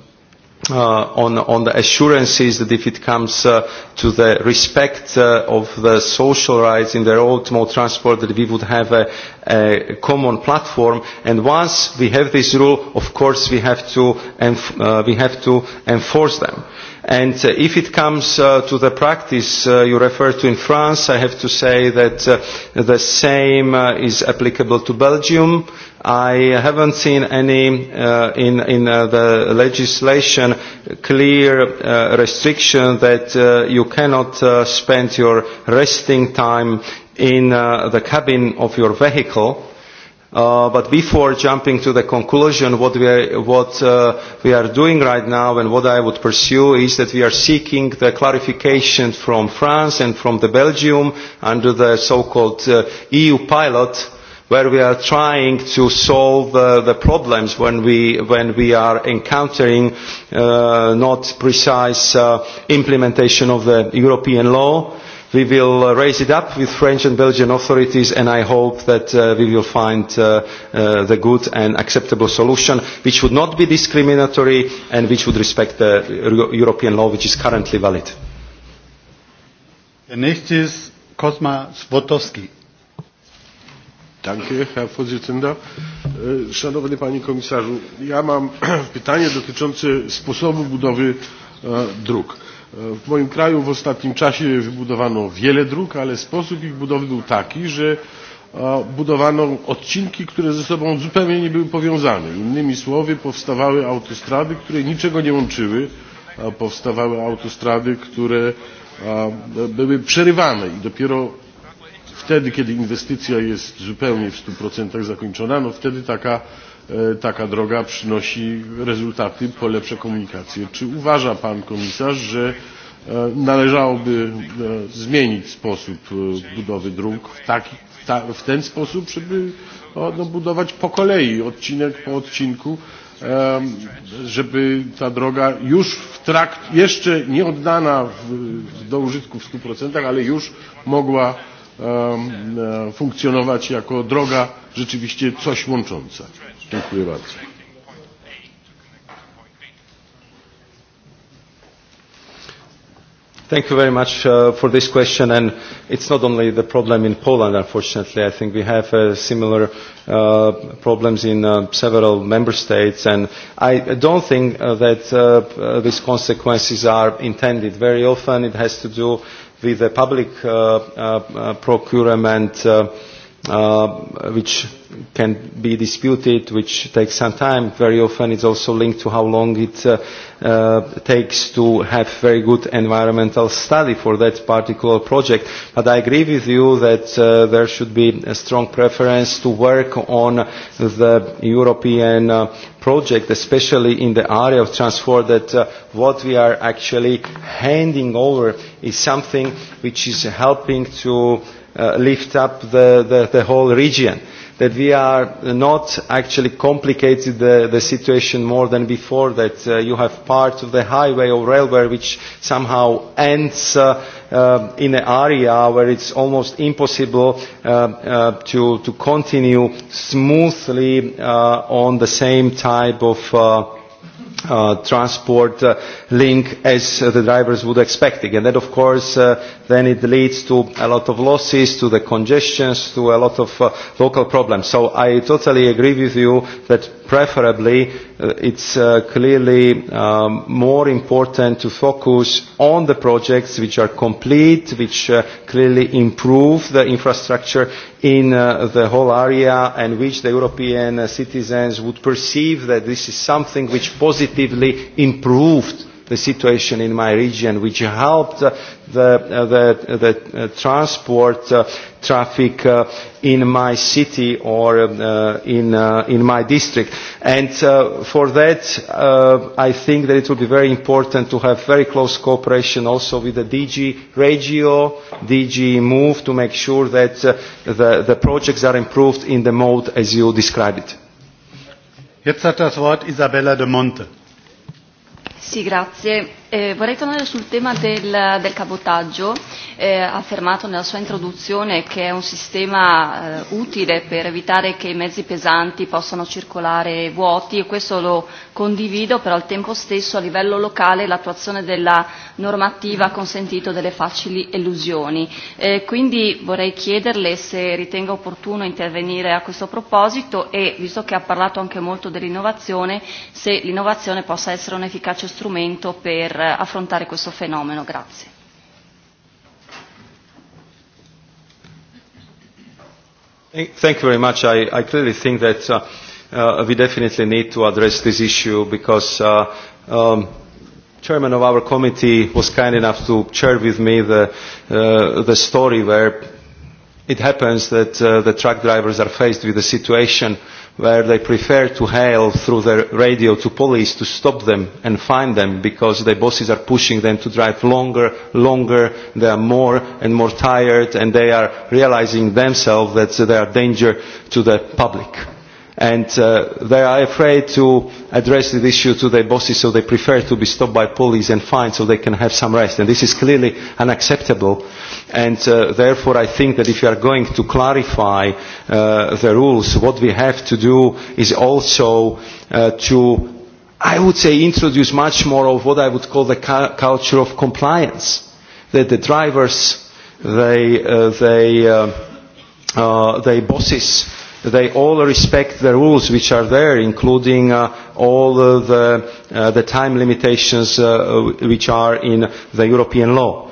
uh, on, on the assurances that if it comes uh, to the respect uh, of the social rights in the road transport that we would have a, a common platform and once we have this rule of course we have to, enf uh, we have to enforce them. Uh, And uh, if it comes uh, to the practice uh, you refer to in France, I have to say that uh, the same uh, is applicable to Belgium. I haven't seen any uh, in, in uh, the legislation clear uh, restriction that uh, you cannot uh, spend your resting time in uh, the cabin of your vehicle Uh, but before jumping to the conclusion, what, we are, what uh, we are doing right now and what I would pursue is that we are seeking the clarification from France and from the Belgium under the so-called uh, EU pilot where we are trying to solve uh, the problems when we, when we are encountering uh, not precise uh, implementation of the European law We will uh, raise it up with French and Belgian authorities and I hope that uh, we will find uh, uh, the good and acceptable solution which would not be discriminatory and which would respect the European law which is currently valid. Der nächste ist Kosma Swotowski. Danke, Herr Vorsitzender. Äh, szanowny Panie Komisarzu, ja mam pytanie dotyczące sposobu budowy e, dróg. E, W moim kraju w ostatnim czasie wybudowano wiele dróg, ale sposób ich budowy był taki, że e, budowano odcinki, które ze sobą zupełnie nie były powiązane. Innymi słowy, powstawały autostrady, które niczego nie łączyły, powstawały autostrady, które e, były przerywane i dopiero wtedy, kiedy inwestycja jest zupełnie w 100% zakończona, no wtedy taka E, taka droga przynosi rezultaty, po lepsze komunikacje. Czy uważa Pan Komisarz, że e, należałoby e, zmienić sposób budowy dróg w, taki, w ten sposób, żeby no, budować po kolei, odcinek po odcinku, żeby ta droga już w trakt, jeszcze nie oddana w, do użytku w 100%, ale już mogła funkcjonować jako droga rzeczywiście coś łącząca. Dziękuję Thank you very much uh, for this question. And it's not only the problem in Poland, unfortunately. I think we have uh, similar uh, problems in uh, several member states. And I don't think uh, that uh, uh these consequences are intended. Very often it has to do with the public uh, uh, uh procurement. Uh, uh, which can be disputed, which takes some time. Very often it's also linked to how long it uh, uh, takes to have very good environmental study for that particular project. But I agree with you that uh, there should be a strong preference to work on the European uh, project, especially in the area of transport, that uh, what we are actually handing over is something which is helping to uh, lift up the, the, the whole region, that we are not actually complicated the, the situation more than before, that uh, you have part of the highway or railway which somehow ends uh, uh, in an area where it's almost impossible uh, uh, to, to continue smoothly uh, on the same type of uh, uh, transport uh, link as uh, the drivers would expect. And that, of course, uh, then it leads to a lot of losses, to the congestions, to a lot of uh, local problems. So I totally agree with you that preferably uh, it's uh, clearly um, more important to focus on the projects which are complete, which uh, clearly improve the infrastructure in uh, the whole area and which the European uh, citizens would perceive that this is something which positively positively improved the situation in my region, which helped uh, the, uh, the, uh, the transport traffic in my city or um, in, in my district. And for that, I think that it will be very important to have very close cooperation also with the DG Regio, DG Move, to make sure that the, the projects are improved in the mode as you described it. Jetzt hat das Wort Isabella de Monte. Sì, grazie. Eh, vorrei tornare sul tema del, del cabotaggio, eh, affermato nella sua introduzione che è un sistema eh, utile per evitare che i mezzi pesanti possano circolare vuoti e questo lo condivido, però al tempo stesso a livello locale l'attuazione della normativa ha consentito delle facili illusioni. Eh, quindi vorrei chiederle se ritenga opportuno intervenire a questo proposito e, visto che ha parlato anche molto dell'innovazione, se l'innovazione possa essere un efficace strumento per Eh, affrontare questo fenomeno. Grazie. Thank you very much. I, I clearly think that uh, uh, we definitely need to address this issue because uh, um, chairman of our committee was kind enough to share with me the, uh, the story where it happens that uh, the truck drivers are faced with a situation uh, where they prefer to hail through the radio to police to stop them and find them because their bosses are pushing them to drive longer, longer, they are more and more tired and they are realizing themselves that they are danger to the public and uh, they are afraid to address the issue to their bosses so they prefer to be stopped by police and fined so they can have some rest and this is clearly unacceptable and uh, therefore I think that if you are going to clarify uh, the rules what we have to do is also uh, to I would say introduce much more of what I would call the culture of compliance that the drivers they uh, they uh, uh, they bosses they all respect the rules which are there, including uh, all of the, uh, the time limitations uh, which are in the European law.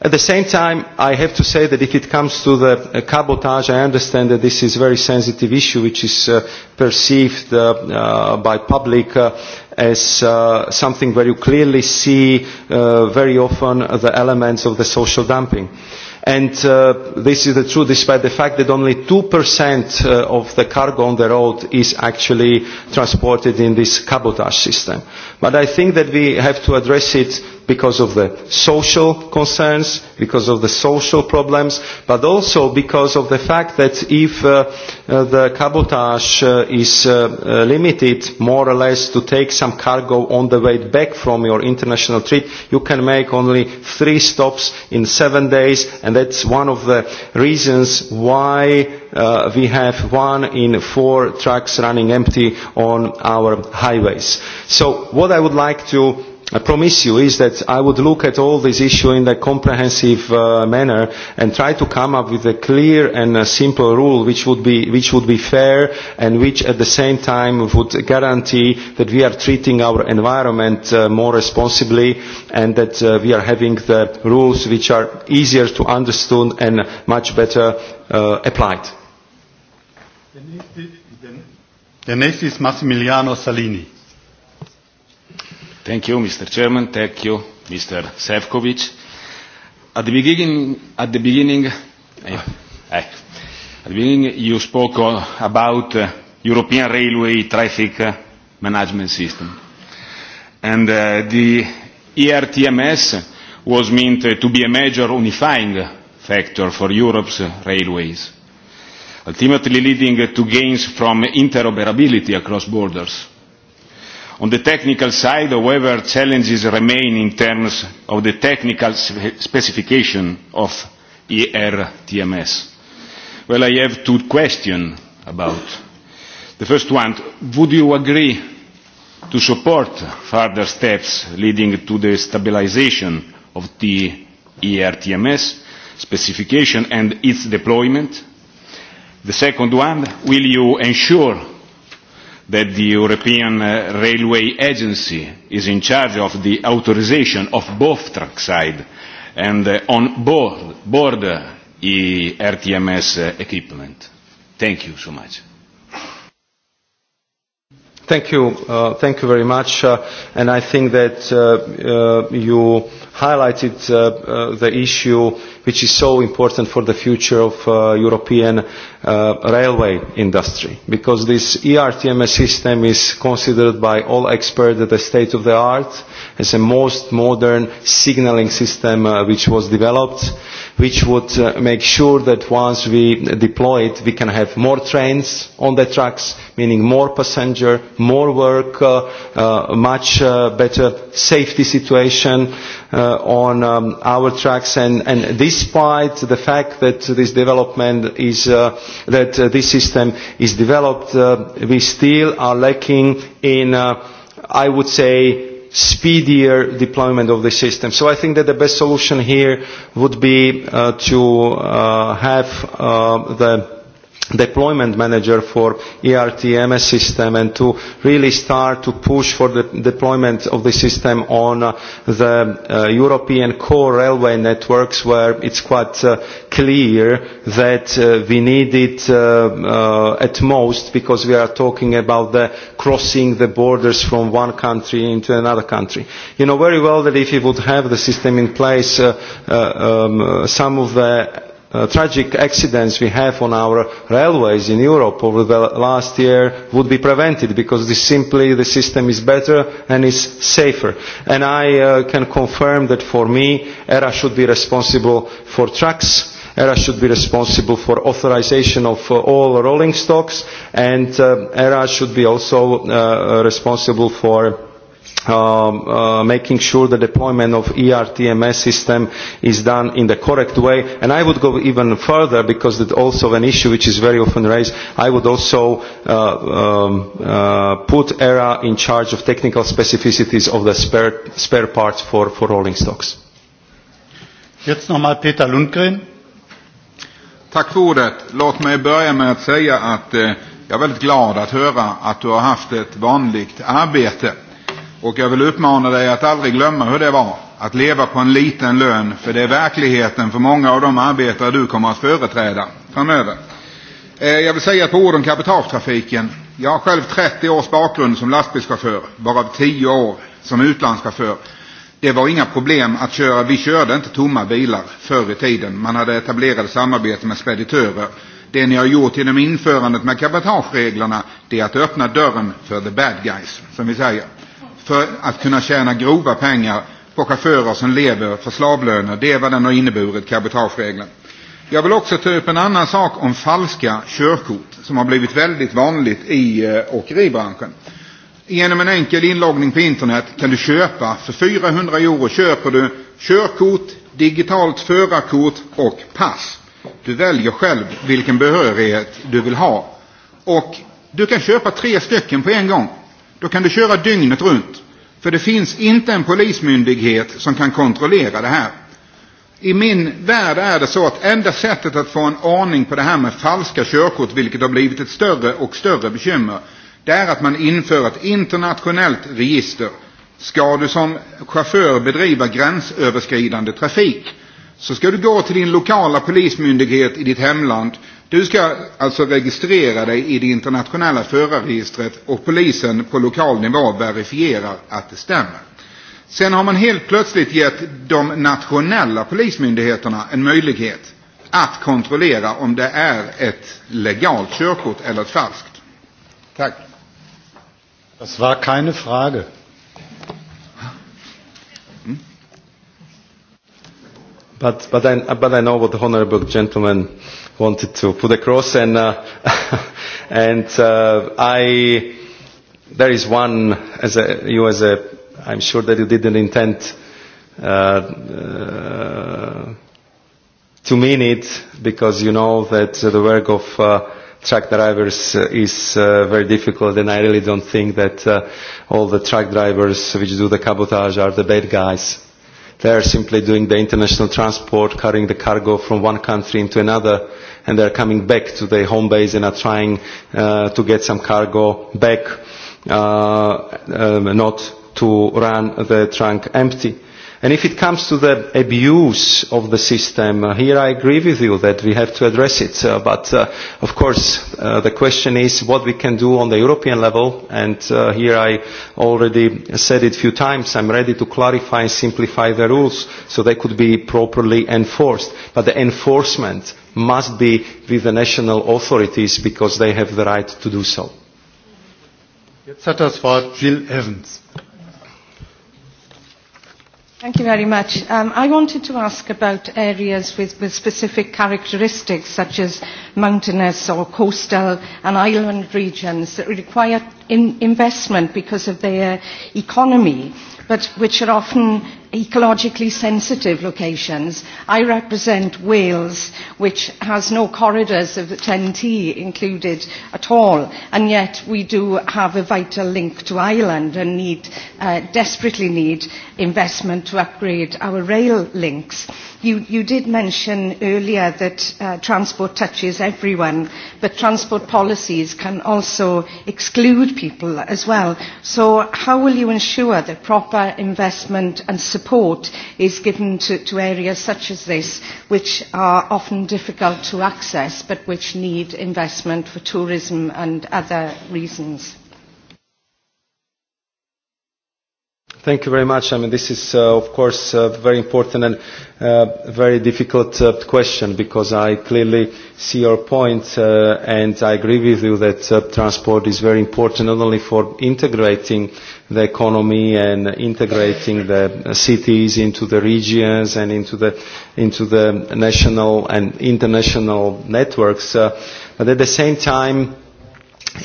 At the same time, I have to say that if it comes to the uh, cabotage, I understand that this is a very sensitive issue which is uh, perceived uh, uh, by public uh, as uh, something where you clearly see uh, very often the elements of the social dumping. Uh, And uh, this is the truth despite the fact that only 2% uh, of the cargo on the road is actually transported in this cabotage system. But I think that we have to address it because of the social concerns, because of the social problems, but also because of the fact that if uh, uh, the cabotage uh, is uh, uh, limited more or less to take some cargo on the way back from your international trip, you can make only three stops in seven days, and that's one of the reasons why uh, we have one in four trucks running empty on our highways. So what I would like to I promise you is that I would look at all these issues in a comprehensive uh, manner and try to come up with a clear and a simple rule which would, be, which would be fair and which at the same time would guarantee that we are treating our environment uh, more responsibly and that uh, we are having the rules which are easier to understand and much better uh, applied. The next is Massimiliano Salini. Thank you, Mr. Chairman. Thank you, Mr. Sefcovic. At the beginning, at the beginning, uh, at the beginning you spoke uh, about uh, European Railway Traffic uh, Management System. And uh, the ERTMS was meant uh, to be a major unifying factor for Europe's uh, railways, ultimately leading uh, to gains from interoperability across borders On the technical side, however, challenges remain in terms of the technical specification of ERTMS. Well, I have two questions about. The first one, would you agree to support further steps leading to the stabilization of the ERTMS specification and its deployment? The second one, will you ensure that the European uh, Railway Agency is in charge of the authorization of both track side and uh, on board, board uh, e RTMS uh, equipment. Thank you so much. Thank you, uh, thank you very much, uh, and I think that uh, uh, you highlighted uh, uh, the issue which is so important for the future of uh, European uh, railway industry because this ERTMS system is considered by all experts as a state of the art, as a most modern signaling system uh, which was developed which would uh, make sure that once we deploy it, we can have more trains on the tracks, meaning more passenger, more work, uh, uh, much uh, better safety situation uh, on um, our tracks. And, and despite the fact that this development is, uh, that uh, this system is developed, uh, we still are lacking in, uh, I would say, speedier deployment of the system. So I think that the best solution here would be uh, to uh, have uh, the deployment manager for ERTMS system and to really start to push for the deployment of the system on uh, the uh, European core railway networks where it's quite uh, clear that uh, we need it uh, uh, at most because we are talking about the crossing the borders from one country into another country. You know very well that if you would have the system in place, uh, uh, um, uh, some of the uh, tragic accidents we have on our railways in Europe over the last year would be prevented because this simply the system is better and is safer. And I uh, can confirm that for me, ERA should be responsible for trucks, ERA should be responsible for authorization of uh, all rolling stocks, and uh, ERA should be also uh, responsible for Um, uh, making sure the deployment of ERTMS system is done in the correct way. And I would go even further because it's also an issue which is very often raised. I would also uh, um, uh, put ERA in charge of technical specificities of the spare, spare parts for, for rolling stocks. Jetzt nochmal Peter Lundgren. Tack för ordet. Låt mig börja med att säga att eh, jag är väldigt glad att höra att du har haft ett vanligt arbete. Och jag vill uppmana dig att aldrig glömma hur det var att leva på en liten lön, för det är verkligheten för många av de arbetare du kommer att företräda framöver. Eh, jag vill säga ett par ord om kapitaltrafiken. Jag har själv 30 års bakgrund som lastbilschaufför, varav 10 år som utlandschaufför. Det var inga problem att köra, vi körde inte tomma bilar förr i tiden. Man hade etablerat samarbete med speditörer. Det ni har gjort genom införandet med kapitalreglerna, det är att öppna dörren för the bad guys, som vi säger för att kunna tjäna grova pengar på chaufförer som lever för slavlöner. Det är vad den har inneburit, kapitalsreglen. Jag vill också ta upp en annan sak om falska körkort som har blivit väldigt vanligt i eh, åkeribranschen. Genom en enkel inloggning på internet kan du köpa, för 400 euro köper du körkort, digitalt förarkort och pass. Du väljer själv vilken behörighet du vill ha. Och du kan köpa tre stycken på en gång. Då kan du köra dygnet runt. För det finns inte en polismyndighet som kan kontrollera det här. I min värld är det så att enda sättet att få en aning på det här med falska körkort, vilket har blivit ett större och större bekymmer, det är att man inför ett internationellt register. Ska du som chaufför bedriva gränsöverskridande trafik så ska du gå till din lokala polismyndighet i ditt hemland Du ska alltså registrera dig i det internationella förarregistret och polisen på lokal nivå verifierar att det stämmer. Sen har man helt plötsligt gett de nationella polismyndigheterna en möjlighet att kontrollera om det är ett legalt körkort eller ett falskt. Tack. Das war keine Frage. Mm. But, but, I, but I know what the honorable gentleman wanted to put across. And, uh, and uh, I, there is one, as a, you as a, I'm sure that you didn't intend uh, uh, to mean it because you know that the work of uh, truck drivers is uh, very difficult and I really don't think that uh, all the truck drivers which do the cabotage are the bad guys They are simply doing the international transport, carrying the cargo from one country into another, and they are coming back to their home base and are trying uh, to get some cargo back, uh, um, not to run the trunk empty. And if it comes to the abuse of the system, uh, here I agree with you that we have to address it. Uh, but uh, of course, uh, the question is what we can do on the European level. And uh, here I already said it a few times. I'm ready to clarify and simplify the rules so they could be properly enforced. But the enforcement must be with the national authorities because they have the right to do so. Jetzt hat das Wort Jill Evans. Thank you very much. Um, I wanted to ask about areas with, with specific characteristics such as mountainous or coastal and island regions that require in investment because of their economy but which are often ecologically sensitive locations. I represent Wales, which has no corridors of the 10T included at all, and yet we do have a vital link to Ireland and need, uh, desperately need investment to upgrade our rail links. You, you did mention earlier that uh, transport touches everyone, but transport policies can also exclude people as well. So how will you ensure that proper investment and support support is given to, to areas such as this, which are often difficult to access but which need investment for tourism and other reasons. Thank you very much. I mean, this is, uh, of course, a uh, very important and uh, very difficult uh, question because I clearly see your point uh, and I agree with you that uh, transport is very important not only for integrating the economy and integrating the uh, cities into the regions and into the, into the national and international networks, uh, but at the same time,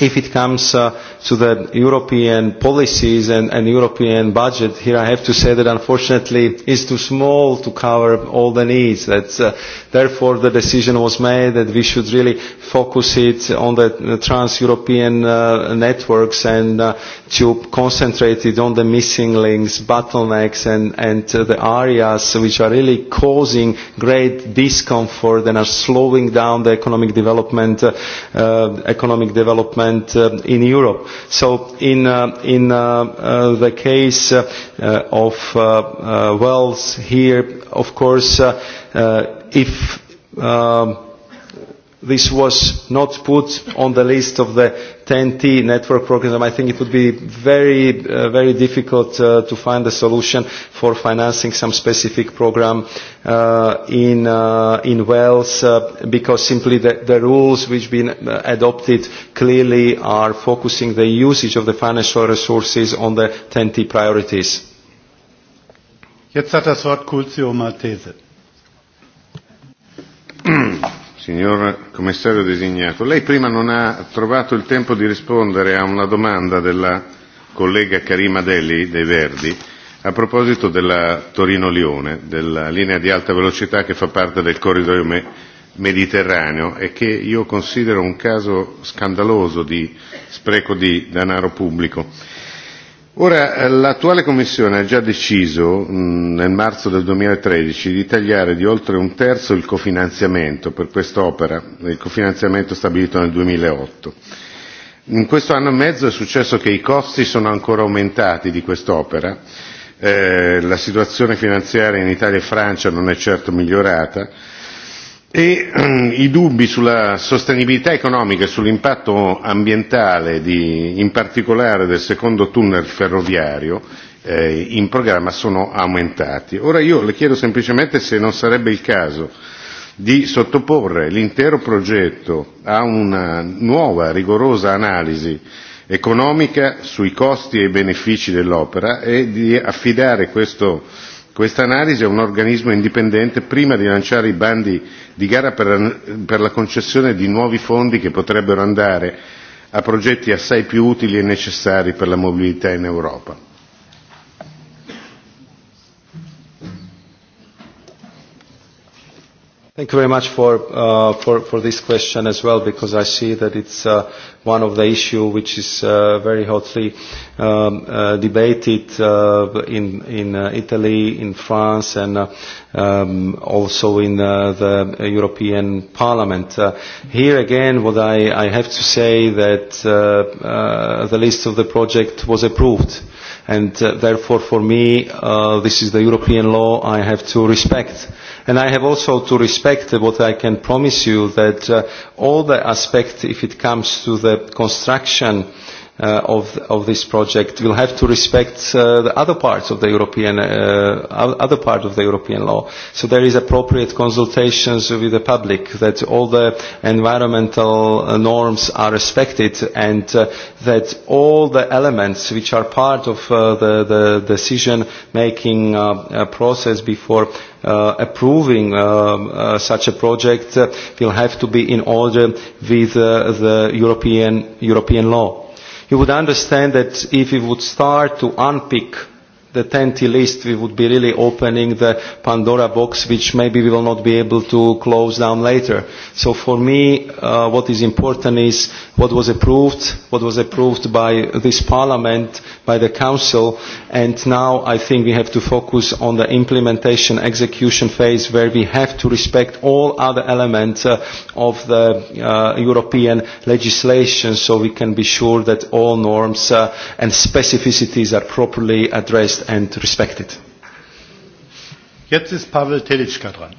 if it comes uh, to the European policies and, and European budget, here I have to say that unfortunately it's too small to cover all the needs. That's, uh, therefore, the decision was made that we should really focus it on the trans-European uh, networks and uh, to concentrate it on the missing links, bottlenecks and, and uh, the areas which are really causing great discomfort and are slowing down the economic development, uh, uh, economic development development uh, in Europe. So in, uh, in uh, uh, the case uh, uh of uh, uh, wells here, of course, uh, uh, if uh, this was not put on the list of the TNT network program, I think it would be very, uh, very difficult uh, to find a solution for financing some specific program uh, in, uh, in Wales uh, because simply the, the rules which have been uh, adopted clearly are focusing the usage of the financial resources on the TNT priorities. Jetzt hat das Wort Kulzio Maltese. Signor Commissario designato, lei prima non ha trovato il tempo di rispondere a una domanda della collega Karima Delli dei Verdi a proposito della Torino-Lione, della linea di alta velocità che fa parte del corridoio me mediterraneo e che io considero un caso scandaloso di spreco di denaro pubblico. Ora, eh, l'attuale Commissione ha già deciso mm, nel marzo del 2013 di tagliare di oltre un terzo il cofinanziamento per quest'opera, il cofinanziamento stabilito nel 2008. In questo anno e mezzo è successo che i costi sono ancora aumentati di quest'opera, eh, la situazione finanziaria in Italia e Francia non è certo migliorata, E i dubbi sulla sostenibilità economica e sull'impatto ambientale, di, in particolare del secondo tunnel ferroviario, eh, in programma sono aumentati. Ora io le chiedo semplicemente se non sarebbe il caso di sottoporre l'intero progetto a una nuova rigorosa analisi economica sui costi e i benefici dell'opera e di affidare questo Questa analisi è un organismo indipendente prima di lanciare i bandi di gara per, per la concessione di nuovi fondi che potrebbero andare a progetti assai più utili e necessari per la mobilità in Europa. Thank you very much for, uh, for, for this question as well, because I see that it's uh, one of the issues which is uh, very hotly um, uh, debated uh, in, in uh, Italy, in France, and uh, um, also in uh, the European Parliament. Uh, here again, what I, I have to say that uh, uh, the list of the project was approved and uh, therefore for me uh, this is the European law I have to respect And I have also to respect what I can promise you that uh, all the aspects, if it comes to the construction uh, of, of this project will have to respect uh, the other parts of the European, uh, other part of the European law. So there is appropriate consultations with the public that all the environmental uh, norms are respected and uh, that all the elements which are part of uh, the, the decision making uh, uh process before uh, approving um, uh, such a project uh, will have to be in order with uh, the European, European law you would understand that if you would start to unpick the tenty list, we would be really opening the Pandora box, which maybe we will not be able to close down later. So for me, uh, what is important is what was approved, what was approved by this Parliament, by the Council, and now I think we have to focus on the implementation, execution phase, where we have to respect all other elements uh, of the uh, European legislation, so we can be sure that all norms uh, and specificities are properly addressed addressed and respected. Jetzt ist Pavel Telitschka dran.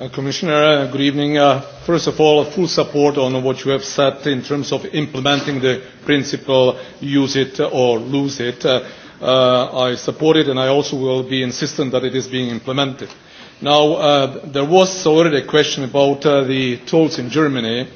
Uh, Commissioner, uh, good evening. Uh, first of all, full support on what you have said in terms of implementing the principle use it or lose it. Uh, uh, I support it and I also will be insistent that it is being implemented. Now, uh, there was already a question about uh, the tolls in Germany,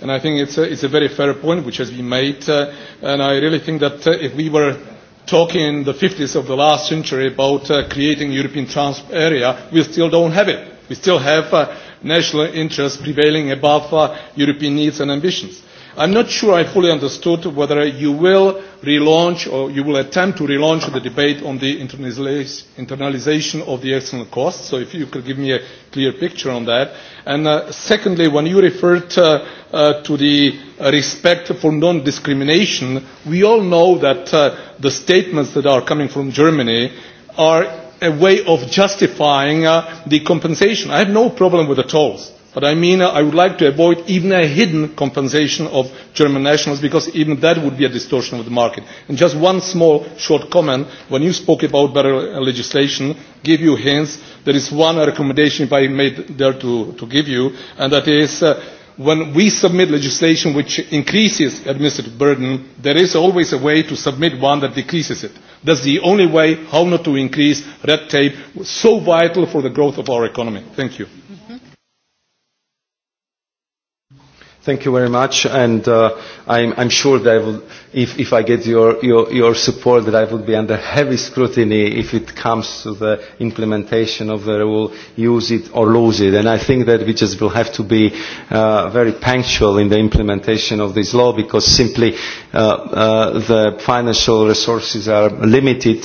and I think it's a, it's a very fair point which has been made, uh, and I really think that uh, if we were talking in the 50s of the last century about uh, creating European trans area, we still don't have it. We still have uh, national interests prevailing above uh, European needs and ambitions. I'm not sure I fully understood whether you will relaunch, or you will attempt to relaunch the debate on the internalization of the external costs. So if you could give me a clear picture on that. And uh, secondly, when you referred uh, uh, to the respect for non-discrimination, we all know that uh, the statements that are coming from Germany are a way of justifying uh, the compensation. I have no problem with the tolls. But I mean, uh, I would like to avoid even a hidden compensation of German nationals because even that would be a distortion of the market. And just one small short comment. When you spoke about better legislation, give you hints, there is one recommendation I made there to, to give you, and that is uh, when we submit legislation which increases administrative burden, there is always a way to submit one that decreases it. That's the only way how not to increase red tape, so vital for the growth of our economy. Thank you. Thank you very much, and uh, I'm, I'm sure that I will, if, if I get your, your, your support, that I would be under heavy scrutiny if it comes to the implementation of the rule, use it or lose it. And I think that we just will have to be uh, very punctual in the implementation of this law because simply uh, uh, the financial resources are limited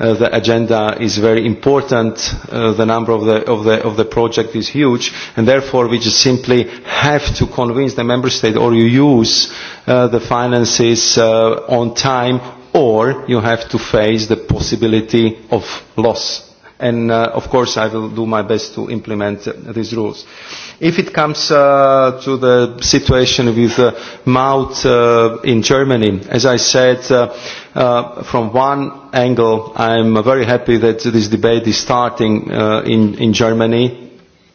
Uh, the agenda is very important, uh, the number of the, of, the, of the project is huge, and therefore we just simply have to convince the member state or you use uh, the finances uh, on time or you have to face the possibility of loss and uh, of course I will do my best to implement uh, these rules. If it comes uh, to the situation with uh, Maut uh, in Germany, as I said, uh, uh, from one angle I'm very happy that this debate is starting uh, in, in Germany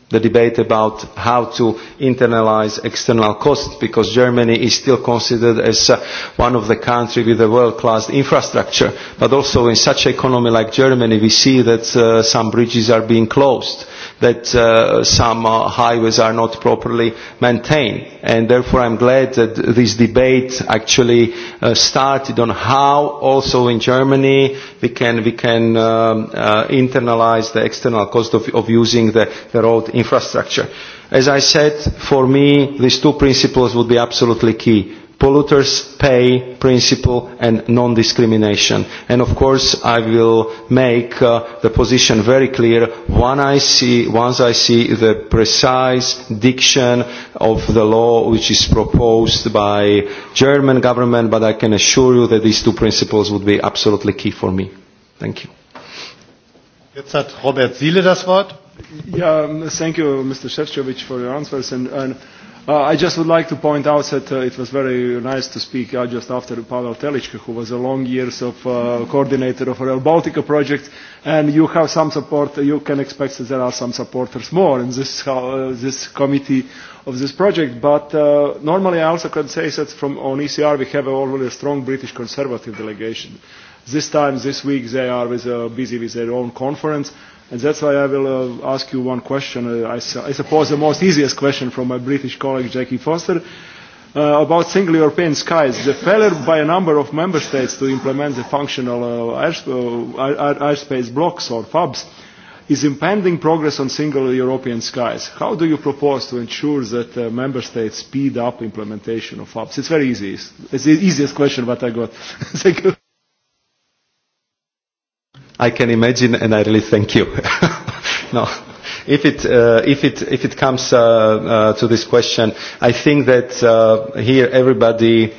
the debate about how to internalize external costs because Germany is still considered as uh, one of the countries with a world-class infrastructure. But also in such an economy like Germany, we see that uh, some bridges are being closed that uh, some uh, highways are not properly maintained. And therefore I'm glad that this debate actually uh, started on how also in Germany we can, we can um, uh, internalize the external cost of, of using the, the road infrastructure. As I said, for me, these two principles would be absolutely key polluters pay principle and non-discrimination. And of course, I will make uh, the position very clear when I see, once I see the precise diction of the law which is proposed by German government, but I can assure you that these two principles would be absolutely key for me. Thank you. Jetzt hat Robert Siele das Wort. Yeah, thank you, Mr. Shevchevich, for your answers. And, and Uh, I just would like to point out that uh, it was very nice to speak uh, just after Pavel Telichka, who was a long years of uh, coordinator of Rail Baltica project, and you have some support, uh, you can expect that there are some supporters more in this, uh, this committee of this project, but uh, normally I also can say that from on ECR we have already a strong British Conservative delegation. This time, this week, they are with, uh, busy with their own conference, And that's why I will uh, ask you one question, uh, I, su I suppose the most easiest question from my British colleague Jackie Foster, uh, about single European skies. The failure by a number of member states to implement the functional uh, airsp uh, airspace blocks or FABs is impending progress on single European skies. How do you propose to ensure that uh, member states speed up implementation of FABs? It's very easy. It's the easiest question that I got. Thank you. I can imagine and I really thank you. no. If it, uh, if it, if it comes uh, uh, to this question, I think that uh, here everybody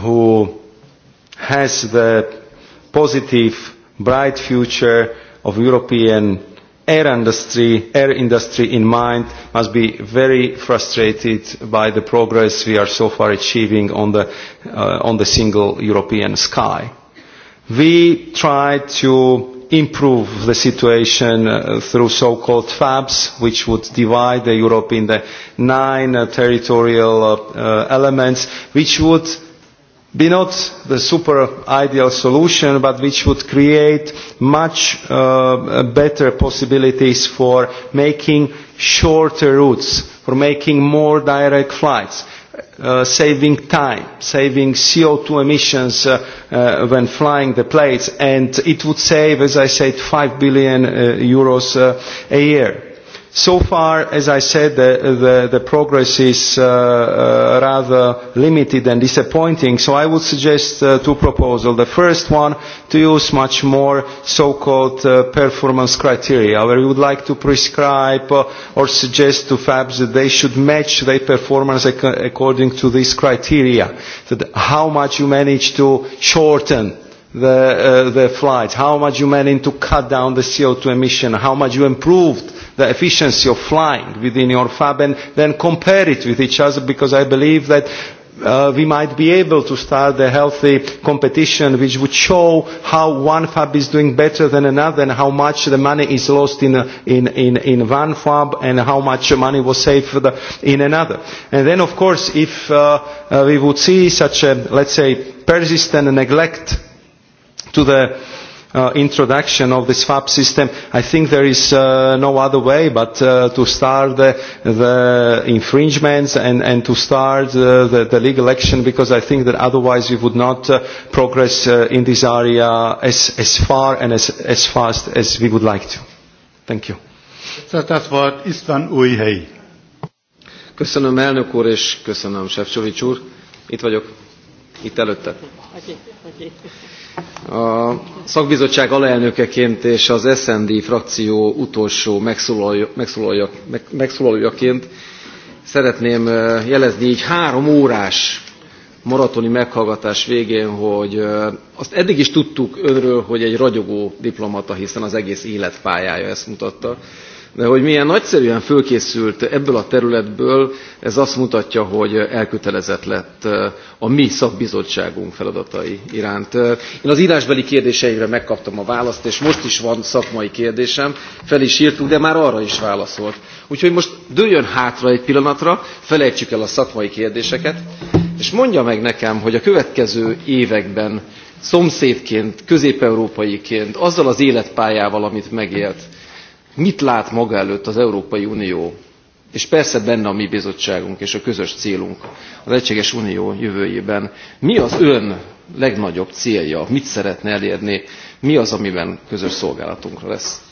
who has the positive, bright future of European air industry, air industry in mind must be very frustrated by the progress we are so far achieving on the, uh, on the single European sky We try to improve the situation uh, through so-called FABs, which would divide the Europe in the nine uh, territorial uh, uh, elements, which would be not the super ideal solution, but which would create much uh, uh better possibilities for making shorter routes, for making more direct flights Uh, saving time, saving CO2 emissions uh, uh, when flying the plates, and it would save, as I said, 5 billion uh, euros uh, a year. So far, as I said, the, the, the progress is uh, uh, rather limited and disappointing, so I would suggest uh, two proposals. The first one, to use much more so-called uh, performance criteria, where we would like to prescribe uh, or suggest to FABs that they should match their performance ac according to these criteria, that how much you manage to shorten the, uh, the flights, how much you managed to cut down the CO2 emission, how much you improved the efficiency of flying within your fab and then compare it with each other because I believe that uh, we might be able to start a healthy competition which would show how one fab is doing better than another and how much the money is lost in, a, in, in, in one fab and how much money was saved for the, in another. And then of course if uh, uh, we would see such a, let's say, persistent neglect to the uh, introduction of this FAP system, I think there is uh, no other way but uh, to start the, the infringements and, and to start uh, the, the legal action because I think that otherwise we would not uh, progress uh, in this area as, as far and as, as fast as we would like to. Thank you. Das Wort ist dann Ujhely. Köszönöm elnök úr, és köszönöm Sefcsovics úr. Itt vagyok, itt előtte. Okay, okay. A szakbizottság alelnökeként és az SND frakció utolsó megszólalójaként szeretném jelezni így három órás maratoni meghallgatás végén, hogy azt eddig is tudtuk önről, hogy egy ragyogó diplomata, hiszen az egész életpályája ezt mutatta. De hogy milyen nagyszerűen fölkészült ebből a területből, ez azt mutatja, hogy elkötelezett lett a mi szakbizottságunk feladatai iránt. Én az írásbeli kérdéseimre megkaptam a választ, és most is van szakmai kérdésem, fel is írtuk, de már arra is válaszolt. Úgyhogy most dőljön hátra egy pillanatra, felejtsük el a szakmai kérdéseket, és mondja meg nekem, hogy a következő években szomszédként, közép-európaiként, azzal az életpályával, amit megélt, mit lát maga előtt az Európai Unió, és persze benne a mi bizottságunk és a közös célunk az Egységes Unió jövőjében. Mi az ön legnagyobb célja, mit szeretne elérni, mi az, amiben közös szolgálatunkra lesz?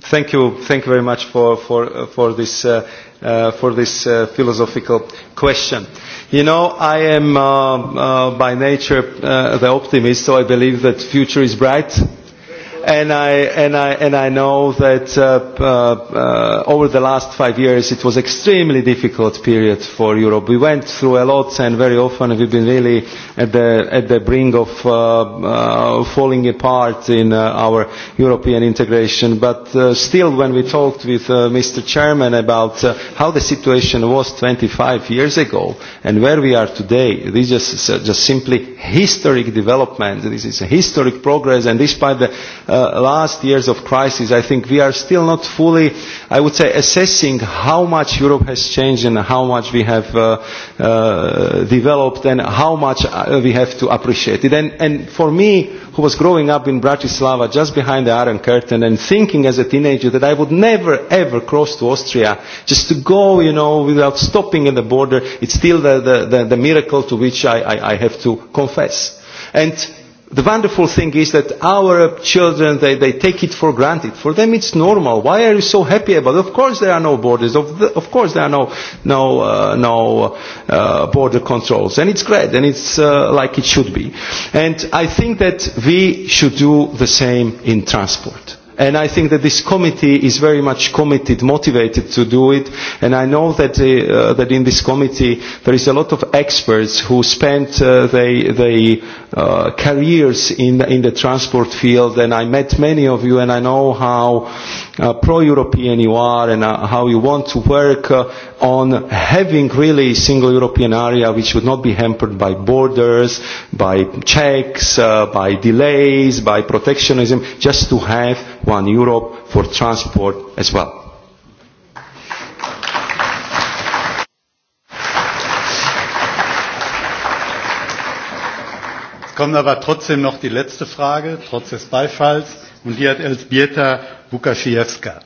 Thank you, thank you very much for, for, for this uh, uh, for this uh, philosophical question. You know, I am uh, uh, by nature uh, the optimist, so I believe that future is bright and I, and I, and I know that uh, uh, uh, over the last five years it was extremely difficult period for Europe. We went through a lot and very often we've been really at the, at the brink of uh, uh, falling apart in uh, our European integration. But uh, still when we talked with uh, Mr. Chairman about uh, how the situation was 25 years ago and where we are today, this is just, just simply historic development. This is a historic progress and despite the uh, uh, last years of crisis, I think we are still not fully, I would say, assessing how much Europe has changed and how much we have uh, uh, developed and how much uh, we have to appreciate it. And, and for me, who was growing up in Bratislava, just behind the Iron Curtain, and thinking as a teenager that I would never, ever cross to Austria, just to go, you know, without stopping at the border, it's still the, the, the, the miracle to which I, I, I have to confess. And the wonderful thing is that our children, they, they take it for granted. For them it's normal. Why are you so happy about it? Of course there are no borders. Of, the, of course there are no, no, uh, no uh, border controls. And it's great. And it's uh, like it should be. And I think that we should do the same in transport. And I think that this committee is very much committed, motivated to do it. And I know that, uh, that in this committee there is a lot of experts who spent uh, their the, uh, careers in, in the transport field. And I met many of you and I know how uh, pro-European you are and uh, how you want to work uh, on having really a single European area which would not be hampered by borders, by checks, uh, by delays, by protectionism, just to have one Europe for transport as well. Kommt aber trotzdem noch die letzte Frage, trotz des Beifalls. Und die hat Elsbieta Bukasiewska.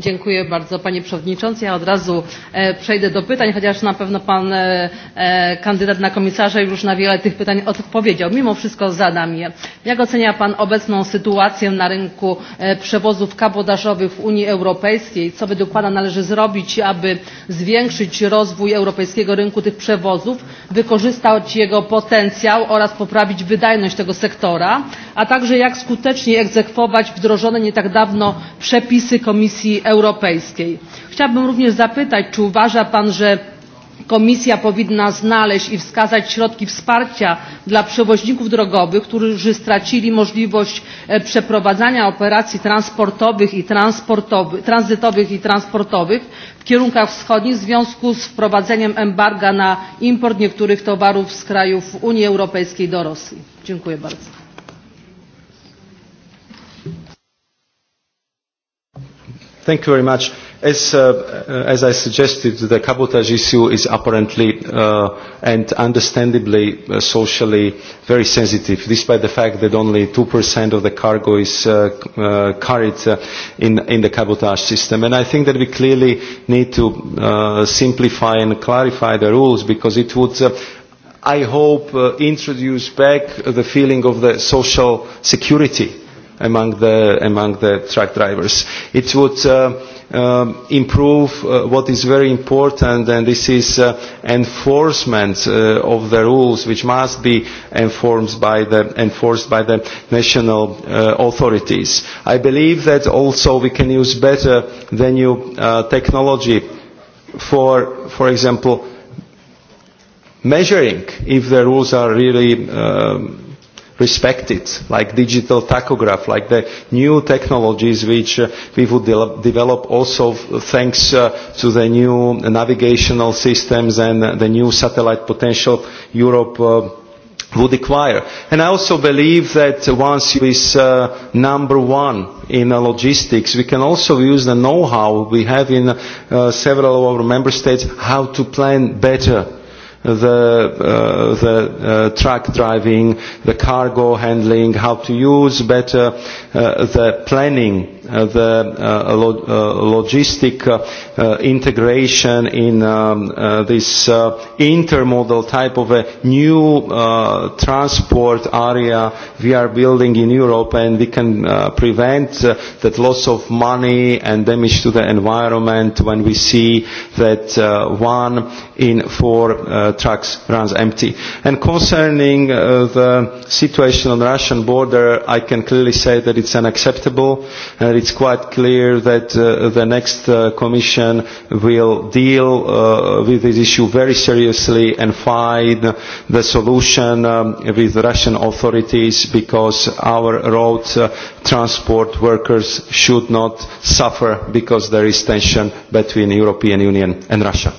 Dziękuję bardzo Panie Przewodniczący. Ja od razu e, przejdę do pytań, chociaż na pewno Pan e, e kandydat na komisarza już na wiele tych pytań odpowiedział. Mimo wszystko zadam je. Jak ocenia Pan obecną sytuację na rynku e, przewozów kabotażowych w Unii Europejskiej? Co według Pana należy zrobić, aby zwiększyć rozwój europejskiego rynku tych przewozów, wykorzystać jego potencjał oraz poprawić wydajność tego sektora, a także jak skutecznie egzekwować wdrożone nie tak dawno przepisy Komisji Europejskiej. Chciałabym również zapytać, czy uważa Pan, że Komisja powinna znaleźć i wskazać środki wsparcia dla przewoźników drogowych, którzy stracili możliwość e, przeprowadzania operacji transportowych i transportowych, tranzytowych i transportowych w kierunkach wschodnich w związku z wprowadzeniem embarga na import niektórych towarów z krajów Unii Europejskiej do Rosji. Dziękuję bardzo. Thank you very much. As, uh, uh, as I suggested, the cabotage issue is apparently uh, and understandably uh, socially very sensitive, despite the fact that only 2% of the cargo is uh, uh, carried uh, in, in the cabotage system. And I think that we clearly need to uh, simplify and clarify the rules because it would uh, I hope, uh, introduce back the feeling of the social security among the, among the truck drivers. It would uh, um, improve uh, what is very important and this is uh, enforcement uh, of the rules which must be enforced by the, enforced by the national uh, authorities. I believe that also we can use better the new uh, technology for, for example, measuring if the rules are really um, respected, like digital tachograph, like the new technologies which uh, we would de develop also thanks uh, to the new navigational systems and uh, the new satellite potential Europe uh, would acquire. And I also believe that once it is uh, number one in uh, logistics, we can also use the know-how we have in uh, several of our member states how to plan better the, uh, the uh, truck driving, the cargo handling, how to use better uh, the planning the uh, log uh, logistic uh, uh, integration in um, uh, this uh, intermodal type of a new uh, transport area we are building in Europe and we can uh, prevent uh, that loss of money and damage to the environment when we see that uh, one in four uh, trucks runs empty. And concerning uh, the situation on the Russian border, I can clearly say that it's unacceptable Uh, it's quite clear that uh, the next uh, Commission will deal uh, with this issue very seriously and find the solution um, with the Russian authorities because our road uh, transport workers should not suffer because there is tension between European Union and Russia.